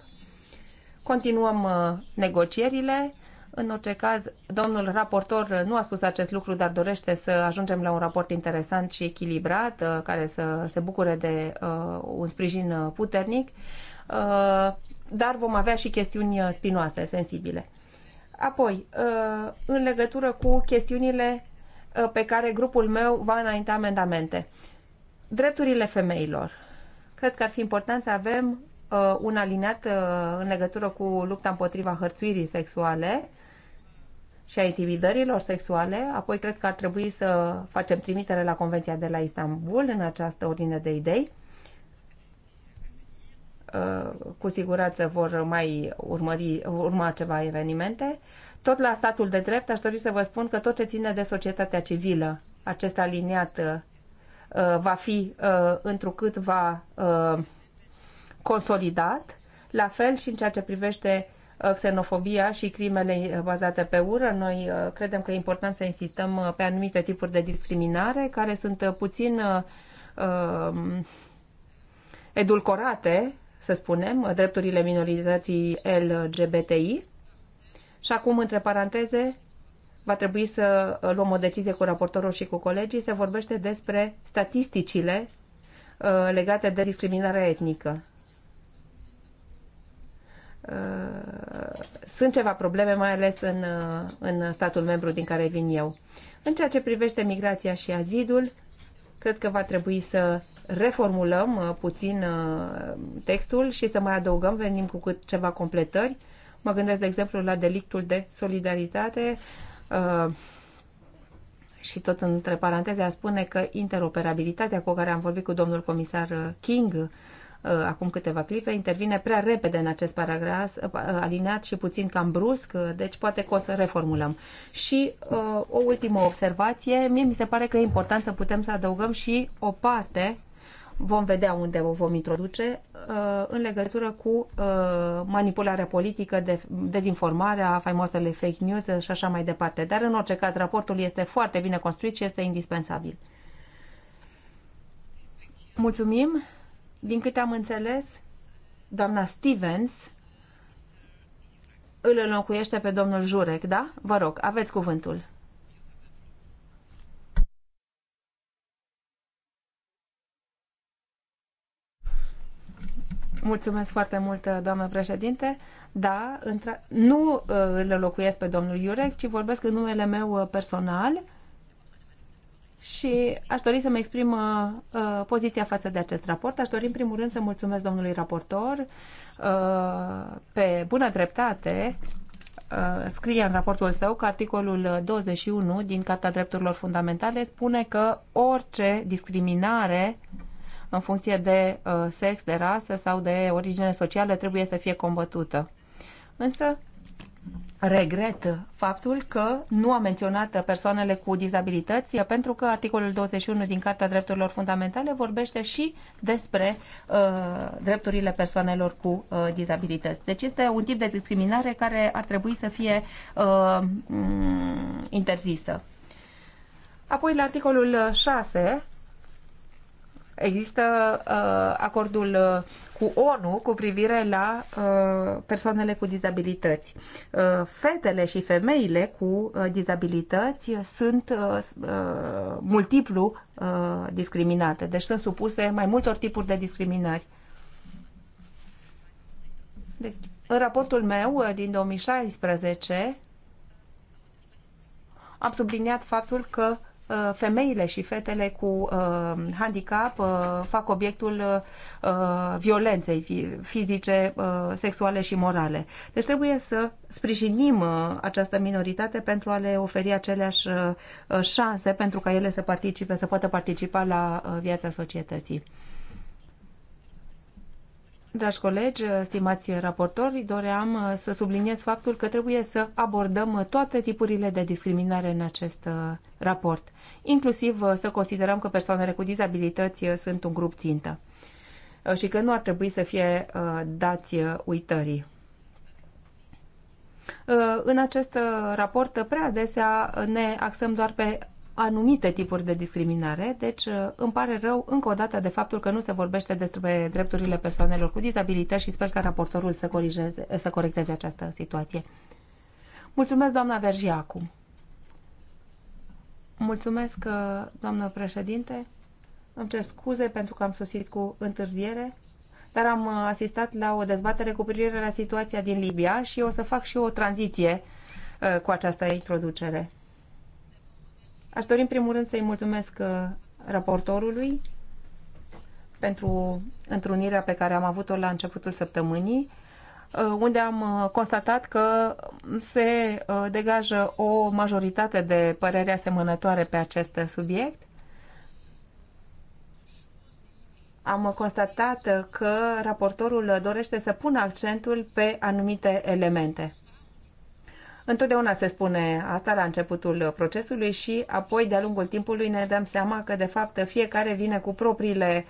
Continuăm negocierile în orice caz, domnul raportor nu a spus acest lucru, dar dorește să ajungem la un raport interesant și echilibrat, uh, care să se bucure de uh, un sprijin uh, puternic, dar vom avea și chestiuni spinoase, sensibile. Apoi, în legătură cu chestiunile pe care grupul meu va înainta amendamente. Drepturile femeilor. Cred că ar fi important să avem un aliniat în legătură cu lupta împotriva hărțuirii sexuale și a intimidărilor sexuale, apoi cred că ar trebui să facem trimitere la Convenția de la Istanbul în această ordine de idei. Uh, cu siguranță vor mai urmări, urma ceva evenimente. Tot la statul de drept aș dori să vă spun că tot ce ține de societatea civilă, acest aliniat uh, uh, va fi întrucât va consolidat, la fel și în ceea ce privește Uh, xenofobia și crimele bazate pe ură. Noi uh, credem că e important să insistăm uh, pe anumite tipuri de discriminare care sunt puțin um, edulcorate, să spunem, drepturile minorității LGBTI. Și acum, între paranteze, va trebui să luăm o decizie cu raportorul și cu colegii. Se vorbește despre statisticile legate de discriminarea etnică. Uh, sunt ceva probleme, mai ales în, uh, în statul membru din care vin eu. În ceea ce privește migrația și azidul, cred că va trebui să reformulăm uh, puțin textul și să mai adăugăm, venim cu cât ceva completări. Mă gândesc, de exemplu, la delictul de solidaritate și tot între paranteze a spune că interoperabilitatea cu care am vorbit cu domnul comisar King Uh, acum câteva clipe, intervine prea repede în acest paragraf uh, alineat și puțin cam brusc, uh, deci poate că o să reformulăm. Și o ultimă observație, mie mi se pare că e important să putem să adăugăm și o parte vom vedea unde o vom introduce în legătură cu manipularea politică, de, dezinformarea, faimoasele fake news și așa mai departe. Dar în orice caz, raportul este foarte bine construit și este indispensabil. Mulțumim! Din câte am înțeles, doamna Stevens îl înlocuiește pe domnul Jurec, da? Vă rog, aveți cuvântul. Mulțumesc foarte mult, doamnă președinte. Da, nu uh, îl locuiesc pe domnul Iurec, ci vorbesc în numele meu uh, personal și aș dori să-mi exprim uh, uh, poziția față de acest raport. Aș dori, în primul rând, să mulțumesc domnului raportor uh, pe bună dreptate. Uh, scrie în raportul său că articolul 21 din Carta Drepturilor Fundamentale spune că orice discriminare în funcție de uh, sex, de rasă sau de origine socială trebuie să fie combătută. Însă, regret faptul că nu a menționat persoanele cu dizabilități, pentru că articolul 21 din Carta Drepturilor Fundamentale vorbește și despre uh, drepturile persoanelor cu uh, dizabilități. Deci este un tip de discriminare care ar trebui să fie uh, interzisă. Apoi, la articolul 6, Există uh, acordul uh, cu ONU cu privire la uh, persoanele cu dizabilități. Fetele și femeile cu dizabilități sunt multiplu discriminate, deci sunt supuse mai multor tipuri de discriminări. Deci, în raportul meu din 2016 am subliniat faptul că Uh, femeile și fetele cu uh, handicap uh, fac obiectul violenței fizice, sexuale și morale. Deci trebuie să sprijinim această minoritate pentru a le oferi aceleași șanse pentru ca ele să participe, să poată participa la viața societății. Dragi colegi, stimați raportori, doream uh, să subliniez faptul că trebuie să abordăm uh, toate tipurile de discriminare în acest uh, raport, inclusiv să considerăm că persoanele cu dizabilități sunt un grup țintă și că nu ar trebui să fie dați uitării. În acest raport prea adesea ne axăm doar pe anumite tipuri de discriminare, deci uh, îmi pare rău încă o dată de faptul că nu se vorbește despre drepturile persoanelor cu dizabilități și sper ca raportorul să, corigeze, să corecteze această situație. Mulțumesc, doamna Vergia, acum. Mulțumesc, uh, doamnă președinte. Îmi cer scuze pentru că am susit cu întârziere, dar am uh, asistat la o dezbatere cu privire la situația din Libia și o să fac și o tranziție cu această introducere. Aș dori în primul rând să-i mulțumesc uh, raportorului pentru întrunirea pe care am avut-o la începutul săptămânii, uh, unde am uh, constatat că se degajă o majoritate de păreri asemănătoare pe acest subiect. Am constatat că raportorul dorește să pună accentul pe anumite elemente Întotdeauna se spune asta la începutul procesului și apoi de-a lungul timpului ne dăm seama că de fapt fiecare vine cu propriile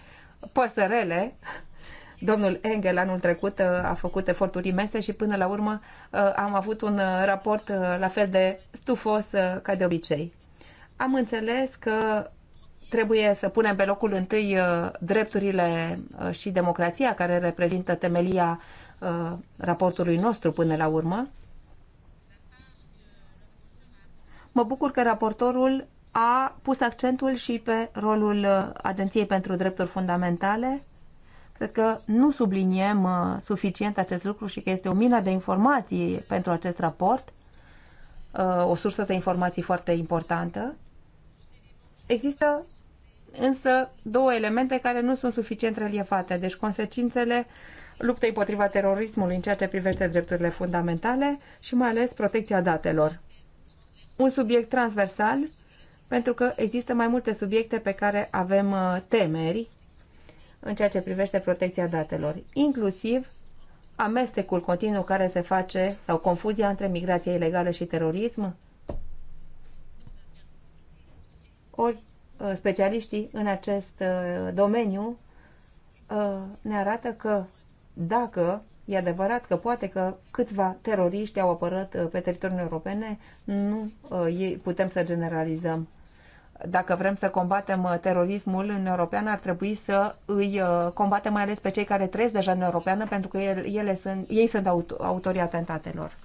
păsărele. Domnul Engel anul trecut uh, a făcut eforturi imense și până la urmă uh, am avut un uh, raport la fel de stufos ca de obicei. Am înțeles că trebuie să punem pe locul întâi drepturile și democrația care reprezintă temelia raportului nostru până la urmă Mă bucur că raportorul a pus accentul și pe rolul uh, Agenției pentru Drepturi Fundamentale. Cred că nu subliniem uh, suficient acest lucru și că este o mină de informații pentru acest raport, uh, o sursă de informații foarte importantă. Există însă două elemente care nu sunt suficient reliefate, deci consecințele luptei împotriva terorismului în ceea ce privește drepturile fundamentale și mai ales protecția datelor un subiect transversal, pentru că există mai multe subiecte pe care avem uh, temeri în ceea ce privește protecția datelor, inclusiv amestecul continuu care se face sau confuzia între migrație ilegală și terorism? Ori uh, specialiștii în acest uh, domeniu ne arată că dacă E adevărat că poate că câțiva teroriști au apărat uh, pe teritoriul europene, nu uh, putem să generalizăm. Dacă vrem să combatem uh, terorismul în european, ar trebui să îi combatem mai ales pe cei care trăiesc deja în europeană, pentru că ele sunt, ei sunt autorii atentatelor.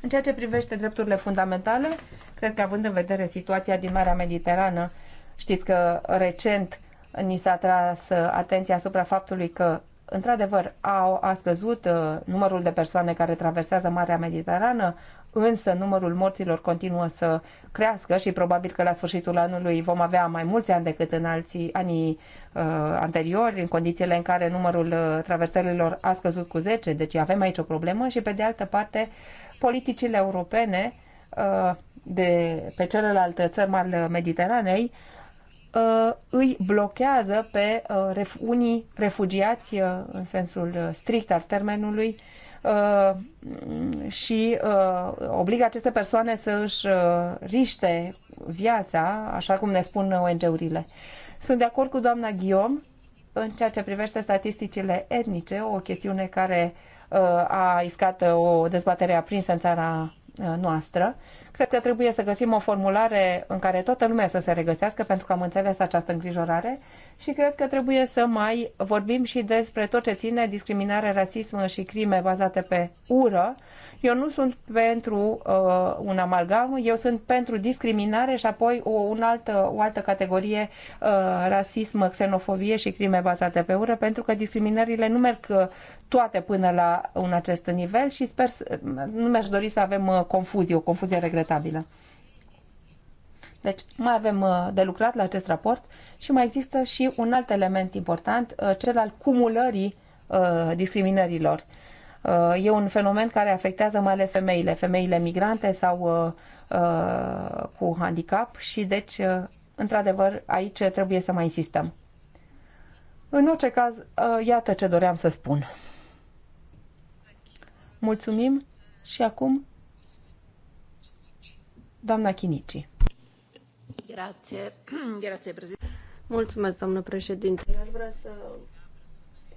În ceea ce privește drepturile fundamentale, cred că având în vedere situația din Marea Mediterană, știți că recent ni s-a tras atenția asupra faptului că Într-adevăr, a, a scăzut uh, numărul de persoane care traversează Marea Mediterană, însă numărul morților continuă să crească și probabil că la sfârșitul anului vom avea mai mulți ani decât în alții anii uh, anteriori, în condițiile în care numărul uh, traversărilor a scăzut cu 10, deci avem aici o problemă și pe de altă parte politicile europene uh, de pe celelalte țări mari Mediteranei uh, Uh, îi blochează pe uh, unii refugiați uh, în sensul strict al termenului și obligă aceste persoane să își riște viața, așa cum ne spun ONG-urile. Sunt de acord cu doamna Ghiom în ceea ce privește statisticile etnice, o chestiune care a iscat o dezbatere aprinsă în țara Uh, noastră. Cred că trebuie să găsim o formulare în care toată lumea să se regăsească pentru că am înțeles această îngrijorare și cred că trebuie să mai vorbim și despre tot ce ține discriminare, rasism și crime bazate pe ură, eu nu sunt pentru uh, un amalgam, eu sunt pentru discriminare și apoi o, un altă, o altă categorie, uh, rasism, xenofobie și crime bazate pe ură, pentru că discriminările nu merg uh, toate până la un acest nivel și sper, nu mi-aș dori să avem uh, confuzie, o confuzie regretabilă. Deci mai avem uh, de lucrat la acest raport și mai există și un alt element important, uh, cel al cumulării discriminărilor. Uh, e un fenomen care afectează mai ales femeile, femeile migrante sau uh, uh, cu handicap și deci, într-adevăr, aici trebuie să mai insistăm. În orice caz, iată ce doream să spun. Mulțumim și acum doamna Chinici. Grație, [clears throat] grație, președinte. Mulțumesc, doamnă președinte. Eu aș vrea să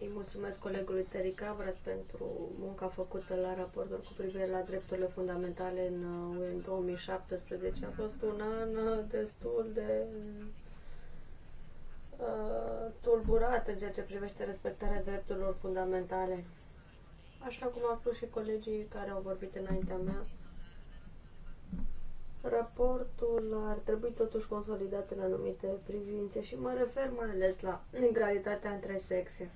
îi mulțumesc colegului Terry Cavras pentru munca făcută la raportul cu privire la drepturile fundamentale în, uh, în 2017. A fost un an uh, destul de uh, tulburat în ceea ce privește respectarea drepturilor fundamentale. Așa cum au spus și colegii care au vorbit înaintea mea, Raportul ar trebui totuși consolidat în anumite privințe și mă refer mai ales la egalitatea între sexe.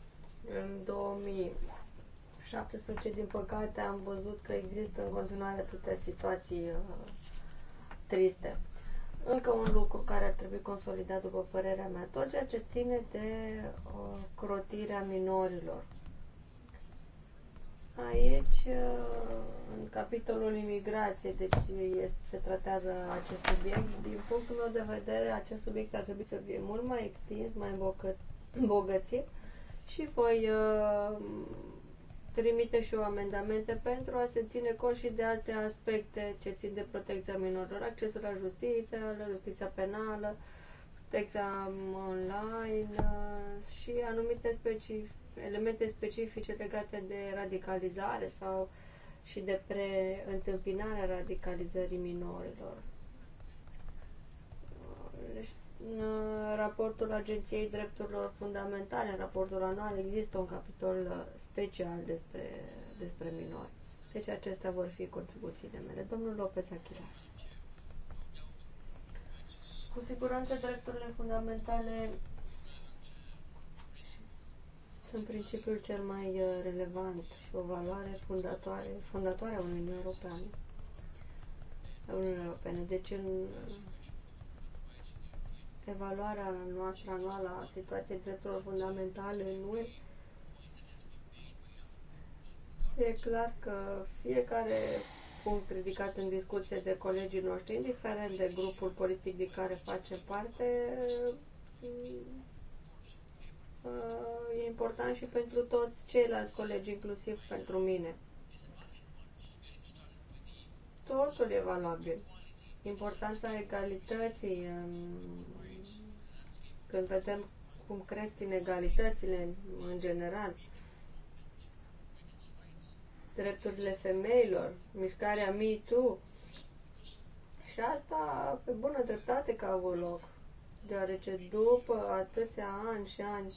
În 2017, din păcate, am văzut că există în continuare atâtea situații uh, triste. Încă un lucru care ar trebui consolidat, după părerea mea, tot ceea ce ține de uh, crotirea minorilor. Aici, uh, în capitolul imigrație, deci este, se tratează acest subiect. Din punctul meu de vedere, acest subiect ar trebui să fie mult mai extins, mai îmbogățit și voi uh, trimite și eu amendamente pentru a se ține cont și de alte aspecte ce țin de protecția minorilor, accesul la justiție, la justiția penală, protecția online uh, și anumite specific, elemente specifice legate de radicalizare sau și de preîntâmpinarea radicalizării minorilor. Uh, deci Uh, raportul Agenției Drepturilor Fundamentale, în raportul anual, există un capitol uh, special despre, despre minori. Deci acestea vor fi contribuțiile mele. Domnul Lopez Achila. Cu siguranță drepturile fundamentale sunt principiul cel mai uh, relevant și o valoare fondatoare, fondatoare a Uniunii Europeane. Uniunii Europene. Deci în evaluarea noastră anuală a situației drepturilor fundamentale în UE, e clar că fiecare punct ridicat în discuție de colegii noștri, indiferent de grupul politic din care face parte, uh, e important și pentru toți ceilalți colegi, inclusiv pentru mine. Totul e valabil. Importanța egalității în când vedem cum cresc inegalitățile în general, drepturile femeilor, mișcarea Me Too. Și asta pe bună dreptate că a avut loc, deoarece după atâția ani și ani,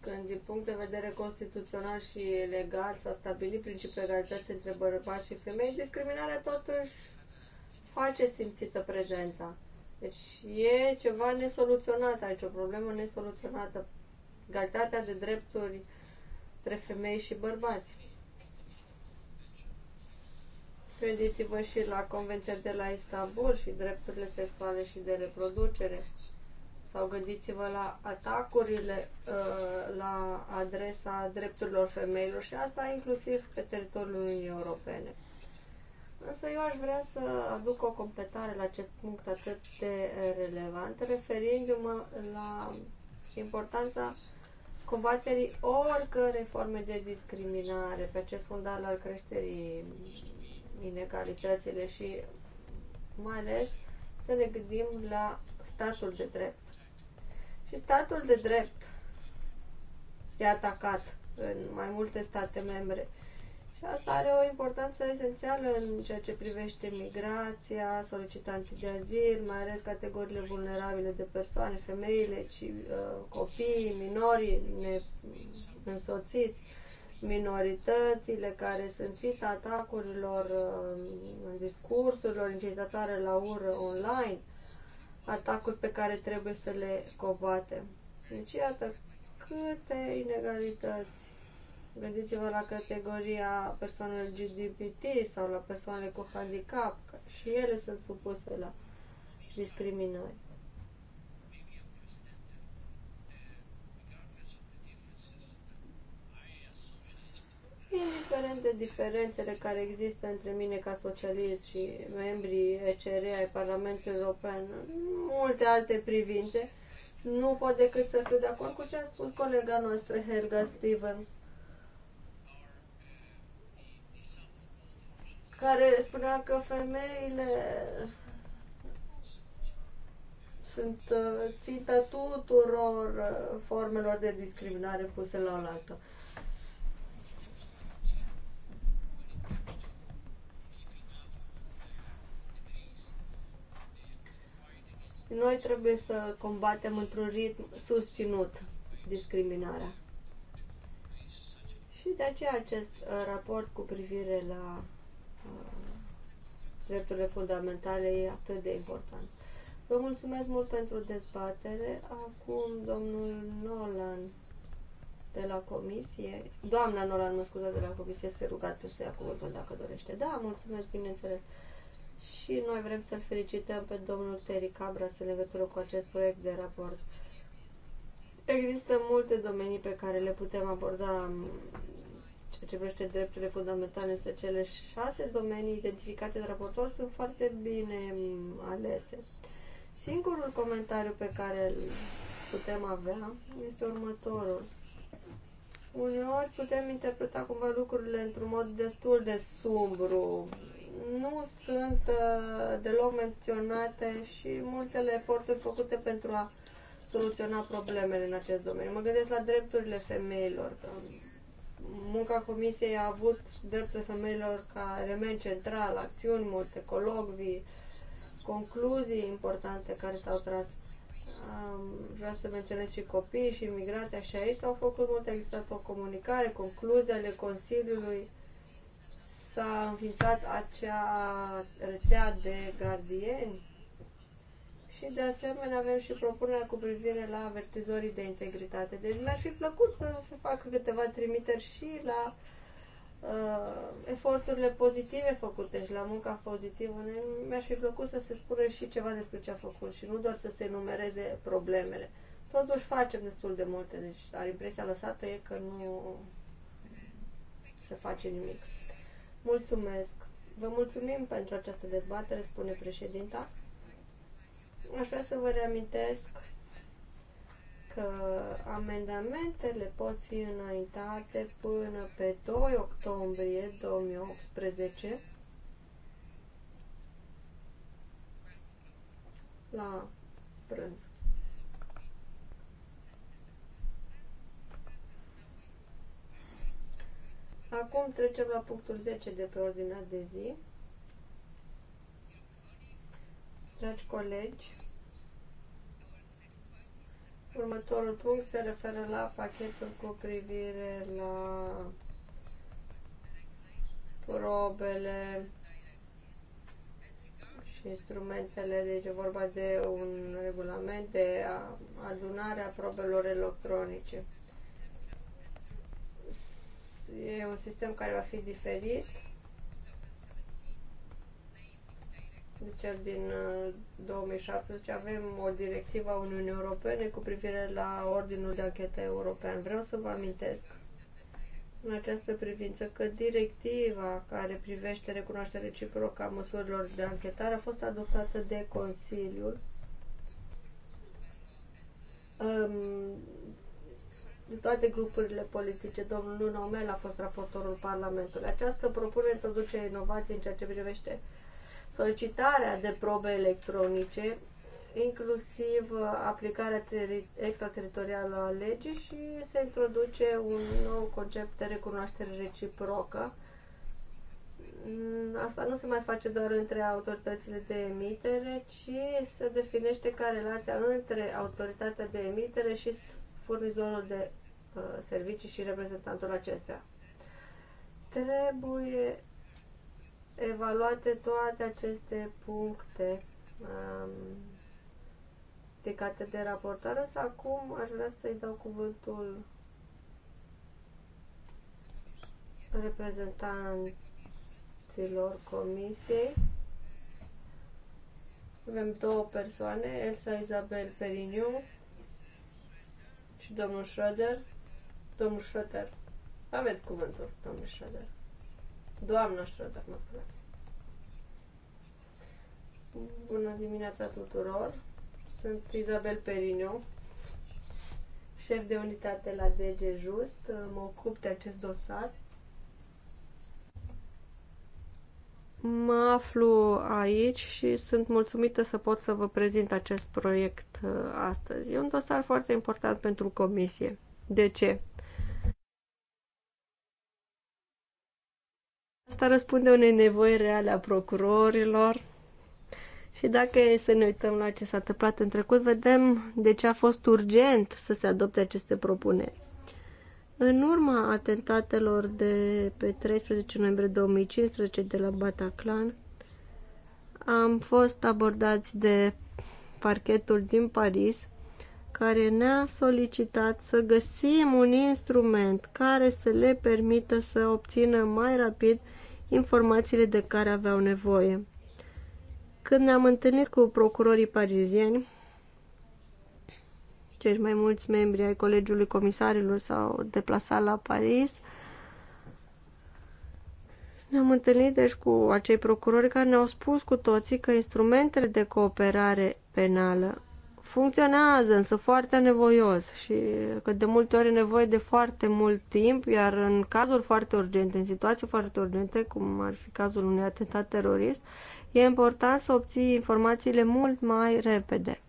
când din punct de vedere constituțional și legal s-a stabilit principiul egalității între bărbați și femei, discriminarea totuși face simțită prezența. Deci e ceva nesoluționat aici, o problemă nesoluționată. Egalitatea de drepturi între femei și bărbați. Gândiți-vă și la Convenția de la Istanbul și drepturile sexuale și de reproducere. Sau gândiți-vă la atacurile uh, la adresa drepturilor femeilor și asta inclusiv pe teritoriul Uniunii Europene. Însă eu aș vrea să aduc o completare la acest punct atât de relevant, referindu-mă la importanța combaterii oricărei forme de discriminare pe acest fundal al creșterii inegalitățile și mai ales să ne gândim la statul de drept. Și statul de drept e atacat în mai multe state membre asta are o importanță esențială în ceea ce privește migrația, solicitanții de azil, mai ales categoriile vulnerabile de persoane, femeile, ci, minori, uh, minorii însoțiți, minoritățile care sunt ținta atacurilor uh, în discursurilor incitatoare la ură online, atacuri pe care trebuie să le combatem. Deci, iată câte inegalități Gândiți-vă la categoria persoanelor LGBT sau la persoanele cu handicap, că și ele sunt supuse la discriminări. indiferent de diferențele care există între mine ca socialist și membrii ECR ai Parlamentului European multe alte privințe, nu pot decât să fiu de acord cu ce a spus colega noastră Helga Stevens. care spunea că femeile sunt uh, ținta tuturor uh, formelor de discriminare puse la oaltă. Noi trebuie să combatem într-un ritm susținut discriminarea. Și de aceea acest uh, raport cu privire la drepturile fundamentale e atât de important. Vă mulțumesc mult pentru dezbatere. Acum domnul Nolan de la comisie, doamna Nolan, mă scuzați, de la comisie, este rugat să ia cuvântul dacă dorește. Da, mulțumesc, bineînțeles. Și noi vrem să-l felicităm pe domnul Terry Cabra să legătură cu acest proiect de raport. Există multe domenii pe care le putem aborda ce privește drepturile fundamentale, însă cele șase domenii identificate de raportor sunt foarte bine alese. Singurul comentariu pe care îl putem avea este următorul. Uneori putem interpreta cumva lucrurile într-un mod destul de sumbru. Nu sunt uh, deloc menționate și multele eforturi făcute pentru a soluționa problemele în acest domeniu. Mă gândesc la drepturile femeilor, că munca comisiei a avut dreptul femeilor ca element central, acțiuni multe, colocvii, concluzii importante care s-au tras. Um, vreau să menționez și copiii și imigrația și aici s-au făcut multe, a existat o comunicare, concluzii ale Consiliului, s-a înființat acea rețea de gardieni și de asemenea avem și propunerea cu privire la avertizorii de integritate. Deci mi-ar fi plăcut să se facă câteva trimiteri și la uh, eforturile pozitive făcute și la munca pozitivă. Mi-ar fi plăcut să se spună și ceva despre ce a făcut și nu doar să se numereze problemele. Totuși facem destul de multe, deci dar impresia lăsată e că nu se face nimic. Mulțumesc! Vă mulțumim pentru această dezbatere, spune președinta. Aș vrea să vă reamintesc că amendamentele pot fi înaintate până pe 2 octombrie 2018 la prânz. Acum trecem la punctul 10 de pe ordinea de zi. dragi colegi, următorul punct se referă la pachetul cu privire la probele și instrumentele, deci e vorba de un regulament de a probelor electronice. E un sistem care va fi diferit deci cel din 2017 uh, avem o directivă a Uniunii Europene cu privire la Ordinul de Anchetă European. Vreau să vă amintesc în această privință că directiva care privește recunoașterea reciprocă a măsurilor de anchetare a fost adoptată de Consiliul um, de toate grupurile politice. Domnul Nuno Mel a fost raportorul Parlamentului. Această propunere introduce inovații în ceea ce privește solicitarea de probe electronice, inclusiv uh, aplicarea extrateritorială a legii și se introduce un nou concept de recunoaștere reciprocă. Mm, asta nu se mai face doar între autoritățile de emitere, ci se definește ca relația între autoritatea de emitere și furnizorul de uh, servicii și reprezentantul acestea. Trebuie evaluate toate aceste puncte um, carte de raportare, însă acum aș vrea să-i dau cuvântul reprezentanților comisiei. Avem două persoane, Elsa Isabel Periniu și domnul Schroeder. Domnul Schroeder, aveți cuvântul, domnul Schroeder. Doamna Schroeder, mă scuzați. Bună dimineața tuturor! Sunt Isabel Periniu, șef de unitate la DG Just. Mă ocup de acest dosar. Mă aflu aici și sunt mulțumită să pot să vă prezint acest proiect uh, astăzi. E un dosar foarte important pentru comisie. De ce? asta răspunde unei nevoi reale a procurorilor. Și dacă e să ne uităm la ce s-a întâmplat în trecut, vedem de ce a fost urgent să se adopte aceste propuneri. În urma atentatelor de pe 13 noiembrie 2015 de la Bataclan, am fost abordați de parchetul din Paris, care ne-a solicitat să găsim un instrument care să le permită să obțină mai rapid informațiile de care aveau nevoie. Când ne-am întâlnit cu procurorii parizieni, cei mai mulți membri ai Colegiului Comisarilor s-au deplasat la Paris, ne-am întâlnit deci cu acei procurori care ne-au spus cu toții că instrumentele de cooperare penală funcționează, însă foarte nevoios și că de multe ori e nevoie de foarte mult timp, iar în cazuri foarte urgente, în situații foarte urgente, cum ar fi cazul unui atentat terorist, e important să obții informațiile mult mai repede.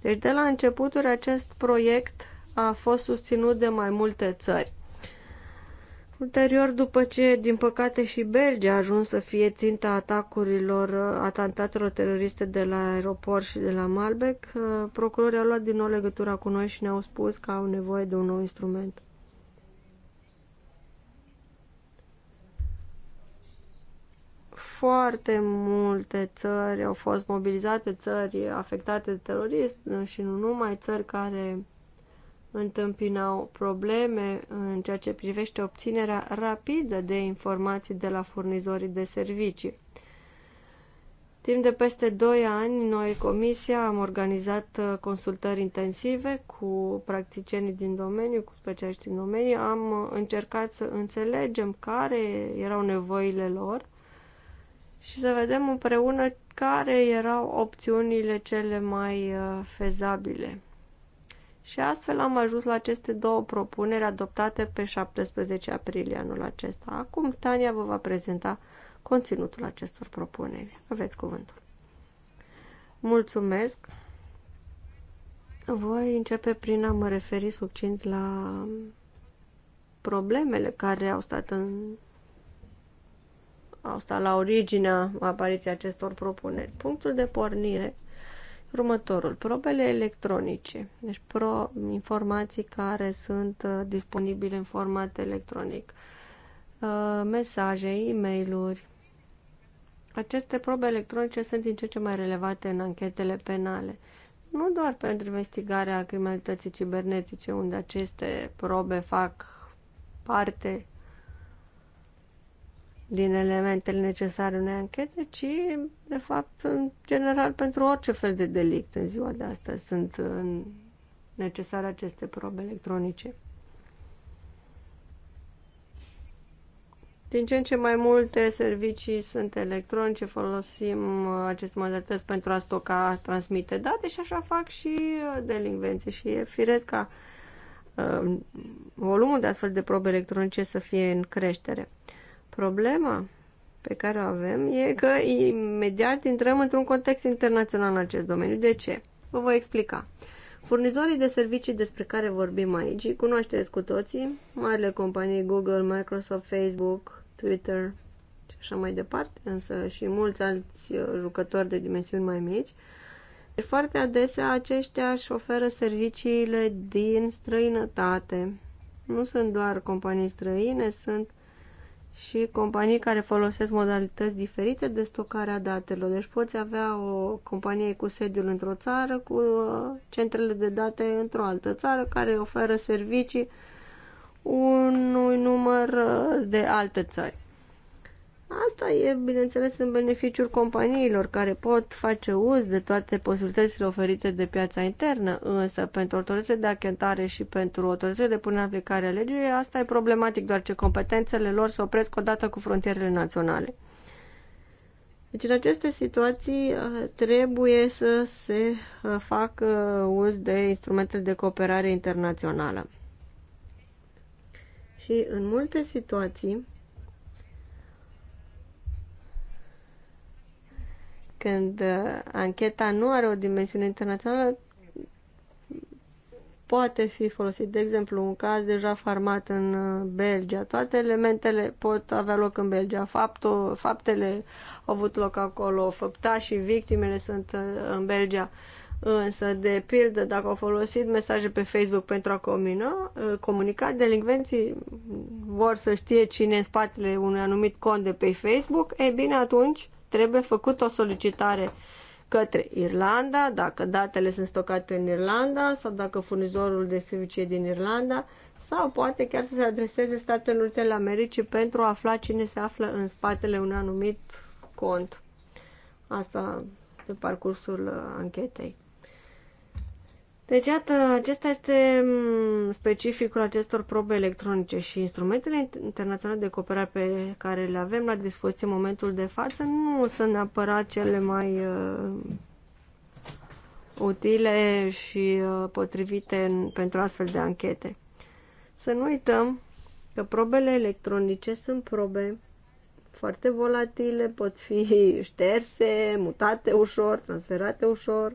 Deci de la începuturi acest proiect a fost susținut de mai multe țări. Ulterior, după ce, din păcate, și Belgia a ajuns să fie ținta atacurilor, uh, atentatelor teroriste de la aeroport și de la Malbec, uh, procurorii au luat din nou legătura cu noi și ne-au spus că au nevoie de un nou instrument. Foarte multe țări au fost mobilizate, țări afectate de terorism și nu numai țări care întâmpinau probleme în ceea ce privește obținerea rapidă de informații de la furnizorii de servicii. Timp de peste 2 ani, noi, Comisia, am organizat uh, consultări intensive cu practicienii din domeniu, cu specialiști din domeniu. Am uh, încercat să înțelegem care erau nevoile lor și să vedem împreună care erau opțiunile cele mai uh, fezabile. Și astfel am ajuns la aceste două propuneri adoptate pe 17 aprilie anul acesta. Acum Tania vă va prezenta conținutul acestor propuneri. Aveți cuvântul. Mulțumesc! Voi începe prin a mă referi succint la problemele care au stat în au stat la originea apariției acestor propuneri. Punctul de pornire Următorul, probele electronice, deci pro, informații care sunt uh, disponibile în format electronic, uh, mesaje, e-mail-uri. Aceste probe electronice sunt din ce ce mai relevate în anchetele penale nu doar pentru investigarea criminalității cibernetice, unde aceste probe fac parte din elementele necesare unei anchete, ci, de fapt, în general, pentru orice fel de delict în ziua de astăzi sunt uh, necesare aceste probe electronice. Din ce în ce mai multe servicii sunt electronice, folosim uh, aceste modalități pentru a stoca, transmite date și așa fac și uh, delinvențe Și e firesc ca uh, volumul de astfel de probe electronice să fie în creștere. Problema pe care o avem e că imediat intrăm într-un context internațional în acest domeniu. De ce? Vă voi explica. Furnizorii de servicii despre care vorbim aici, îi cunoașteți cu toții, marile companii Google, Microsoft, Facebook, Twitter și așa mai departe, însă și mulți alți uh, jucători de dimensiuni mai mici. Deci foarte adesea aceștia își oferă serviciile din străinătate. Nu sunt doar companii străine, sunt și companii care folosesc modalități diferite de stocare a datelor. Deci poți avea o companie cu sediul într-o țară, cu uh, centrele de date într-o altă țară, care oferă servicii unui număr uh, de alte țări. Asta e, bineînțeles, în beneficiul companiilor care pot face uz de toate posibilitățile oferite de piața internă, însă pentru autorizare de achentare și pentru autorizare de punere în aplicare a legii, asta e problematic, doar ce competențele lor se opresc odată cu frontierele naționale. Deci în aceste situații uh, trebuie să se uh, facă uh, uz de instrumentele de cooperare internațională. Și în multe situații, Când uh, ancheta nu are o dimensiune internațională, poate fi folosit, de exemplu, un caz deja farmat în uh, Belgia. Toate elementele pot avea loc în Belgia. Faptul, faptele au avut loc acolo, și victimele sunt uh, în Belgia. Însă, de pildă, dacă au folosit mesaje pe Facebook pentru a comina, comunica, delinvenții vor să știe cine în spatele unui anumit cont de pe Facebook, e bine, atunci trebuie făcut o solicitare către Irlanda, dacă datele sunt stocate în Irlanda sau dacă furnizorul de servicii din Irlanda sau poate chiar să se adreseze Statele Unite ale Americii pentru a afla cine se află în spatele unui anumit cont. Asta pe parcursul uh, anchetei. Deci, iată, acesta este mm, specificul acestor probe electronice și instrumentele internaționale de cooperare pe care le avem la dispoziție în momentul de față nu sunt neapărat cele mai uh, utile și uh, potrivite în, pentru astfel de anchete. Să nu uităm că probele electronice sunt probe foarte volatile, pot fi șterse, mutate ușor, transferate ușor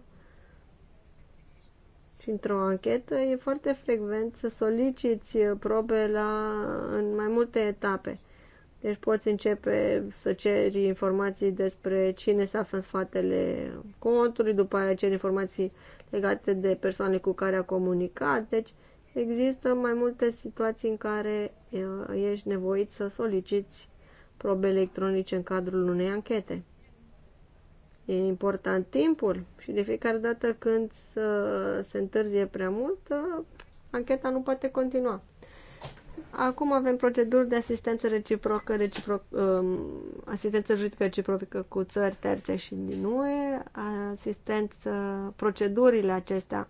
și într-o anchetă, e foarte frecvent să soliciți uh, probe la, în mai multe etape. Deci poți începe să ceri informații despre cine se află în sfatele contului, după aia ceri informații legate de persoane cu care a comunicat. Deci există mai multe situații în care uh, ești nevoit să soliciți probe electronice în cadrul unei anchete. E important timpul și de fiecare dată când se întârzie prea mult, uh, ancheta nu poate continua. Acum avem proceduri de asistență reciprocă, reciproc, um, asistență juridică reciprocă cu țări terțe și din UE. Asistență, procedurile acestea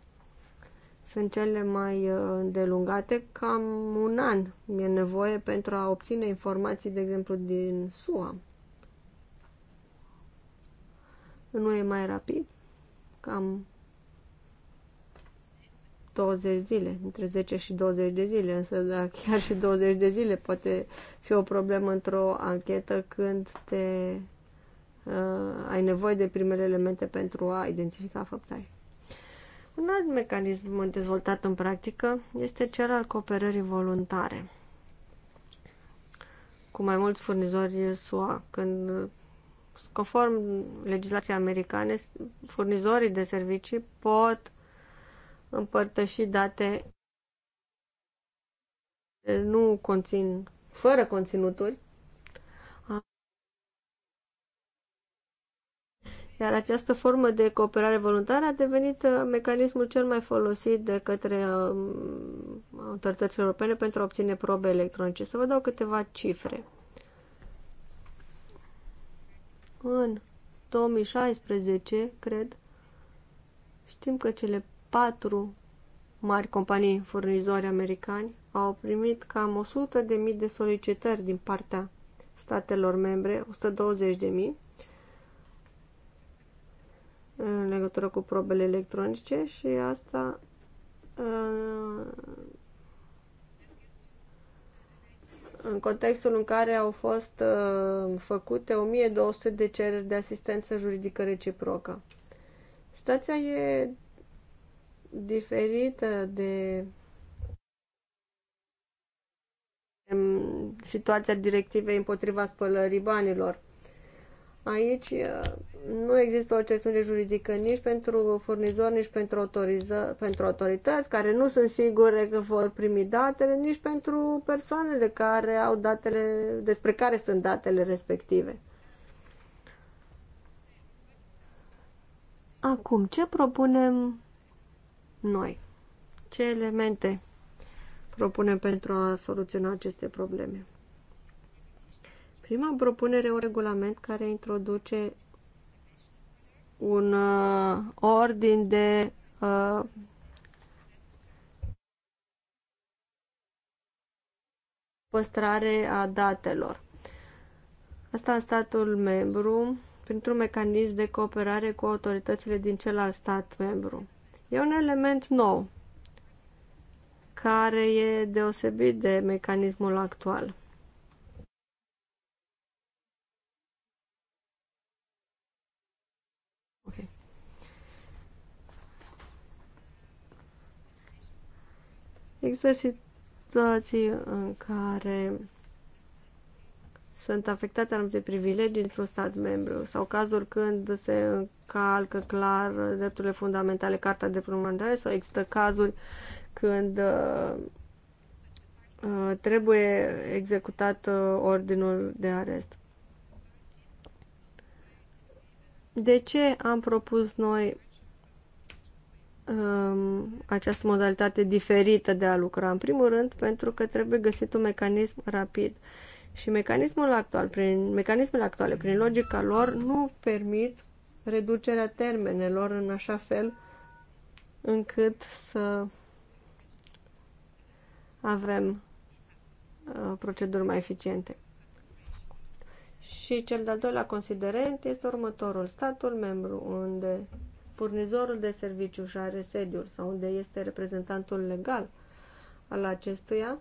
sunt cele mai uh, îndelungate. Cam un an e nevoie pentru a obține informații, de exemplu, din SUA, nu e mai rapid, cam 20 zile, între 10 și 20 de zile, însă da, [laughs] chiar și 20 de zile poate fi o problemă într-o anchetă când te uh, ai nevoie de primele elemente pentru a identifica făptași. Un alt mecanism dezvoltat în practică este cel al cooperării voluntare cu mai mulți furnizori SUA, când Conform legislației americane, furnizorii de servicii pot împărtăși date nu conțin, fără conținuturi, Iar această formă de cooperare voluntară a devenit uh, mecanismul cel mai folosit de către um, autoritățile europene pentru a obține probe electronice. Să vă dau câteva cifre. în 2016, cred, știm că cele patru mari companii furnizori americani au primit cam 100.000 de solicitări din partea statelor membre, 120.000, în legătură cu probele electronice și asta uh, în contextul în care au fost uh, făcute 1200 de cereri de asistență juridică reciprocă. Situația e diferită de um, situația directivei împotriva spălării banilor. Aici uh, nu există o certitudine juridică nici pentru furnizor, nici pentru, autoriză, pentru autorități care nu sunt sigure că vor primi datele, nici pentru persoanele care au datele, despre care sunt datele respective. Acum, ce propunem noi? Ce elemente propunem pentru a soluționa aceste probleme? Prima propunere un regulament care introduce un uh, ordin de uh, păstrare a datelor. Asta în statul membru, printr-un mecanism de cooperare cu autoritățile din celălalt stat membru. E un element nou, care e deosebit de mecanismul actual. Există situații în care sunt afectate anumite privilegii într-un stat membru sau cazuri când se încalcă clar drepturile fundamentale, Carta de Prumândare sau există cazuri când uh, uh, trebuie executat uh, ordinul de arest. De ce am propus noi um, această modalitate diferită de a lucra. În primul rând, pentru că trebuie găsit un mecanism rapid. Și mecanismul actual, prin, mecanismele actuale, prin logica lor, nu permit reducerea termenelor în așa fel încât să avem uh, proceduri mai eficiente. Și cel de-al doilea considerent este următorul statul membru, unde furnizorul de serviciu și are sediul sau unde este reprezentantul legal al acestuia,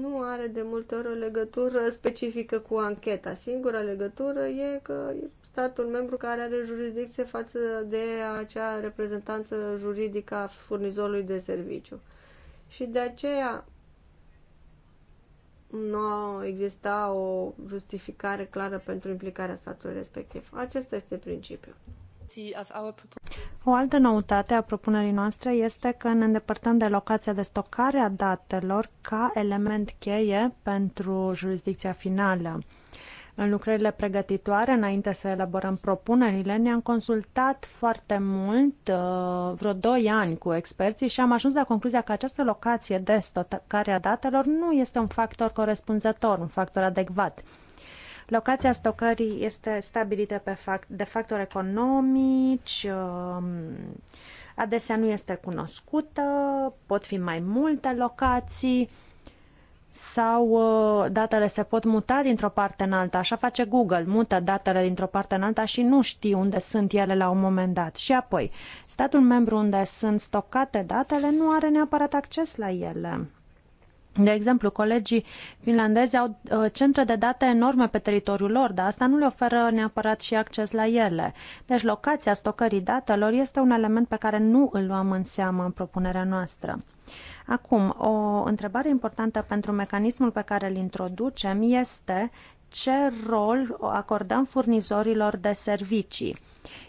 nu are de multe ori o legătură specifică cu ancheta. Singura legătură e că e statul membru care are jurisdicție față de acea reprezentanță juridică a furnizorului de serviciu. Și de aceea nu exista o justificare clară pentru implicarea statului respectiv. Acesta este principiul. O altă noutate a propunerii noastre este că ne îndepărtăm de locația de stocare a datelor ca element cheie pentru jurisdicția finală. În lucrările pregătitoare, înainte să elaborăm propunerile, ne-am consultat foarte mult, uh, vreo 2 ani cu experții și am ajuns la concluzia că această locație de stocare a datelor nu este un factor corespunzător, un factor adecvat. Locația stocării este stabilită pe fact, de factori economici, um, adesea nu este cunoscută, pot fi mai multe locații sau uh, datele se pot muta dintr-o parte în alta. Așa face Google, mută datele dintr-o parte în alta și nu știi unde sunt ele la un moment dat. Și apoi, statul membru unde sunt stocate datele nu are neapărat acces la ele. De exemplu, colegii finlandezi au uh, centre de date enorme pe teritoriul lor, dar asta nu le oferă neapărat și acces la ele. Deci locația stocării datelor este un element pe care nu îl luăm în seamă în propunerea noastră. Acum, o întrebare importantă pentru mecanismul pe care îl introducem este ce rol acordăm furnizorilor de servicii.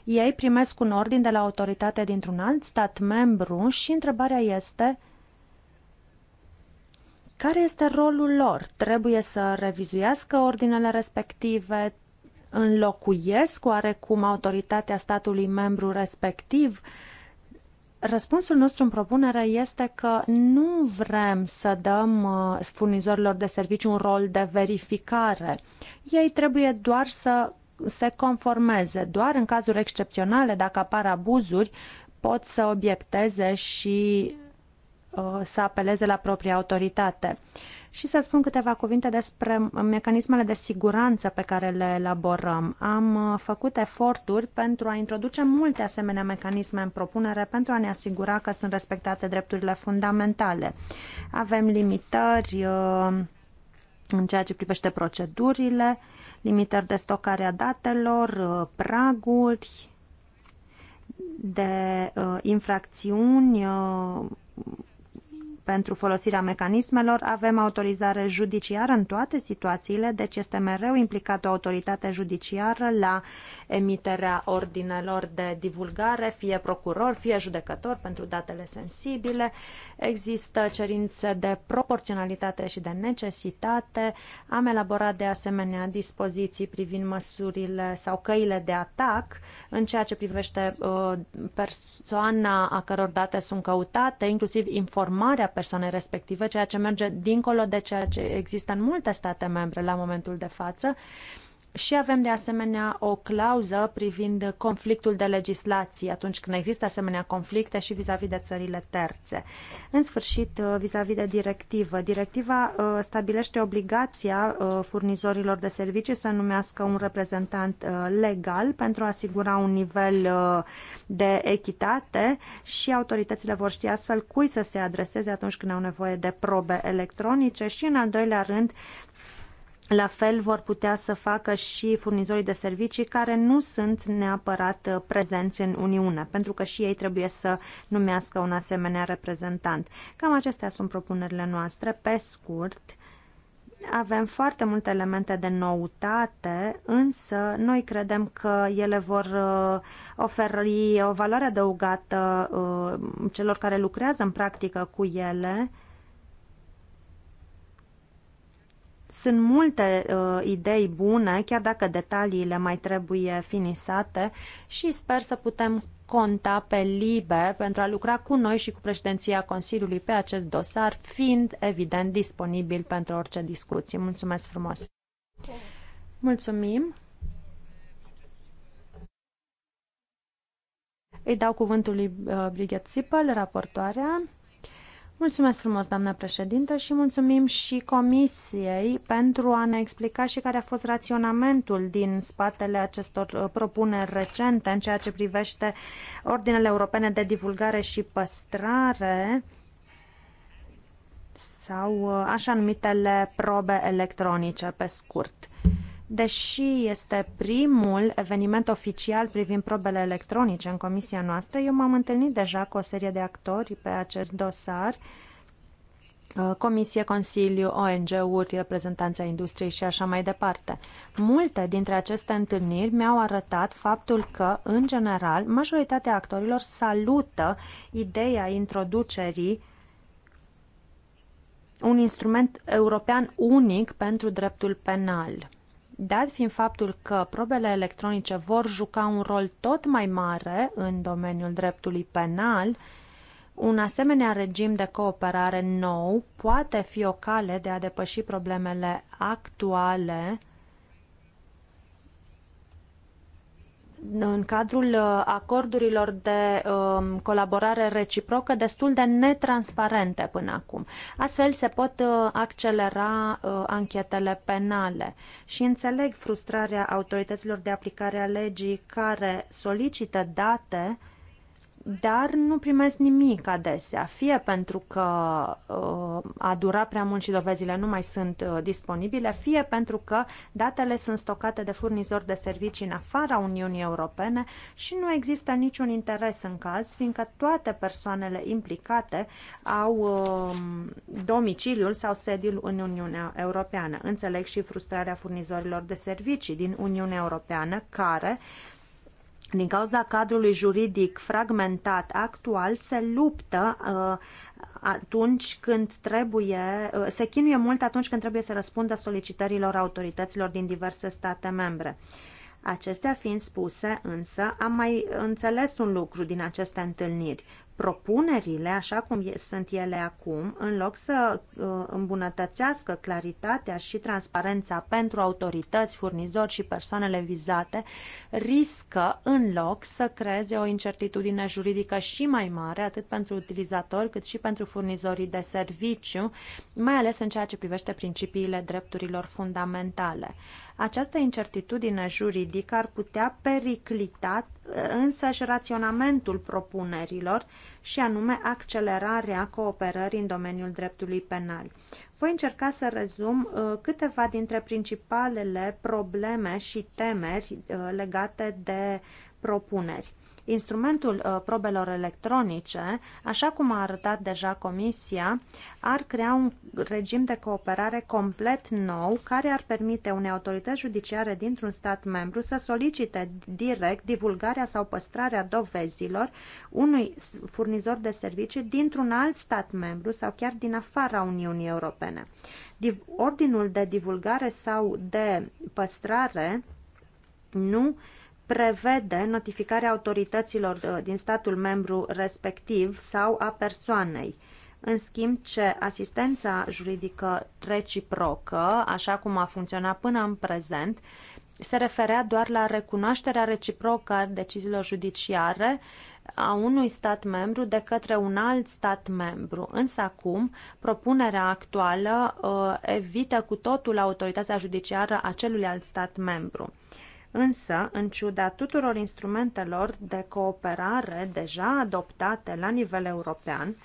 Ei primesc un ordin de la autoritate dintr-un alt stat membru și întrebarea este care este rolul lor? Trebuie să revizuiască ordinele respective, înlocuiesc oarecum autoritatea statului membru respectiv? Răspunsul nostru în propunere este că nu vrem să dăm uh, furnizorilor de servicii un rol de verificare. Ei trebuie doar să se conformeze. Doar în cazuri excepționale, dacă apar abuzuri, pot să obiecteze și Uh, să apeleze la propria autoritate. Și să spun câteva cuvinte despre mecanismele de siguranță pe care le elaborăm. Am uh, făcut eforturi pentru a introduce multe asemenea mecanisme în propunere pentru a ne asigura că sunt respectate drepturile fundamentale. Avem limitări uh, în ceea ce privește procedurile, limitări de stocare a datelor, praguri de infracțiuni pentru folosirea mecanismelor, avem autorizare judiciară în toate situațiile, deci este mereu implicată o autoritate judiciară la emiterea ordinelor de divulgare, fie procuror, fie judecător pentru datele sensibile. Există cerințe de proporționalitate și de necesitate. Am elaborat de asemenea dispoziții privind măsurile sau căile de atac în ceea ce privește uh, persoana a căror date sunt căutate, inclusiv informarea persoanei respective, ceea ce merge dincolo de ceea ce există în multe state membre la momentul de față și avem de asemenea o clauză privind conflictul de legislație atunci când există asemenea conflicte și vis-a-vis -vis de țările terțe. În sfârșit, uh, vis-a-vis -vis de directivă. Directiva uh, stabilește obligația uh, furnizorilor de servicii să numească un reprezentant legal pentru a asigura un nivel de echitate și autoritățile vor ști astfel cui să se adreseze atunci când au nevoie de probe electronice și, în al doilea rând, la fel vor putea să facă și furnizorii de servicii care nu sunt neapărat uh, prezenți în Uniune, pentru că și ei trebuie să numească un asemenea reprezentant. Cam acestea sunt propunerile noastre. Pe scurt, avem foarte multe elemente de noutate, însă noi credem că ele vor uh, oferi o valoare adăugată uh, celor care lucrează în practică cu ele Sunt multe uh, idei bune, chiar dacă detaliile mai trebuie finisate și sper să putem conta pe LIBE pentru a lucra cu noi și cu președinția Consiliului pe acest dosar, fiind evident disponibil pentru orice discuții. Mulțumesc frumos! Mulțumim! Îi dau cuvântul lui uh, Brighet Sipel, raportoarea. Mulțumesc frumos, doamnă președintă, și mulțumim și Comisiei pentru a ne explica și care a fost raționamentul din spatele acestor uh, propuneri recente în ceea ce privește ordinele europene de divulgare și păstrare sau uh, așa numitele probe electronice, pe scurt. Deși este primul eveniment oficial privind probele electronice în comisia noastră, eu m-am întâlnit deja cu o serie de actori pe acest dosar, uh, Comisie, Consiliu, ONG-uri, reprezentanța industriei și așa mai departe. Multe dintre aceste întâlniri mi-au arătat faptul că, în general, majoritatea actorilor salută ideea introducerii un instrument european unic pentru dreptul penal. Dat fiind faptul că probele electronice vor juca un rol tot mai mare în domeniul dreptului penal, un asemenea regim de cooperare nou poate fi o cale de a depăși problemele actuale în cadrul uh, acordurilor de um, colaborare reciprocă destul de netransparente până acum. Astfel se pot uh, accelera uh, anchetele penale și înțeleg frustrarea autorităților de aplicare a legii care solicită date uh, dar nu primesc nimic adesea, fie pentru că uh, a durat prea mult și dovezile nu mai sunt uh, disponibile, fie pentru că datele sunt stocate de furnizori de servicii în afara Uniunii Europene și nu există niciun interes în caz, fiindcă toate persoanele implicate au um, domiciliul sau sediul în Uniunea Europeană. Înțeleg și frustrarea furnizorilor de servicii din Uniunea Europeană care din cauza cadrului juridic fragmentat actual, se luptă uh, atunci când trebuie, uh, se chinuie mult atunci când trebuie să răspundă solicitărilor autorităților din diverse state membre. Acestea fiind spuse, însă, am mai înțeles un lucru din aceste întâlniri propunerile, așa cum sunt ele acum, în loc să uh, îmbunătățească claritatea și transparența pentru autorități, furnizori și persoanele vizate, riscă, în loc, să creeze o incertitudine juridică și mai mare, atât pentru utilizatori cât și pentru furnizorii de serviciu, mai ales în ceea ce privește principiile drepturilor fundamentale. Această incertitudine juridică ar putea periclita însăși raționamentul propunerilor și anume accelerarea cooperării în domeniul dreptului penal. Voi încerca să rezum uh, câteva dintre principalele probleme și temeri uh, legate de propuneri. Instrumentul uh, probelor electronice, așa cum a arătat deja Comisia, ar crea un regim de cooperare complet nou care ar permite unei autorități judiciare dintr-un stat membru să solicite direct divulgarea sau păstrarea dovezilor unui furnizor de servicii dintr-un alt stat membru sau chiar din afara Uniunii Europene. Ordinul de divulgare sau de păstrare nu uh, prevede notificarea autorităților uh, din statul membru respectiv sau a persoanei. În schimb ce asistența juridică reciprocă, așa cum a funcționat până în prezent, se referea doar la recunoașterea reciprocă a deciziilor judiciare a unui stat membru de către un alt stat membru. Însă acum, propunerea actuală uh, evită cu totul autoritatea judiciară a celui alt stat membru. Însă, în ciuda tuturor instrumentelor de cooperare deja adoptate la nivel european,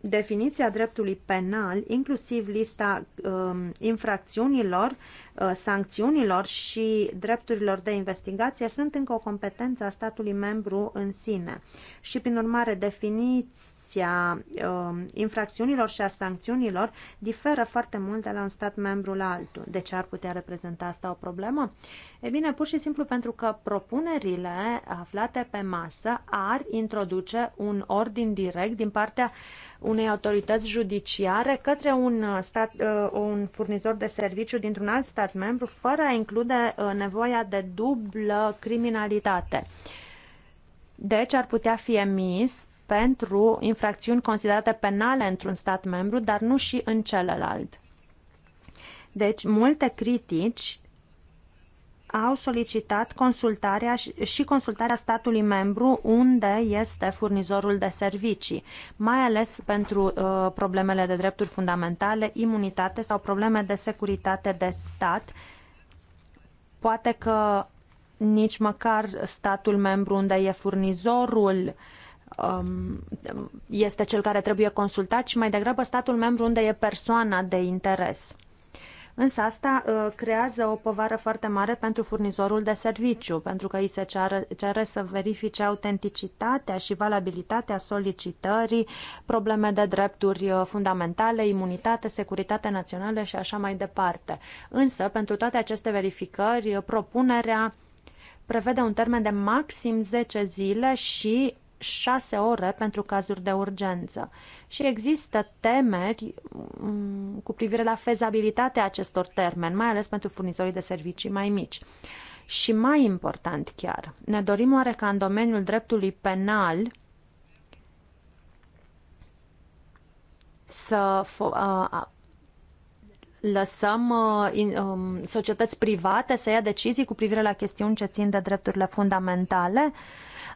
definiția dreptului penal, inclusiv lista um, infracțiunilor, uh, sancțiunilor și drepturilor de investigație sunt încă o competență a statului membru în sine. Și, prin urmare, definiți definiția uh, um, infracțiunilor și a sancțiunilor diferă foarte mult de la un stat membru la altul. De ce ar putea reprezenta asta o problemă? E bine, pur și simplu pentru că propunerile aflate pe masă ar introduce un ordin direct din partea unei autorități judiciare către un, stat, uh, un furnizor de serviciu dintr-un alt stat membru fără a include uh, nevoia de dublă criminalitate. Deci ar putea fi emis pentru infracțiuni considerate penale într-un stat membru, dar nu și în celălalt. Deci, multe critici au solicitat consultarea și consultarea statului membru unde este furnizorul de servicii, mai ales pentru uh, problemele de drepturi fundamentale, imunitate sau probleme de securitate de stat. Poate că nici măcar statul membru unde e furnizorul uh, um, este cel care trebuie consultat, ci mai degrabă statul membru unde e persoana de interes. Însă asta uh, creează o povară foarte mare pentru furnizorul de serviciu, pentru că îi se ceară, cere să verifice autenticitatea și valabilitatea solicitării, probleme de drepturi uh, fundamentale, imunitate, securitate națională și așa mai departe. Însă, pentru toate aceste verificări, uh, propunerea prevede un termen de maxim 10 zile și șase ore pentru cazuri de urgență. Și există temeri mm, cu privire la fezabilitatea acestor termeni, mai ales pentru furnizorii de servicii mai mici. Și mai important chiar, ne dorim oare ca în domeniul dreptului penal să lăsăm societăți private să ia decizii cu privire la chestiuni ce țin de drepturile fundamentale? Uh,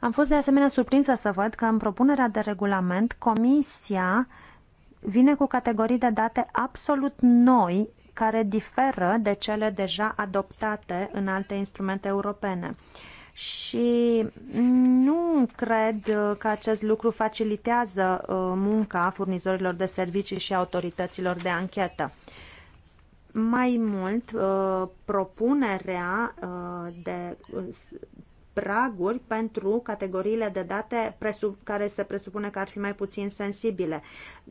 am fost de asemenea surprinsă să văd că în propunerea de regulament Comisia vine cu categorii de date absolut noi care diferă de cele deja adoptate în alte instrumente europene. Și nu cred că acest lucru facilitează uh, munca furnizorilor de servicii și autorităților de anchetă. Mai mult, uh, propunerea uh, de praguri pentru categoriile de date care se presupune că ar fi mai puțin sensibile.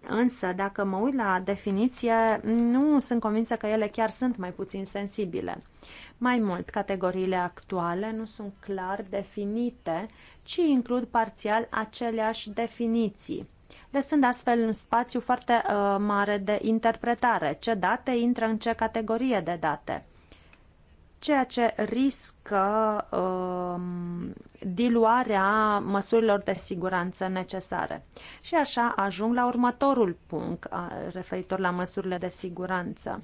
Însă, dacă mă uit la definiție, nu sunt convinsă că ele chiar sunt mai puțin sensibile. Mai mult, categoriile actuale nu sunt clar definite, ci includ parțial aceleași definiții lăsând deci astfel un spațiu foarte uh, mare de interpretare, ce date intră în ce categorie de date ceea ce riscă uh, diluarea măsurilor de siguranță necesare. Și așa ajung la următorul punct referitor la măsurile de siguranță.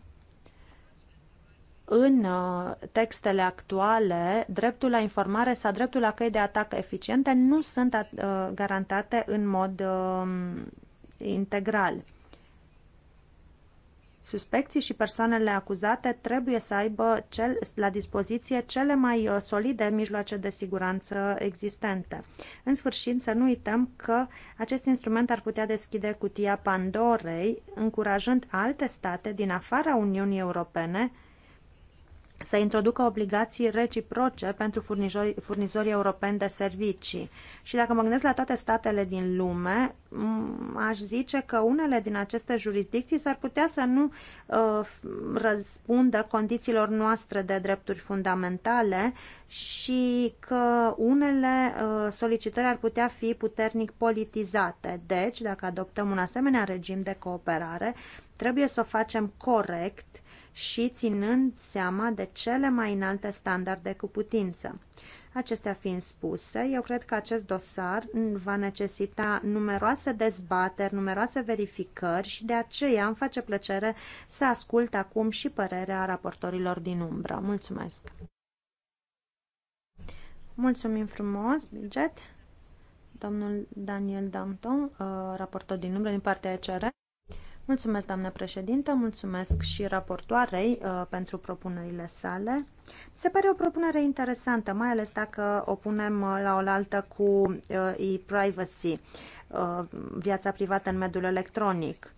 În uh, textele actuale, dreptul la informare sau dreptul la căi de atac eficiente nu sunt uh, garantate în mod um, integral. Suspecții și persoanele acuzate trebuie să aibă cel, la dispoziție cele mai uh, solide mijloace de siguranță existente. În sfârșit, să nu uităm că acest instrument ar putea deschide cutia Pandorei, încurajând alte state din afara Uniunii Europene să introducă obligații reciproce pentru furnizori, furnizorii europeni de servicii. Și dacă mă gândesc la toate statele din lume, aș zice că unele din aceste jurisdicții s-ar putea să nu uh, răspundă condițiilor noastre de drepturi fundamentale și că unele uh, solicitări ar putea fi puternic politizate. Deci, dacă adoptăm un asemenea regim de cooperare, trebuie să o facem corect și ținând seama de cele mai înalte standarde cu putință. Acestea fiind spuse, eu cred că acest dosar va necesita numeroase dezbateri, numeroase verificări și de aceea îmi face plăcere să ascult acum și părerea raportorilor din umbră. Mulțumesc! Mulțumim frumos, Jet! Domnul Daniel Danton, uh, raportor din umbră din partea ECR. Mulțumesc, doamnă președintă, mulțumesc și raportoarei uh, pentru propunerile sale. Mi se pare o propunere interesantă, mai ales dacă o punem uh, la oaltă cu uh, e-privacy, uh, viața privată în mediul electronic.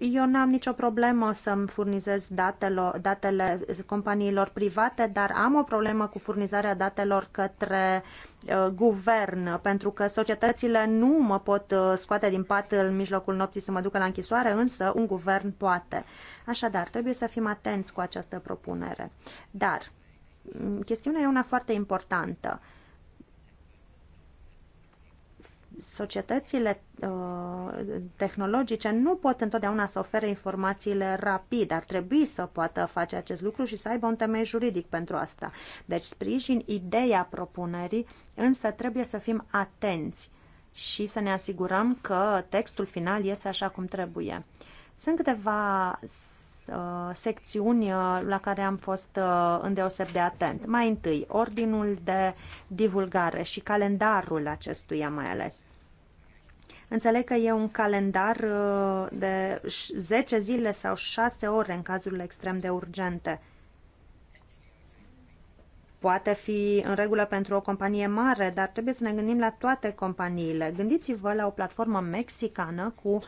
Eu n-am nicio problemă să-mi furnizez datelor, datele companiilor private, dar am o problemă cu furnizarea datelor către uh, guvern, pentru că societățile nu mă pot uh, scoate din pat în mijlocul nopții să mă ducă la închisoare, însă un guvern poate. Așadar, trebuie să fim atenți cu această propunere. Dar mm, chestiunea e una foarte importantă. Uh, societățile uh, tehnologice nu pot întotdeauna să ofere informațiile rapid. Ar trebui să poată face acest lucru și să aibă un temei juridic pentru asta. Deci sprijin ideea propunerii, însă trebuie să fim atenți și să ne asigurăm că textul final iese așa cum trebuie. Sunt câteva uh, secțiuni uh, la care am fost îndeoseb de atent. Mai întâi, ordinul de divulgare și calendarul acestuia mai ales. Înțeleg că e un calendar uh, de 10 zile sau 6 ore în cazurile extrem de urgente poate fi în regulă pentru o companie mare, dar trebuie să ne gândim la toate companiile. Gândiți-vă la o platformă mexicană cu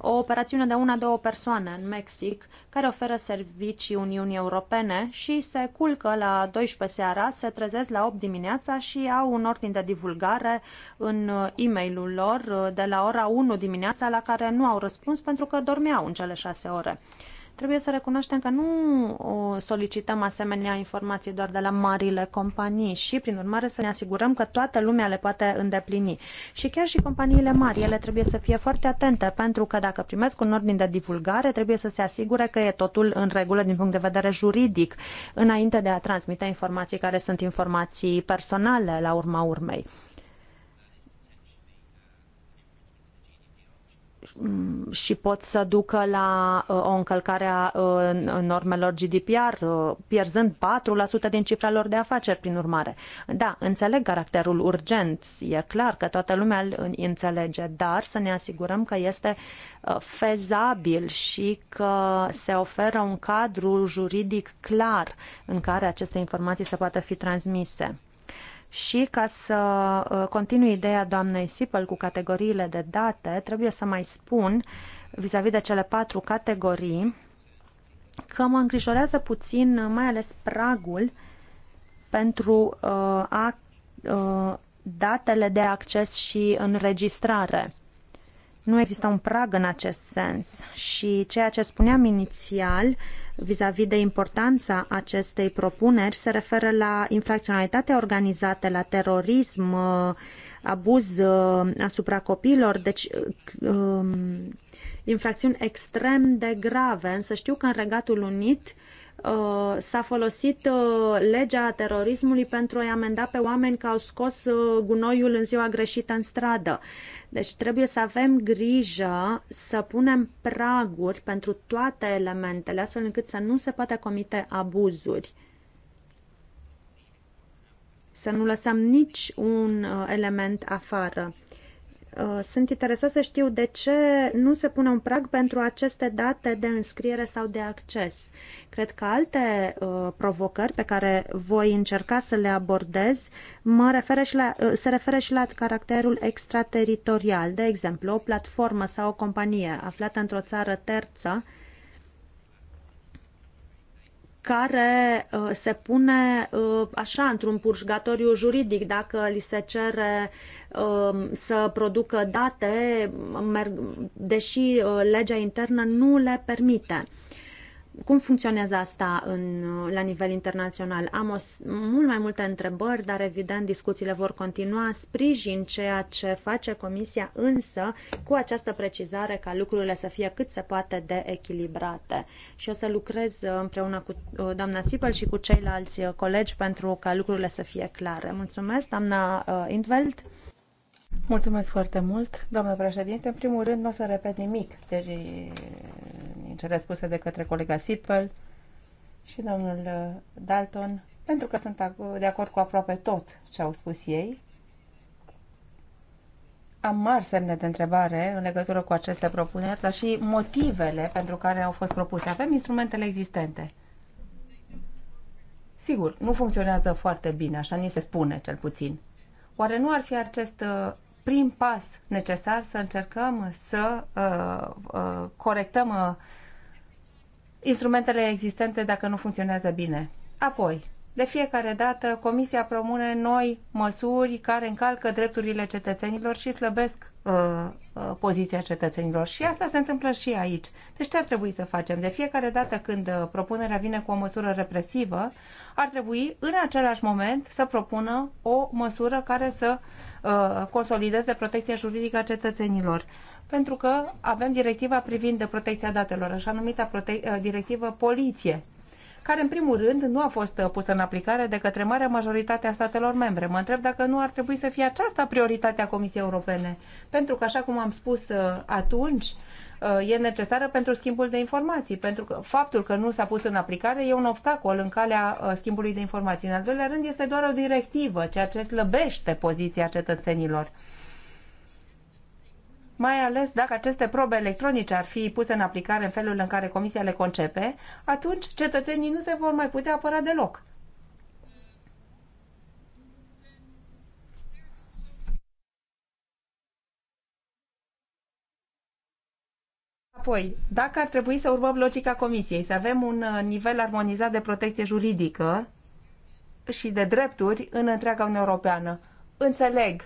o operațiune de una-două persoane în Mexic, care oferă servicii Uniunii Europene și se culcă la 12 seara, se trezesc la 8 dimineața și au un ordin de divulgare în e mail lor de la ora 1 dimineața la care nu au răspuns pentru că dormeau în cele 6 ore. Trebuie să recunoaștem că nu solicităm asemenea informații doar de la marile companii și, prin urmare, să ne asigurăm că toată lumea le poate îndeplini. Și chiar și companiile mari, ele trebuie să fie foarte atente, pentru că dacă primesc un ordin de divulgare, trebuie să se asigure că e totul în regulă din punct de vedere juridic, înainte de a transmite informații care sunt informații personale la urma urmei. Mm, și pot să ducă la uh, o încălcare a uh, normelor GDPR, uh, pierzând 4% din cifra lor de afaceri, prin urmare. Da, înțeleg caracterul urgent, e clar că toată lumea îl înțelege, dar să ne asigurăm că este fezabil și că se oferă un cadru juridic clar în care aceste informații să poată fi transmise. Și ca să uh, continui ideea doamnei Sipel cu categoriile de date, trebuie să mai spun vis-a-vis -vis de cele patru categorii că mă îngrijorează puțin uh, mai ales pragul pentru uh, a, uh, datele de acces și înregistrare. Nu există un prag în acest sens și ceea ce spuneam inițial vis-a-vis de importanța acestei propuneri se referă la infracționalitatea organizată, la terorism, uh, abuz uh, asupra copiilor, deci uh, um, infracțiuni extrem de grave, însă știu că în Regatul Unit uh, Uh, s-a folosit uh, legea terorismului pentru a-i amenda pe oameni că au scos uh, gunoiul în ziua greșită în stradă. Deci trebuie să avem grijă să punem praguri pentru toate elementele, astfel încât să nu se poate comite abuzuri. Să nu lăsăm nici un element afară. Uh, sunt interesat să știu de ce nu se pune un prag pentru aceste date de înscriere sau de acces. Cred că alte uh, provocări pe care voi încerca să le abordez mă referă și la, uh, se referă și la caracterul extrateritorial. De exemplu, o platformă sau o companie aflată într-o țară terță uh, care uh, se pune uh, așa într-un purgatoriu juridic dacă li se cere um, să producă date, deși uh, legea internă nu le permite. Cum funcționează asta în, la nivel internațional? Am o, mult mai multe întrebări, dar evident discuțiile vor continua. Sprijin ceea ce face Comisia, însă cu această precizare ca lucrurile să fie cât se poate de echilibrate. Și o să lucrez uh, împreună cu uh, doamna Sipel și cu ceilalți uh, colegi pentru ca lucrurile să fie clare. Mulțumesc, doamna Intveld. Mulțumesc foarte mult, doamnă președinte. În primul rând, nu o să repet nimic deci, din cele spuse de către colega Sipel și domnul Dalton, pentru că sunt de acord cu aproape tot ce au spus ei. Am mari semne de întrebare în legătură cu aceste propuneri, dar și motivele pentru care au fost propuse. Avem instrumentele existente. Sigur, nu funcționează foarte bine, așa ni se spune cel puțin. Oare nu ar fi acest uh, prim pas necesar să încercăm să uh, uh, corectăm uh, instrumentele existente dacă nu funcționează bine. Apoi, de fiecare dată Comisia promune noi măsuri care încalcă drepturile cetățenilor și slăbesc uh, uh, poziția cetățenilor. Și asta se întâmplă și aici. Deci ce ar trebui să facem? De fiecare dată când uh, propunerea vine cu o măsură represivă, ar trebui în același moment să propună o măsură care să uh, consolideze protecția juridică a cetățenilor pentru că avem directiva privind de protecția datelor, așa numită prote- uh, directivă poliție care în primul rând nu a fost pusă în aplicare de către marea majoritate a statelor membre. Mă întreb dacă nu ar trebui să fie aceasta prioritatea Comisiei Europene, pentru că, așa cum am spus uh, atunci, uh, e necesară pentru schimbul de informații, pentru că faptul că nu s-a pus în aplicare e un obstacol în calea uh, schimbului de informații. În al doilea rând, este doar o directivă, ceea ce slăbește poziția cetățenilor mai ales dacă aceste probe electronice ar fi puse în aplicare în felul în care Comisia le concepe, atunci cetățenii nu se vor mai putea apăra deloc. Apoi, dacă ar trebui să urmăm logica Comisiei, să avem un uh, nivel armonizat de protecție juridică și de drepturi în întreaga Uniune Europeană, înțeleg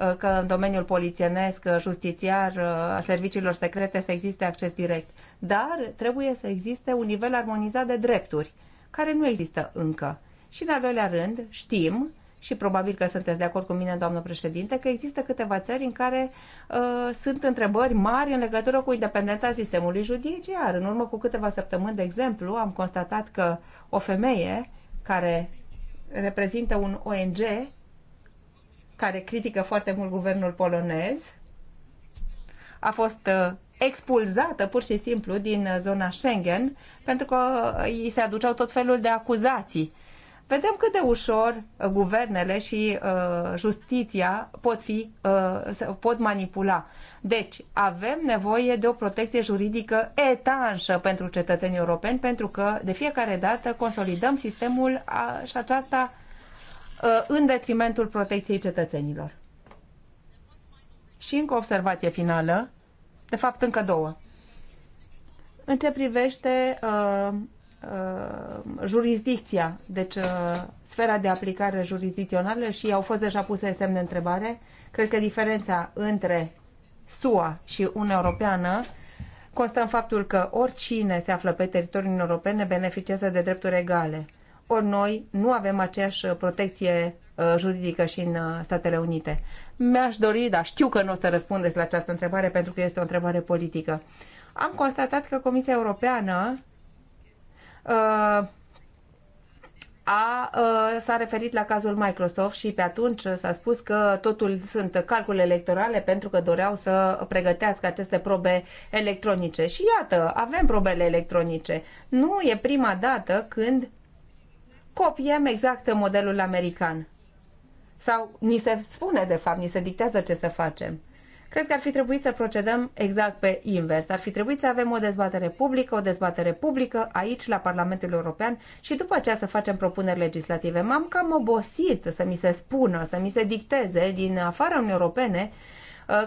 Uh, că în domeniul polițienesc, uh, justițiar, uh, al serviciilor secrete să existe acces direct. Dar trebuie să existe un nivel armonizat de drepturi, care nu există încă. Și în al doilea rând, știm și probabil că sunteți de acord cu mine, doamnă președinte, că există câteva țări în care uh, sunt întrebări mari în legătură cu independența sistemului judiciar. În urmă cu câteva săptămâni, de exemplu, am constatat că o femeie care reprezintă un ONG care critică foarte mult guvernul polonez, a fost uh, expulzată pur și simplu din uh, zona Schengen pentru că uh, îi se aduceau tot felul de acuzații. Vedem cât de ușor guvernele și uh, justiția pot fi uh, pot manipula. Deci, avem nevoie de o protecție juridică etanșă pentru cetățenii europeni pentru că de fiecare dată consolidăm sistemul a, și aceasta Uh, în detrimentul protecției cetățenilor. Și încă o observație finală, de fapt încă două. În ce privește uh, uh, jurisdicția, deci uh, sfera de aplicare jurisdicțională și au fost deja puse semne întrebare, cred că diferența între SUA și Uniunea Europeană constă în faptul că oricine se află pe teritoriul Uniunii Europene beneficiază de drepturi egale ori noi nu avem aceeași protecție uh, juridică și în uh, Statele Unite. Mi-aș dori, dar știu că nu o să răspundeți la această întrebare pentru că este o întrebare politică. Am constatat că Comisia Europeană uh, a, uh, s-a referit la cazul Microsoft și pe atunci s-a spus că totul sunt calcule electorale pentru că doreau să pregătească aceste probe electronice. Și iată, avem probele electronice. Nu e prima dată când copiem exact modelul american. Sau ni se spune, de fapt, ni se dictează ce să facem. Cred că ar fi trebuit să procedăm exact pe invers. Ar fi trebuit să avem o dezbatere publică, o dezbatere publică aici, la Parlamentul European și după aceea să facem propuneri legislative. M-am cam obosit să mi se spună, să mi se dicteze din afara Uniunii Europene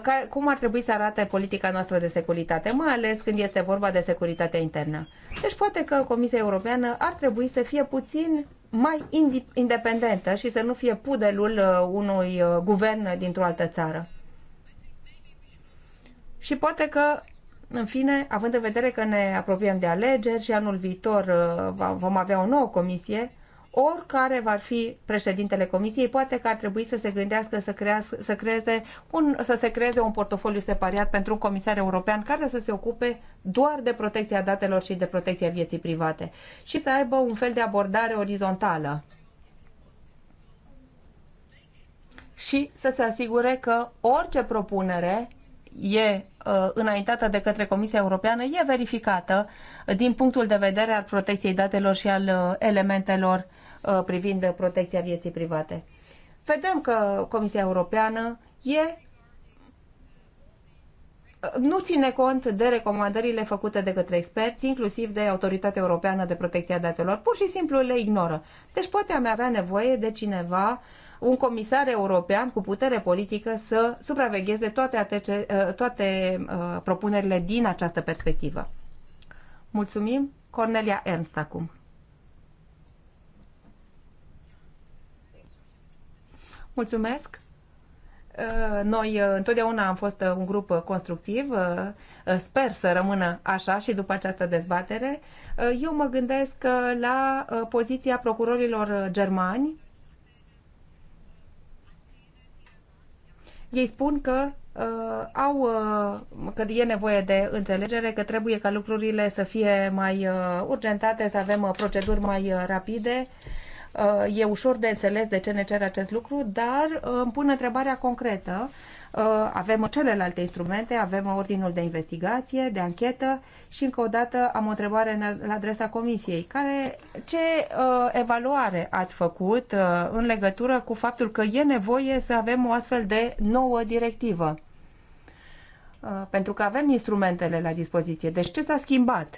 uh, cum ar trebui să arate politica noastră de securitate, mai ales când este vorba de securitatea internă. Deci poate că Comisia Europeană ar trebui să fie puțin mai independentă și să nu fie pudelul uh, unui uh, guvern dintr-o altă țară. Și poate că, în fine, având în vedere că ne apropiem de alegeri și anul viitor uh, vom avea o nouă comisie, oricare va fi președintele comisiei, poate că ar trebui să se gândească să, crească, să, creeze un, să se creeze un portofoliu separat pentru un comisar european care să se ocupe doar de protecția datelor și de protecția vieții private și să aibă un fel de abordare orizontală și să se asigure că orice propunere e uh, înaintată de către Comisia Europeană e verificată din punctul de vedere al protecției datelor și al uh, elementelor Uh, privind protecția vieții private. Vedem că Comisia Europeană e uh, nu ține cont de recomandările făcute de către experți, inclusiv de Autoritatea Europeană de Protecție a Datelor. Pur și simplu le ignoră. Deci poate am avea nevoie de cineva, un comisar european cu putere politică să supravegheze toate, atece, uh, toate propunerile din această perspectivă. Mulțumim. Cornelia Ernst acum. Mulțumesc! Uh, noi uh, întotdeauna am fost uh, un grup constructiv, sper să rămână așa și după această dezbatere. Eu mă gândesc la poziția procurorilor germani. Ei spun că au, că e nevoie de înțelegere, că trebuie ca lucrurile să fie mai urgentate, să avem proceduri mai rapide e ușor de înțeles de ce ne cere acest lucru, dar uh, îmi pun întrebarea concretă. Uh, avem celelalte instrumente, avem ordinul de investigație, de anchetă și încă o dată am o întrebare la adresa comisiei. Care, ce uh, evaluare ați făcut în legătură cu faptul că e nevoie să avem o astfel de nouă directivă? pentru că avem instrumentele la dispoziție. Deci ce s-a schimbat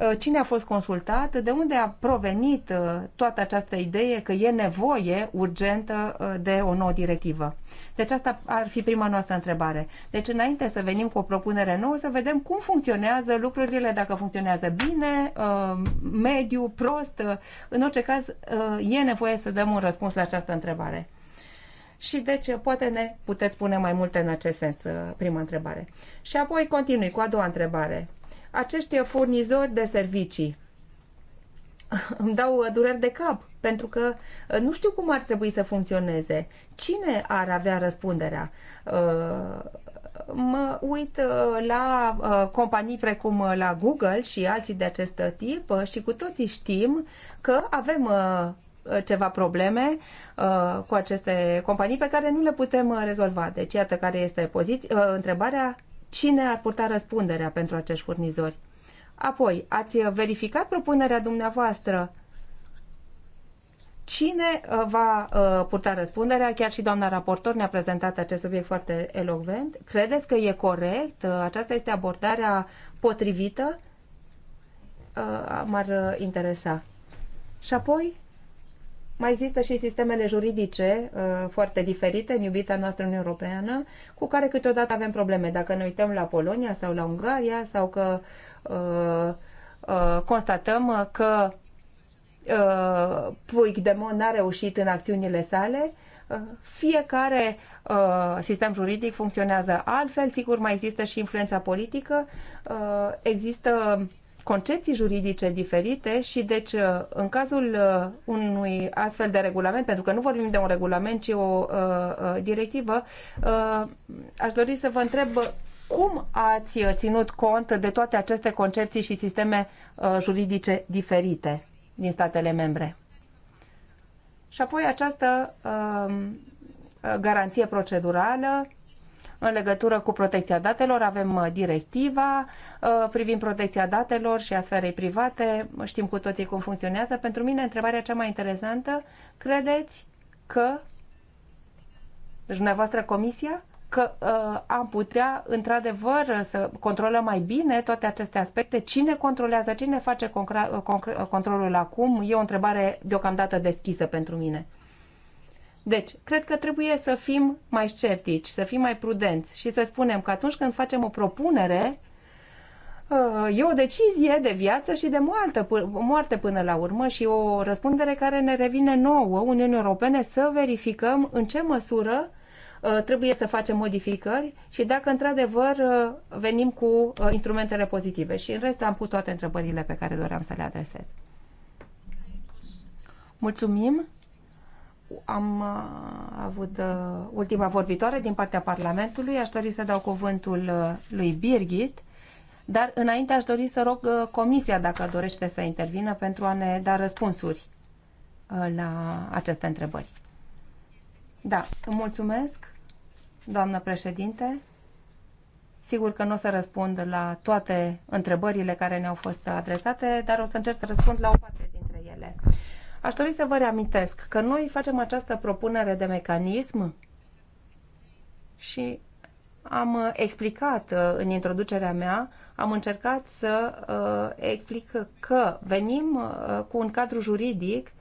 Uh, cine a fost consultat, de unde a provenit uh, toată această idee că e nevoie urgentă uh, de o nouă directivă. Deci asta ar fi prima noastră întrebare. Deci înainte să venim cu o propunere nouă, să vedem cum funcționează lucrurile, dacă funcționează bine, mediu, prost. În orice caz, e nevoie să dăm un răspuns la această întrebare. Și deci poate ne puteți spune mai multe în acest sens, prima întrebare. Și apoi continui cu a doua întrebare acești furnizori de servicii [laughs] îmi dau uh, dureri de cap, pentru că uh, nu știu cum ar trebui să funcționeze. Cine ar avea răspunderea? Uh, mă uit la companii precum la Google și alții de acest tip și cu toții știm că avem ceva probleme cu aceste companii pe care nu le putem rezolva. Deci iată care este poziția, întrebarea Cine ar purta răspunderea pentru acești furnizori? Apoi, ați verificat propunerea dumneavoastră? Cine uh, va uh, purta răspunderea? Chiar și doamna raportor ne-a prezentat acest subiect foarte elogvent. Credeți că e corect? Uh, aceasta este abordarea potrivită? M-ar interesa. Și apoi, mai există și sistemele juridice uh, foarte diferite în iubita noastră Uniune Europeană, cu care câteodată avem probleme. Dacă ne uităm la Polonia sau la Ungaria, sau că uh, uh, constatăm că uh, Puigdemont n-a reușit în acțiunile sale, uh, fiecare uh, sistem juridic funcționează altfel, sigur mai există și influența politică, uh, există uh, concepții juridice diferite și deci uh, în cazul uh, unui astfel de regulament, pentru că nu vorbim de un regulament, ci o uh, directivă, aș dori să vă întreb cum ați ținut cont de toate aceste concepții și sisteme juridice diferite din statele membre? Și apoi această uh, garanție procedurală în legătură cu protecția datelor. Avem uh, directiva uh, privind protecția datelor și a sferei private. Știm cu toții cum funcționează. Pentru mine, întrebarea cea mai interesantă, credeți că dumneavoastră comisia că uh, am putea într-adevăr să controlăm mai bine toate aceste aspecte. Cine controlează, cine face controlul acum? E o întrebare deocamdată deschisă pentru mine. Deci, cred că trebuie să fim mai sceptici, să fim mai prudenți și să spunem că atunci când facem o propunere, uh, e o decizie de viață și de moarte, moarte până la urmă și o răspundere care ne revine nouă, Uniunii Europene, să verificăm în ce măsură uh, trebuie să facem modificări și dacă într-adevăr uh, venim cu instrumentele pozitive. Și în rest am pus toate întrebările pe care doream să le adresez. Mulțumim! am uh, avut uh, ultima vorbitoare din partea Parlamentului. Aș dori să dau cuvântul uh, lui Birgit, dar înainte aș dori să rog Comisia dacă dorește să intervină pentru a ne da răspunsuri la aceste întrebări. Da, mulțumesc, doamnă președinte. Sigur că nu o să răspund la toate întrebările care ne-au fost adresate, dar o să încerc să răspund la o parte dintre ele. Aș dori să vă reamintesc că noi facem această propunere de mecanism și am explicat uh, în introducerea mea, am încercat să uh, explic că venim uh, cu un cadru juridic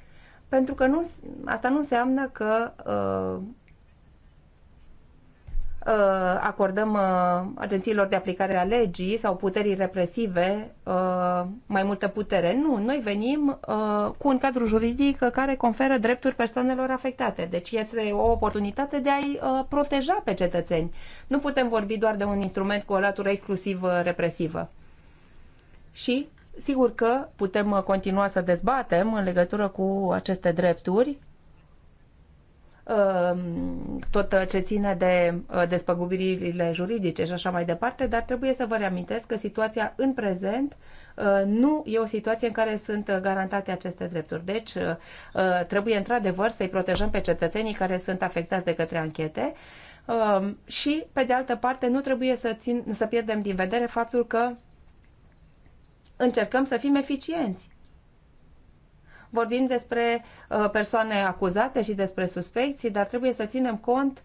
pentru că nu, asta nu înseamnă că uh, Uh, acordăm uh, agențiilor de aplicare a legii sau puterii represive uh, mai multă putere. Nu, noi venim cu un cadru juridic care conferă drepturi persoanelor afectate. Deci este o oportunitate de a-i proteja pe cetățeni. Nu putem vorbi doar de un instrument cu o latură exclusiv represivă. Și Sigur că putem continua să dezbatem în legătură cu aceste drepturi, Um, tot ce ține de uh, despăgubirile juridice și așa mai departe, dar trebuie să vă reamintesc că situația în prezent uh, nu e o situație în care sunt garantate aceste drepturi. Deci uh, trebuie într-adevăr să-i protejăm pe cetățenii care sunt afectați de către anchete um, și, pe de altă parte, nu trebuie să, țin, să pierdem din vedere faptul că încercăm să fim eficienți vorbim despre uh, persoane acuzate și despre suspecții, dar trebuie să ținem cont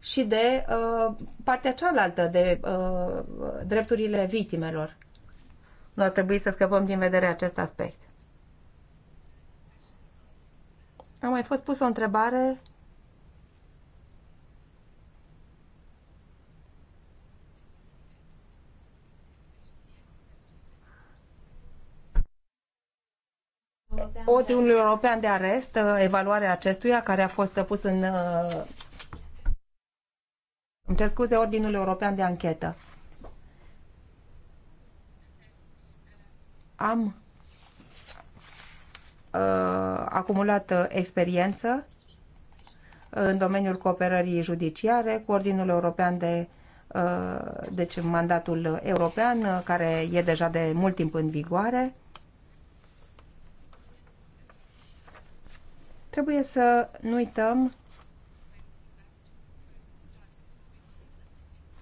și de uh, partea cealaltă, de uh, drepturile victimelor. Nu ar trebui să scăpăm din vedere acest aspect. A mai fost pusă o întrebare raportul european de arest, uh, evaluarea acestuia care a fost pus în... Uh, îmi cer scuze, Ordinul European de Anchetă. Am uh, acumulat uh, experiență în domeniul cooperării judiciare cu Ordinul European de uh, deci mandatul european care e deja de mult timp în vigoare Trebuie să nu uităm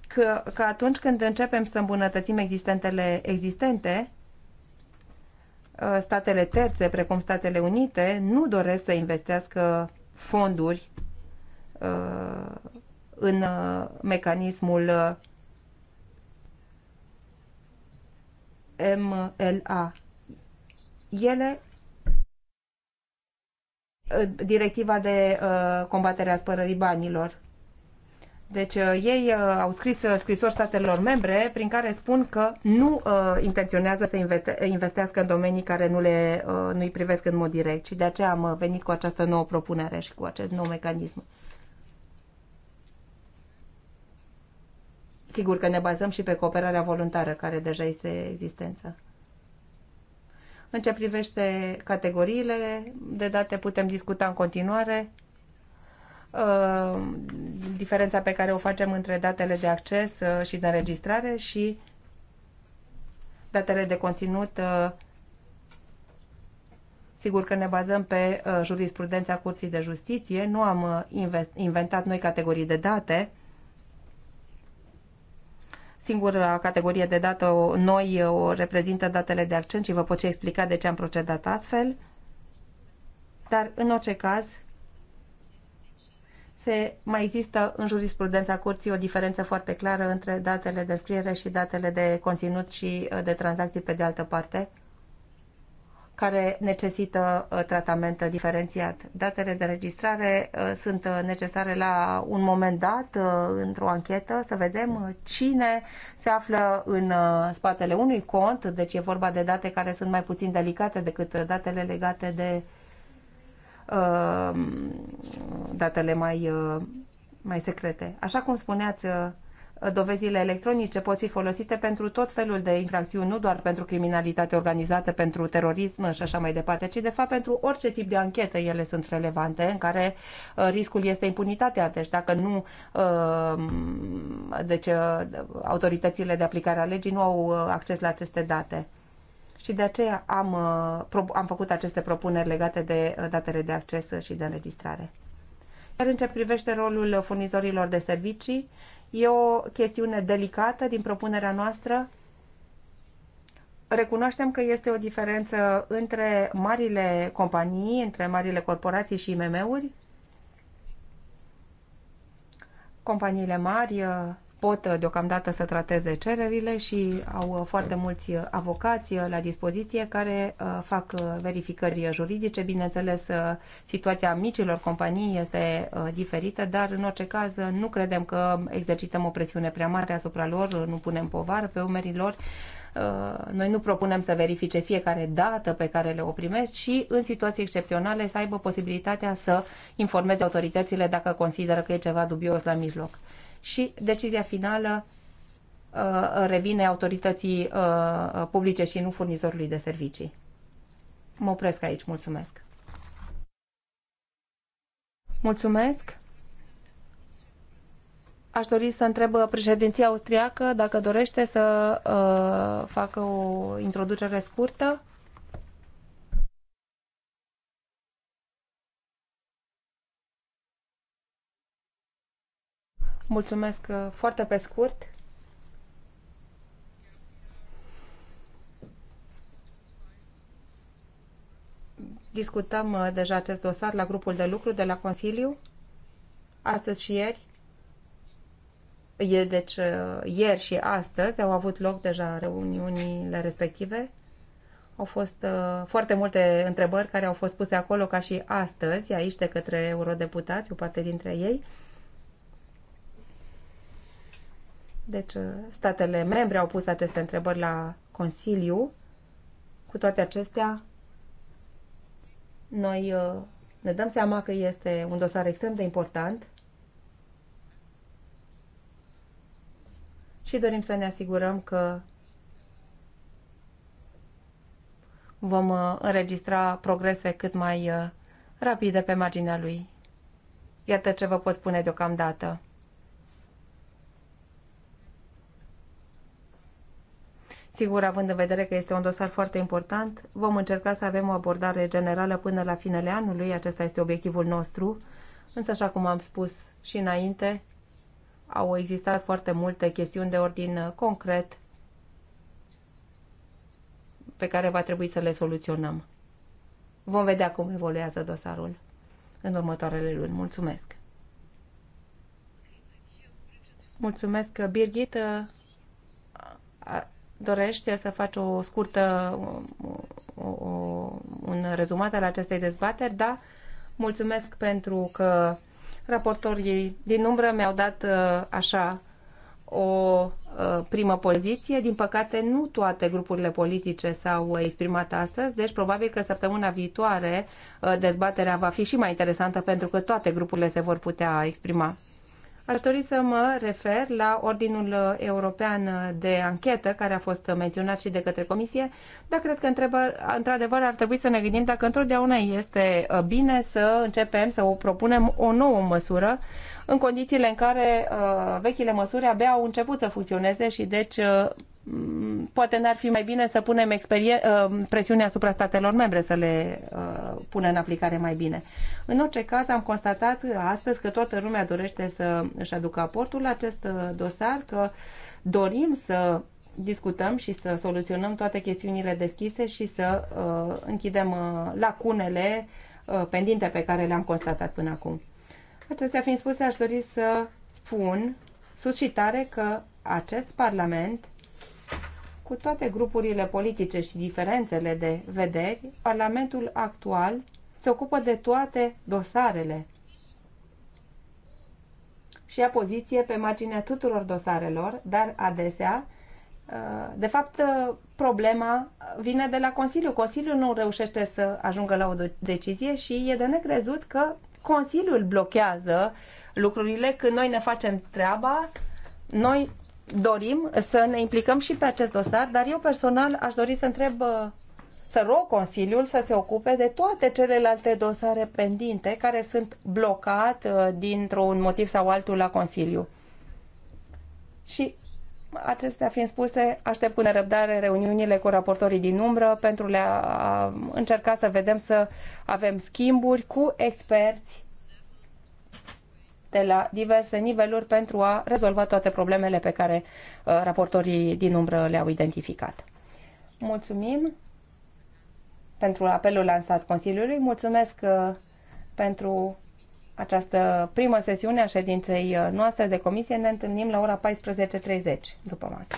că, că atunci când începem să îmbunătățim existentele existente, ă, statele terțe, precum Statele Unite, nu doresc să investească fonduri ă, în ă, mecanismul MLA. Ele Uh, directiva de uh, combatere a spărării banilor. Deci uh, ei au scris scrisori statelor membre prin care spun că nu intenționează să investească în domenii care nu le, nu-i privesc în mod direct și de aceea am venit cu această nouă propunere și cu acest nou mecanism. Sigur că ne bazăm și pe cooperarea voluntară care deja este existență. În ce privește categoriile de date, putem discuta în continuare uh, diferența pe care o facem între datele de acces uh, și de înregistrare și datele de conținut. Uh, sigur că ne bazăm pe jurisprudența Curții de Justiție. Nu am inventat noi categorii de date, Singura categorie de dată noi o reprezintă datele de accent și vă pot și explica de ce am procedat astfel. Dar, în orice caz, se, mai există în jurisprudența curții o diferență foarte clară între datele de scriere și datele de conținut și uh, de tranzacții pe de altă parte care necesită uh, tratament diferențiat. Datele de registrare uh, sunt uh, necesare la un moment dat într-o anchetă să vedem cine se află în spatele unui cont, deci e vorba de date care sunt mai puțin delicate decât datele legate de uh, datele mai, uh, mai secrete. Așa cum spuneați, dovezile electronice pot fi folosite pentru tot felul de infracțiuni, nu doar pentru criminalitate organizată, pentru terorism și așa mai departe, ci de fapt pentru orice tip de anchetă ele sunt relevante, în care uh, riscul este impunitatea. Deci dacă nu, uh, deci uh, autoritățile de aplicare a legii nu au acces la aceste date. Și de aceea am, am făcut aceste propuneri legate de datele de acces și de înregistrare. Iar în ce privește rolul furnizorilor de servicii, E o chestiune delicată din propunerea noastră. Recunoaștem că este o diferență între marile companii, între marile corporații și IMM-uri. Companiile mari pot uh, deocamdată să trateze cererile și au uh, foarte mulți uh, avocați la dispoziție care fac verificări juridice. Bineînțeles, situația micilor companii este diferită, dar în orice caz nu credem că exercităm o presiune prea mare asupra lor, nu punem povară pe umerii lor noi nu propunem să verifice fiecare dată pe care le o primesc și în situații excepționale să aibă posibilitatea să informeze autoritățile dacă consideră că e ceva dubios la mijloc și decizia finală uh, revine autorității uh, publice și nu furnizorului de servicii. Mă opresc aici. Mulțumesc. Mulțumesc. Aș dori să întreb președinția austriacă dacă dorește să uh, facă o introducere scurtă. Mulțumesc uh, foarte pe scurt. Discutăm uh, deja acest dosar la grupul de lucru de la Consiliu, astăzi și ieri. deci uh, ieri și astăzi au avut loc deja reuniunile respective. Au fost uh, foarte multe întrebări care au fost puse acolo ca și astăzi, aici, de către eurodeputați, o parte dintre ei. Deci, uh, statele membre au pus aceste întrebări la Consiliu. Cu toate acestea, noi uh, ne dăm seama că este un dosar extrem de important și dorim să ne asigurăm că vom uh, înregistra progrese cât mai rapide pe marginea lui. Iată ce vă pot spune deocamdată. Sigur, având în vedere că este un dosar foarte important, vom încerca să avem o abordare generală până la finele anului, acesta este obiectivul nostru, însă așa cum am spus și înainte, au existat foarte multe chestiuni de ordin concret pe care va trebui să le soluționăm. Vom vedea cum evoluează dosarul în următoarele luni. Mulțumesc! Mulțumesc, Birgit! dorește să faci o scurtă, o, o, un rezumat al acestei dezbateri, da? Mulțumesc pentru că raportorii din umbră mi-au dat uh, așa o uh, primă poziție. Din păcate, nu toate grupurile politice s-au exprimat astăzi, deci probabil că săptămâna viitoare uh, dezbaterea va fi și mai interesantă pentru că toate grupurile se vor putea exprima. Aș dori să mă refer la Ordinul European de Anchetă, care a fost menționat și de către Comisie, dar cred că într-adevăr ar trebui să ne gândim dacă întotdeauna este bine să începem să o propunem o nouă măsură, în condițiile în care uh, vechile măsuri abia au început să funcționeze și deci uh, poate n-ar fi mai bine să punem uh, presiunea asupra statelor membre să le uh, pună în aplicare mai bine. În orice caz, am constatat astăzi că toată lumea dorește să își aducă aportul la acest uh, dosar, că dorim să discutăm și să soluționăm toate chestiunile deschise și să uh, închidem uh, lacunele uh, pendinte pe care le-am constatat până acum. Acestea fiind spuse, aș dori să spun suscitare că acest Parlament cu toate grupurile politice și diferențele de vederi, Parlamentul actual se ocupă de toate dosarele și a poziție pe marginea tuturor dosarelor, dar adesea, uh, de fapt, uh, problema vine de la Consiliu. Consiliul nu reușește să ajungă la o decizie și e de necrezut că Consiliul blochează lucrurile când noi ne facem treaba, noi dorim să ne implicăm și pe acest dosar, dar eu personal aș dori să întreb, uh, să rog Consiliul să se ocupe de toate celelalte dosare pendinte care sunt blocat uh, dintr-un motiv sau altul la Consiliu. Și acestea fiind spuse, aștept cu nerăbdare reuniunile cu raportorii din umbră pentru a încerca să vedem să avem schimburi cu experți de la diverse niveluri pentru a rezolva toate problemele pe care uh, raportorii din umbră le-au identificat. Mulțumim pentru apelul lansat Consiliului. Mulțumesc uh, pentru această primă sesiune a ședinței uh, noastre de comisie. Ne întâlnim la ora 14.30 după masă.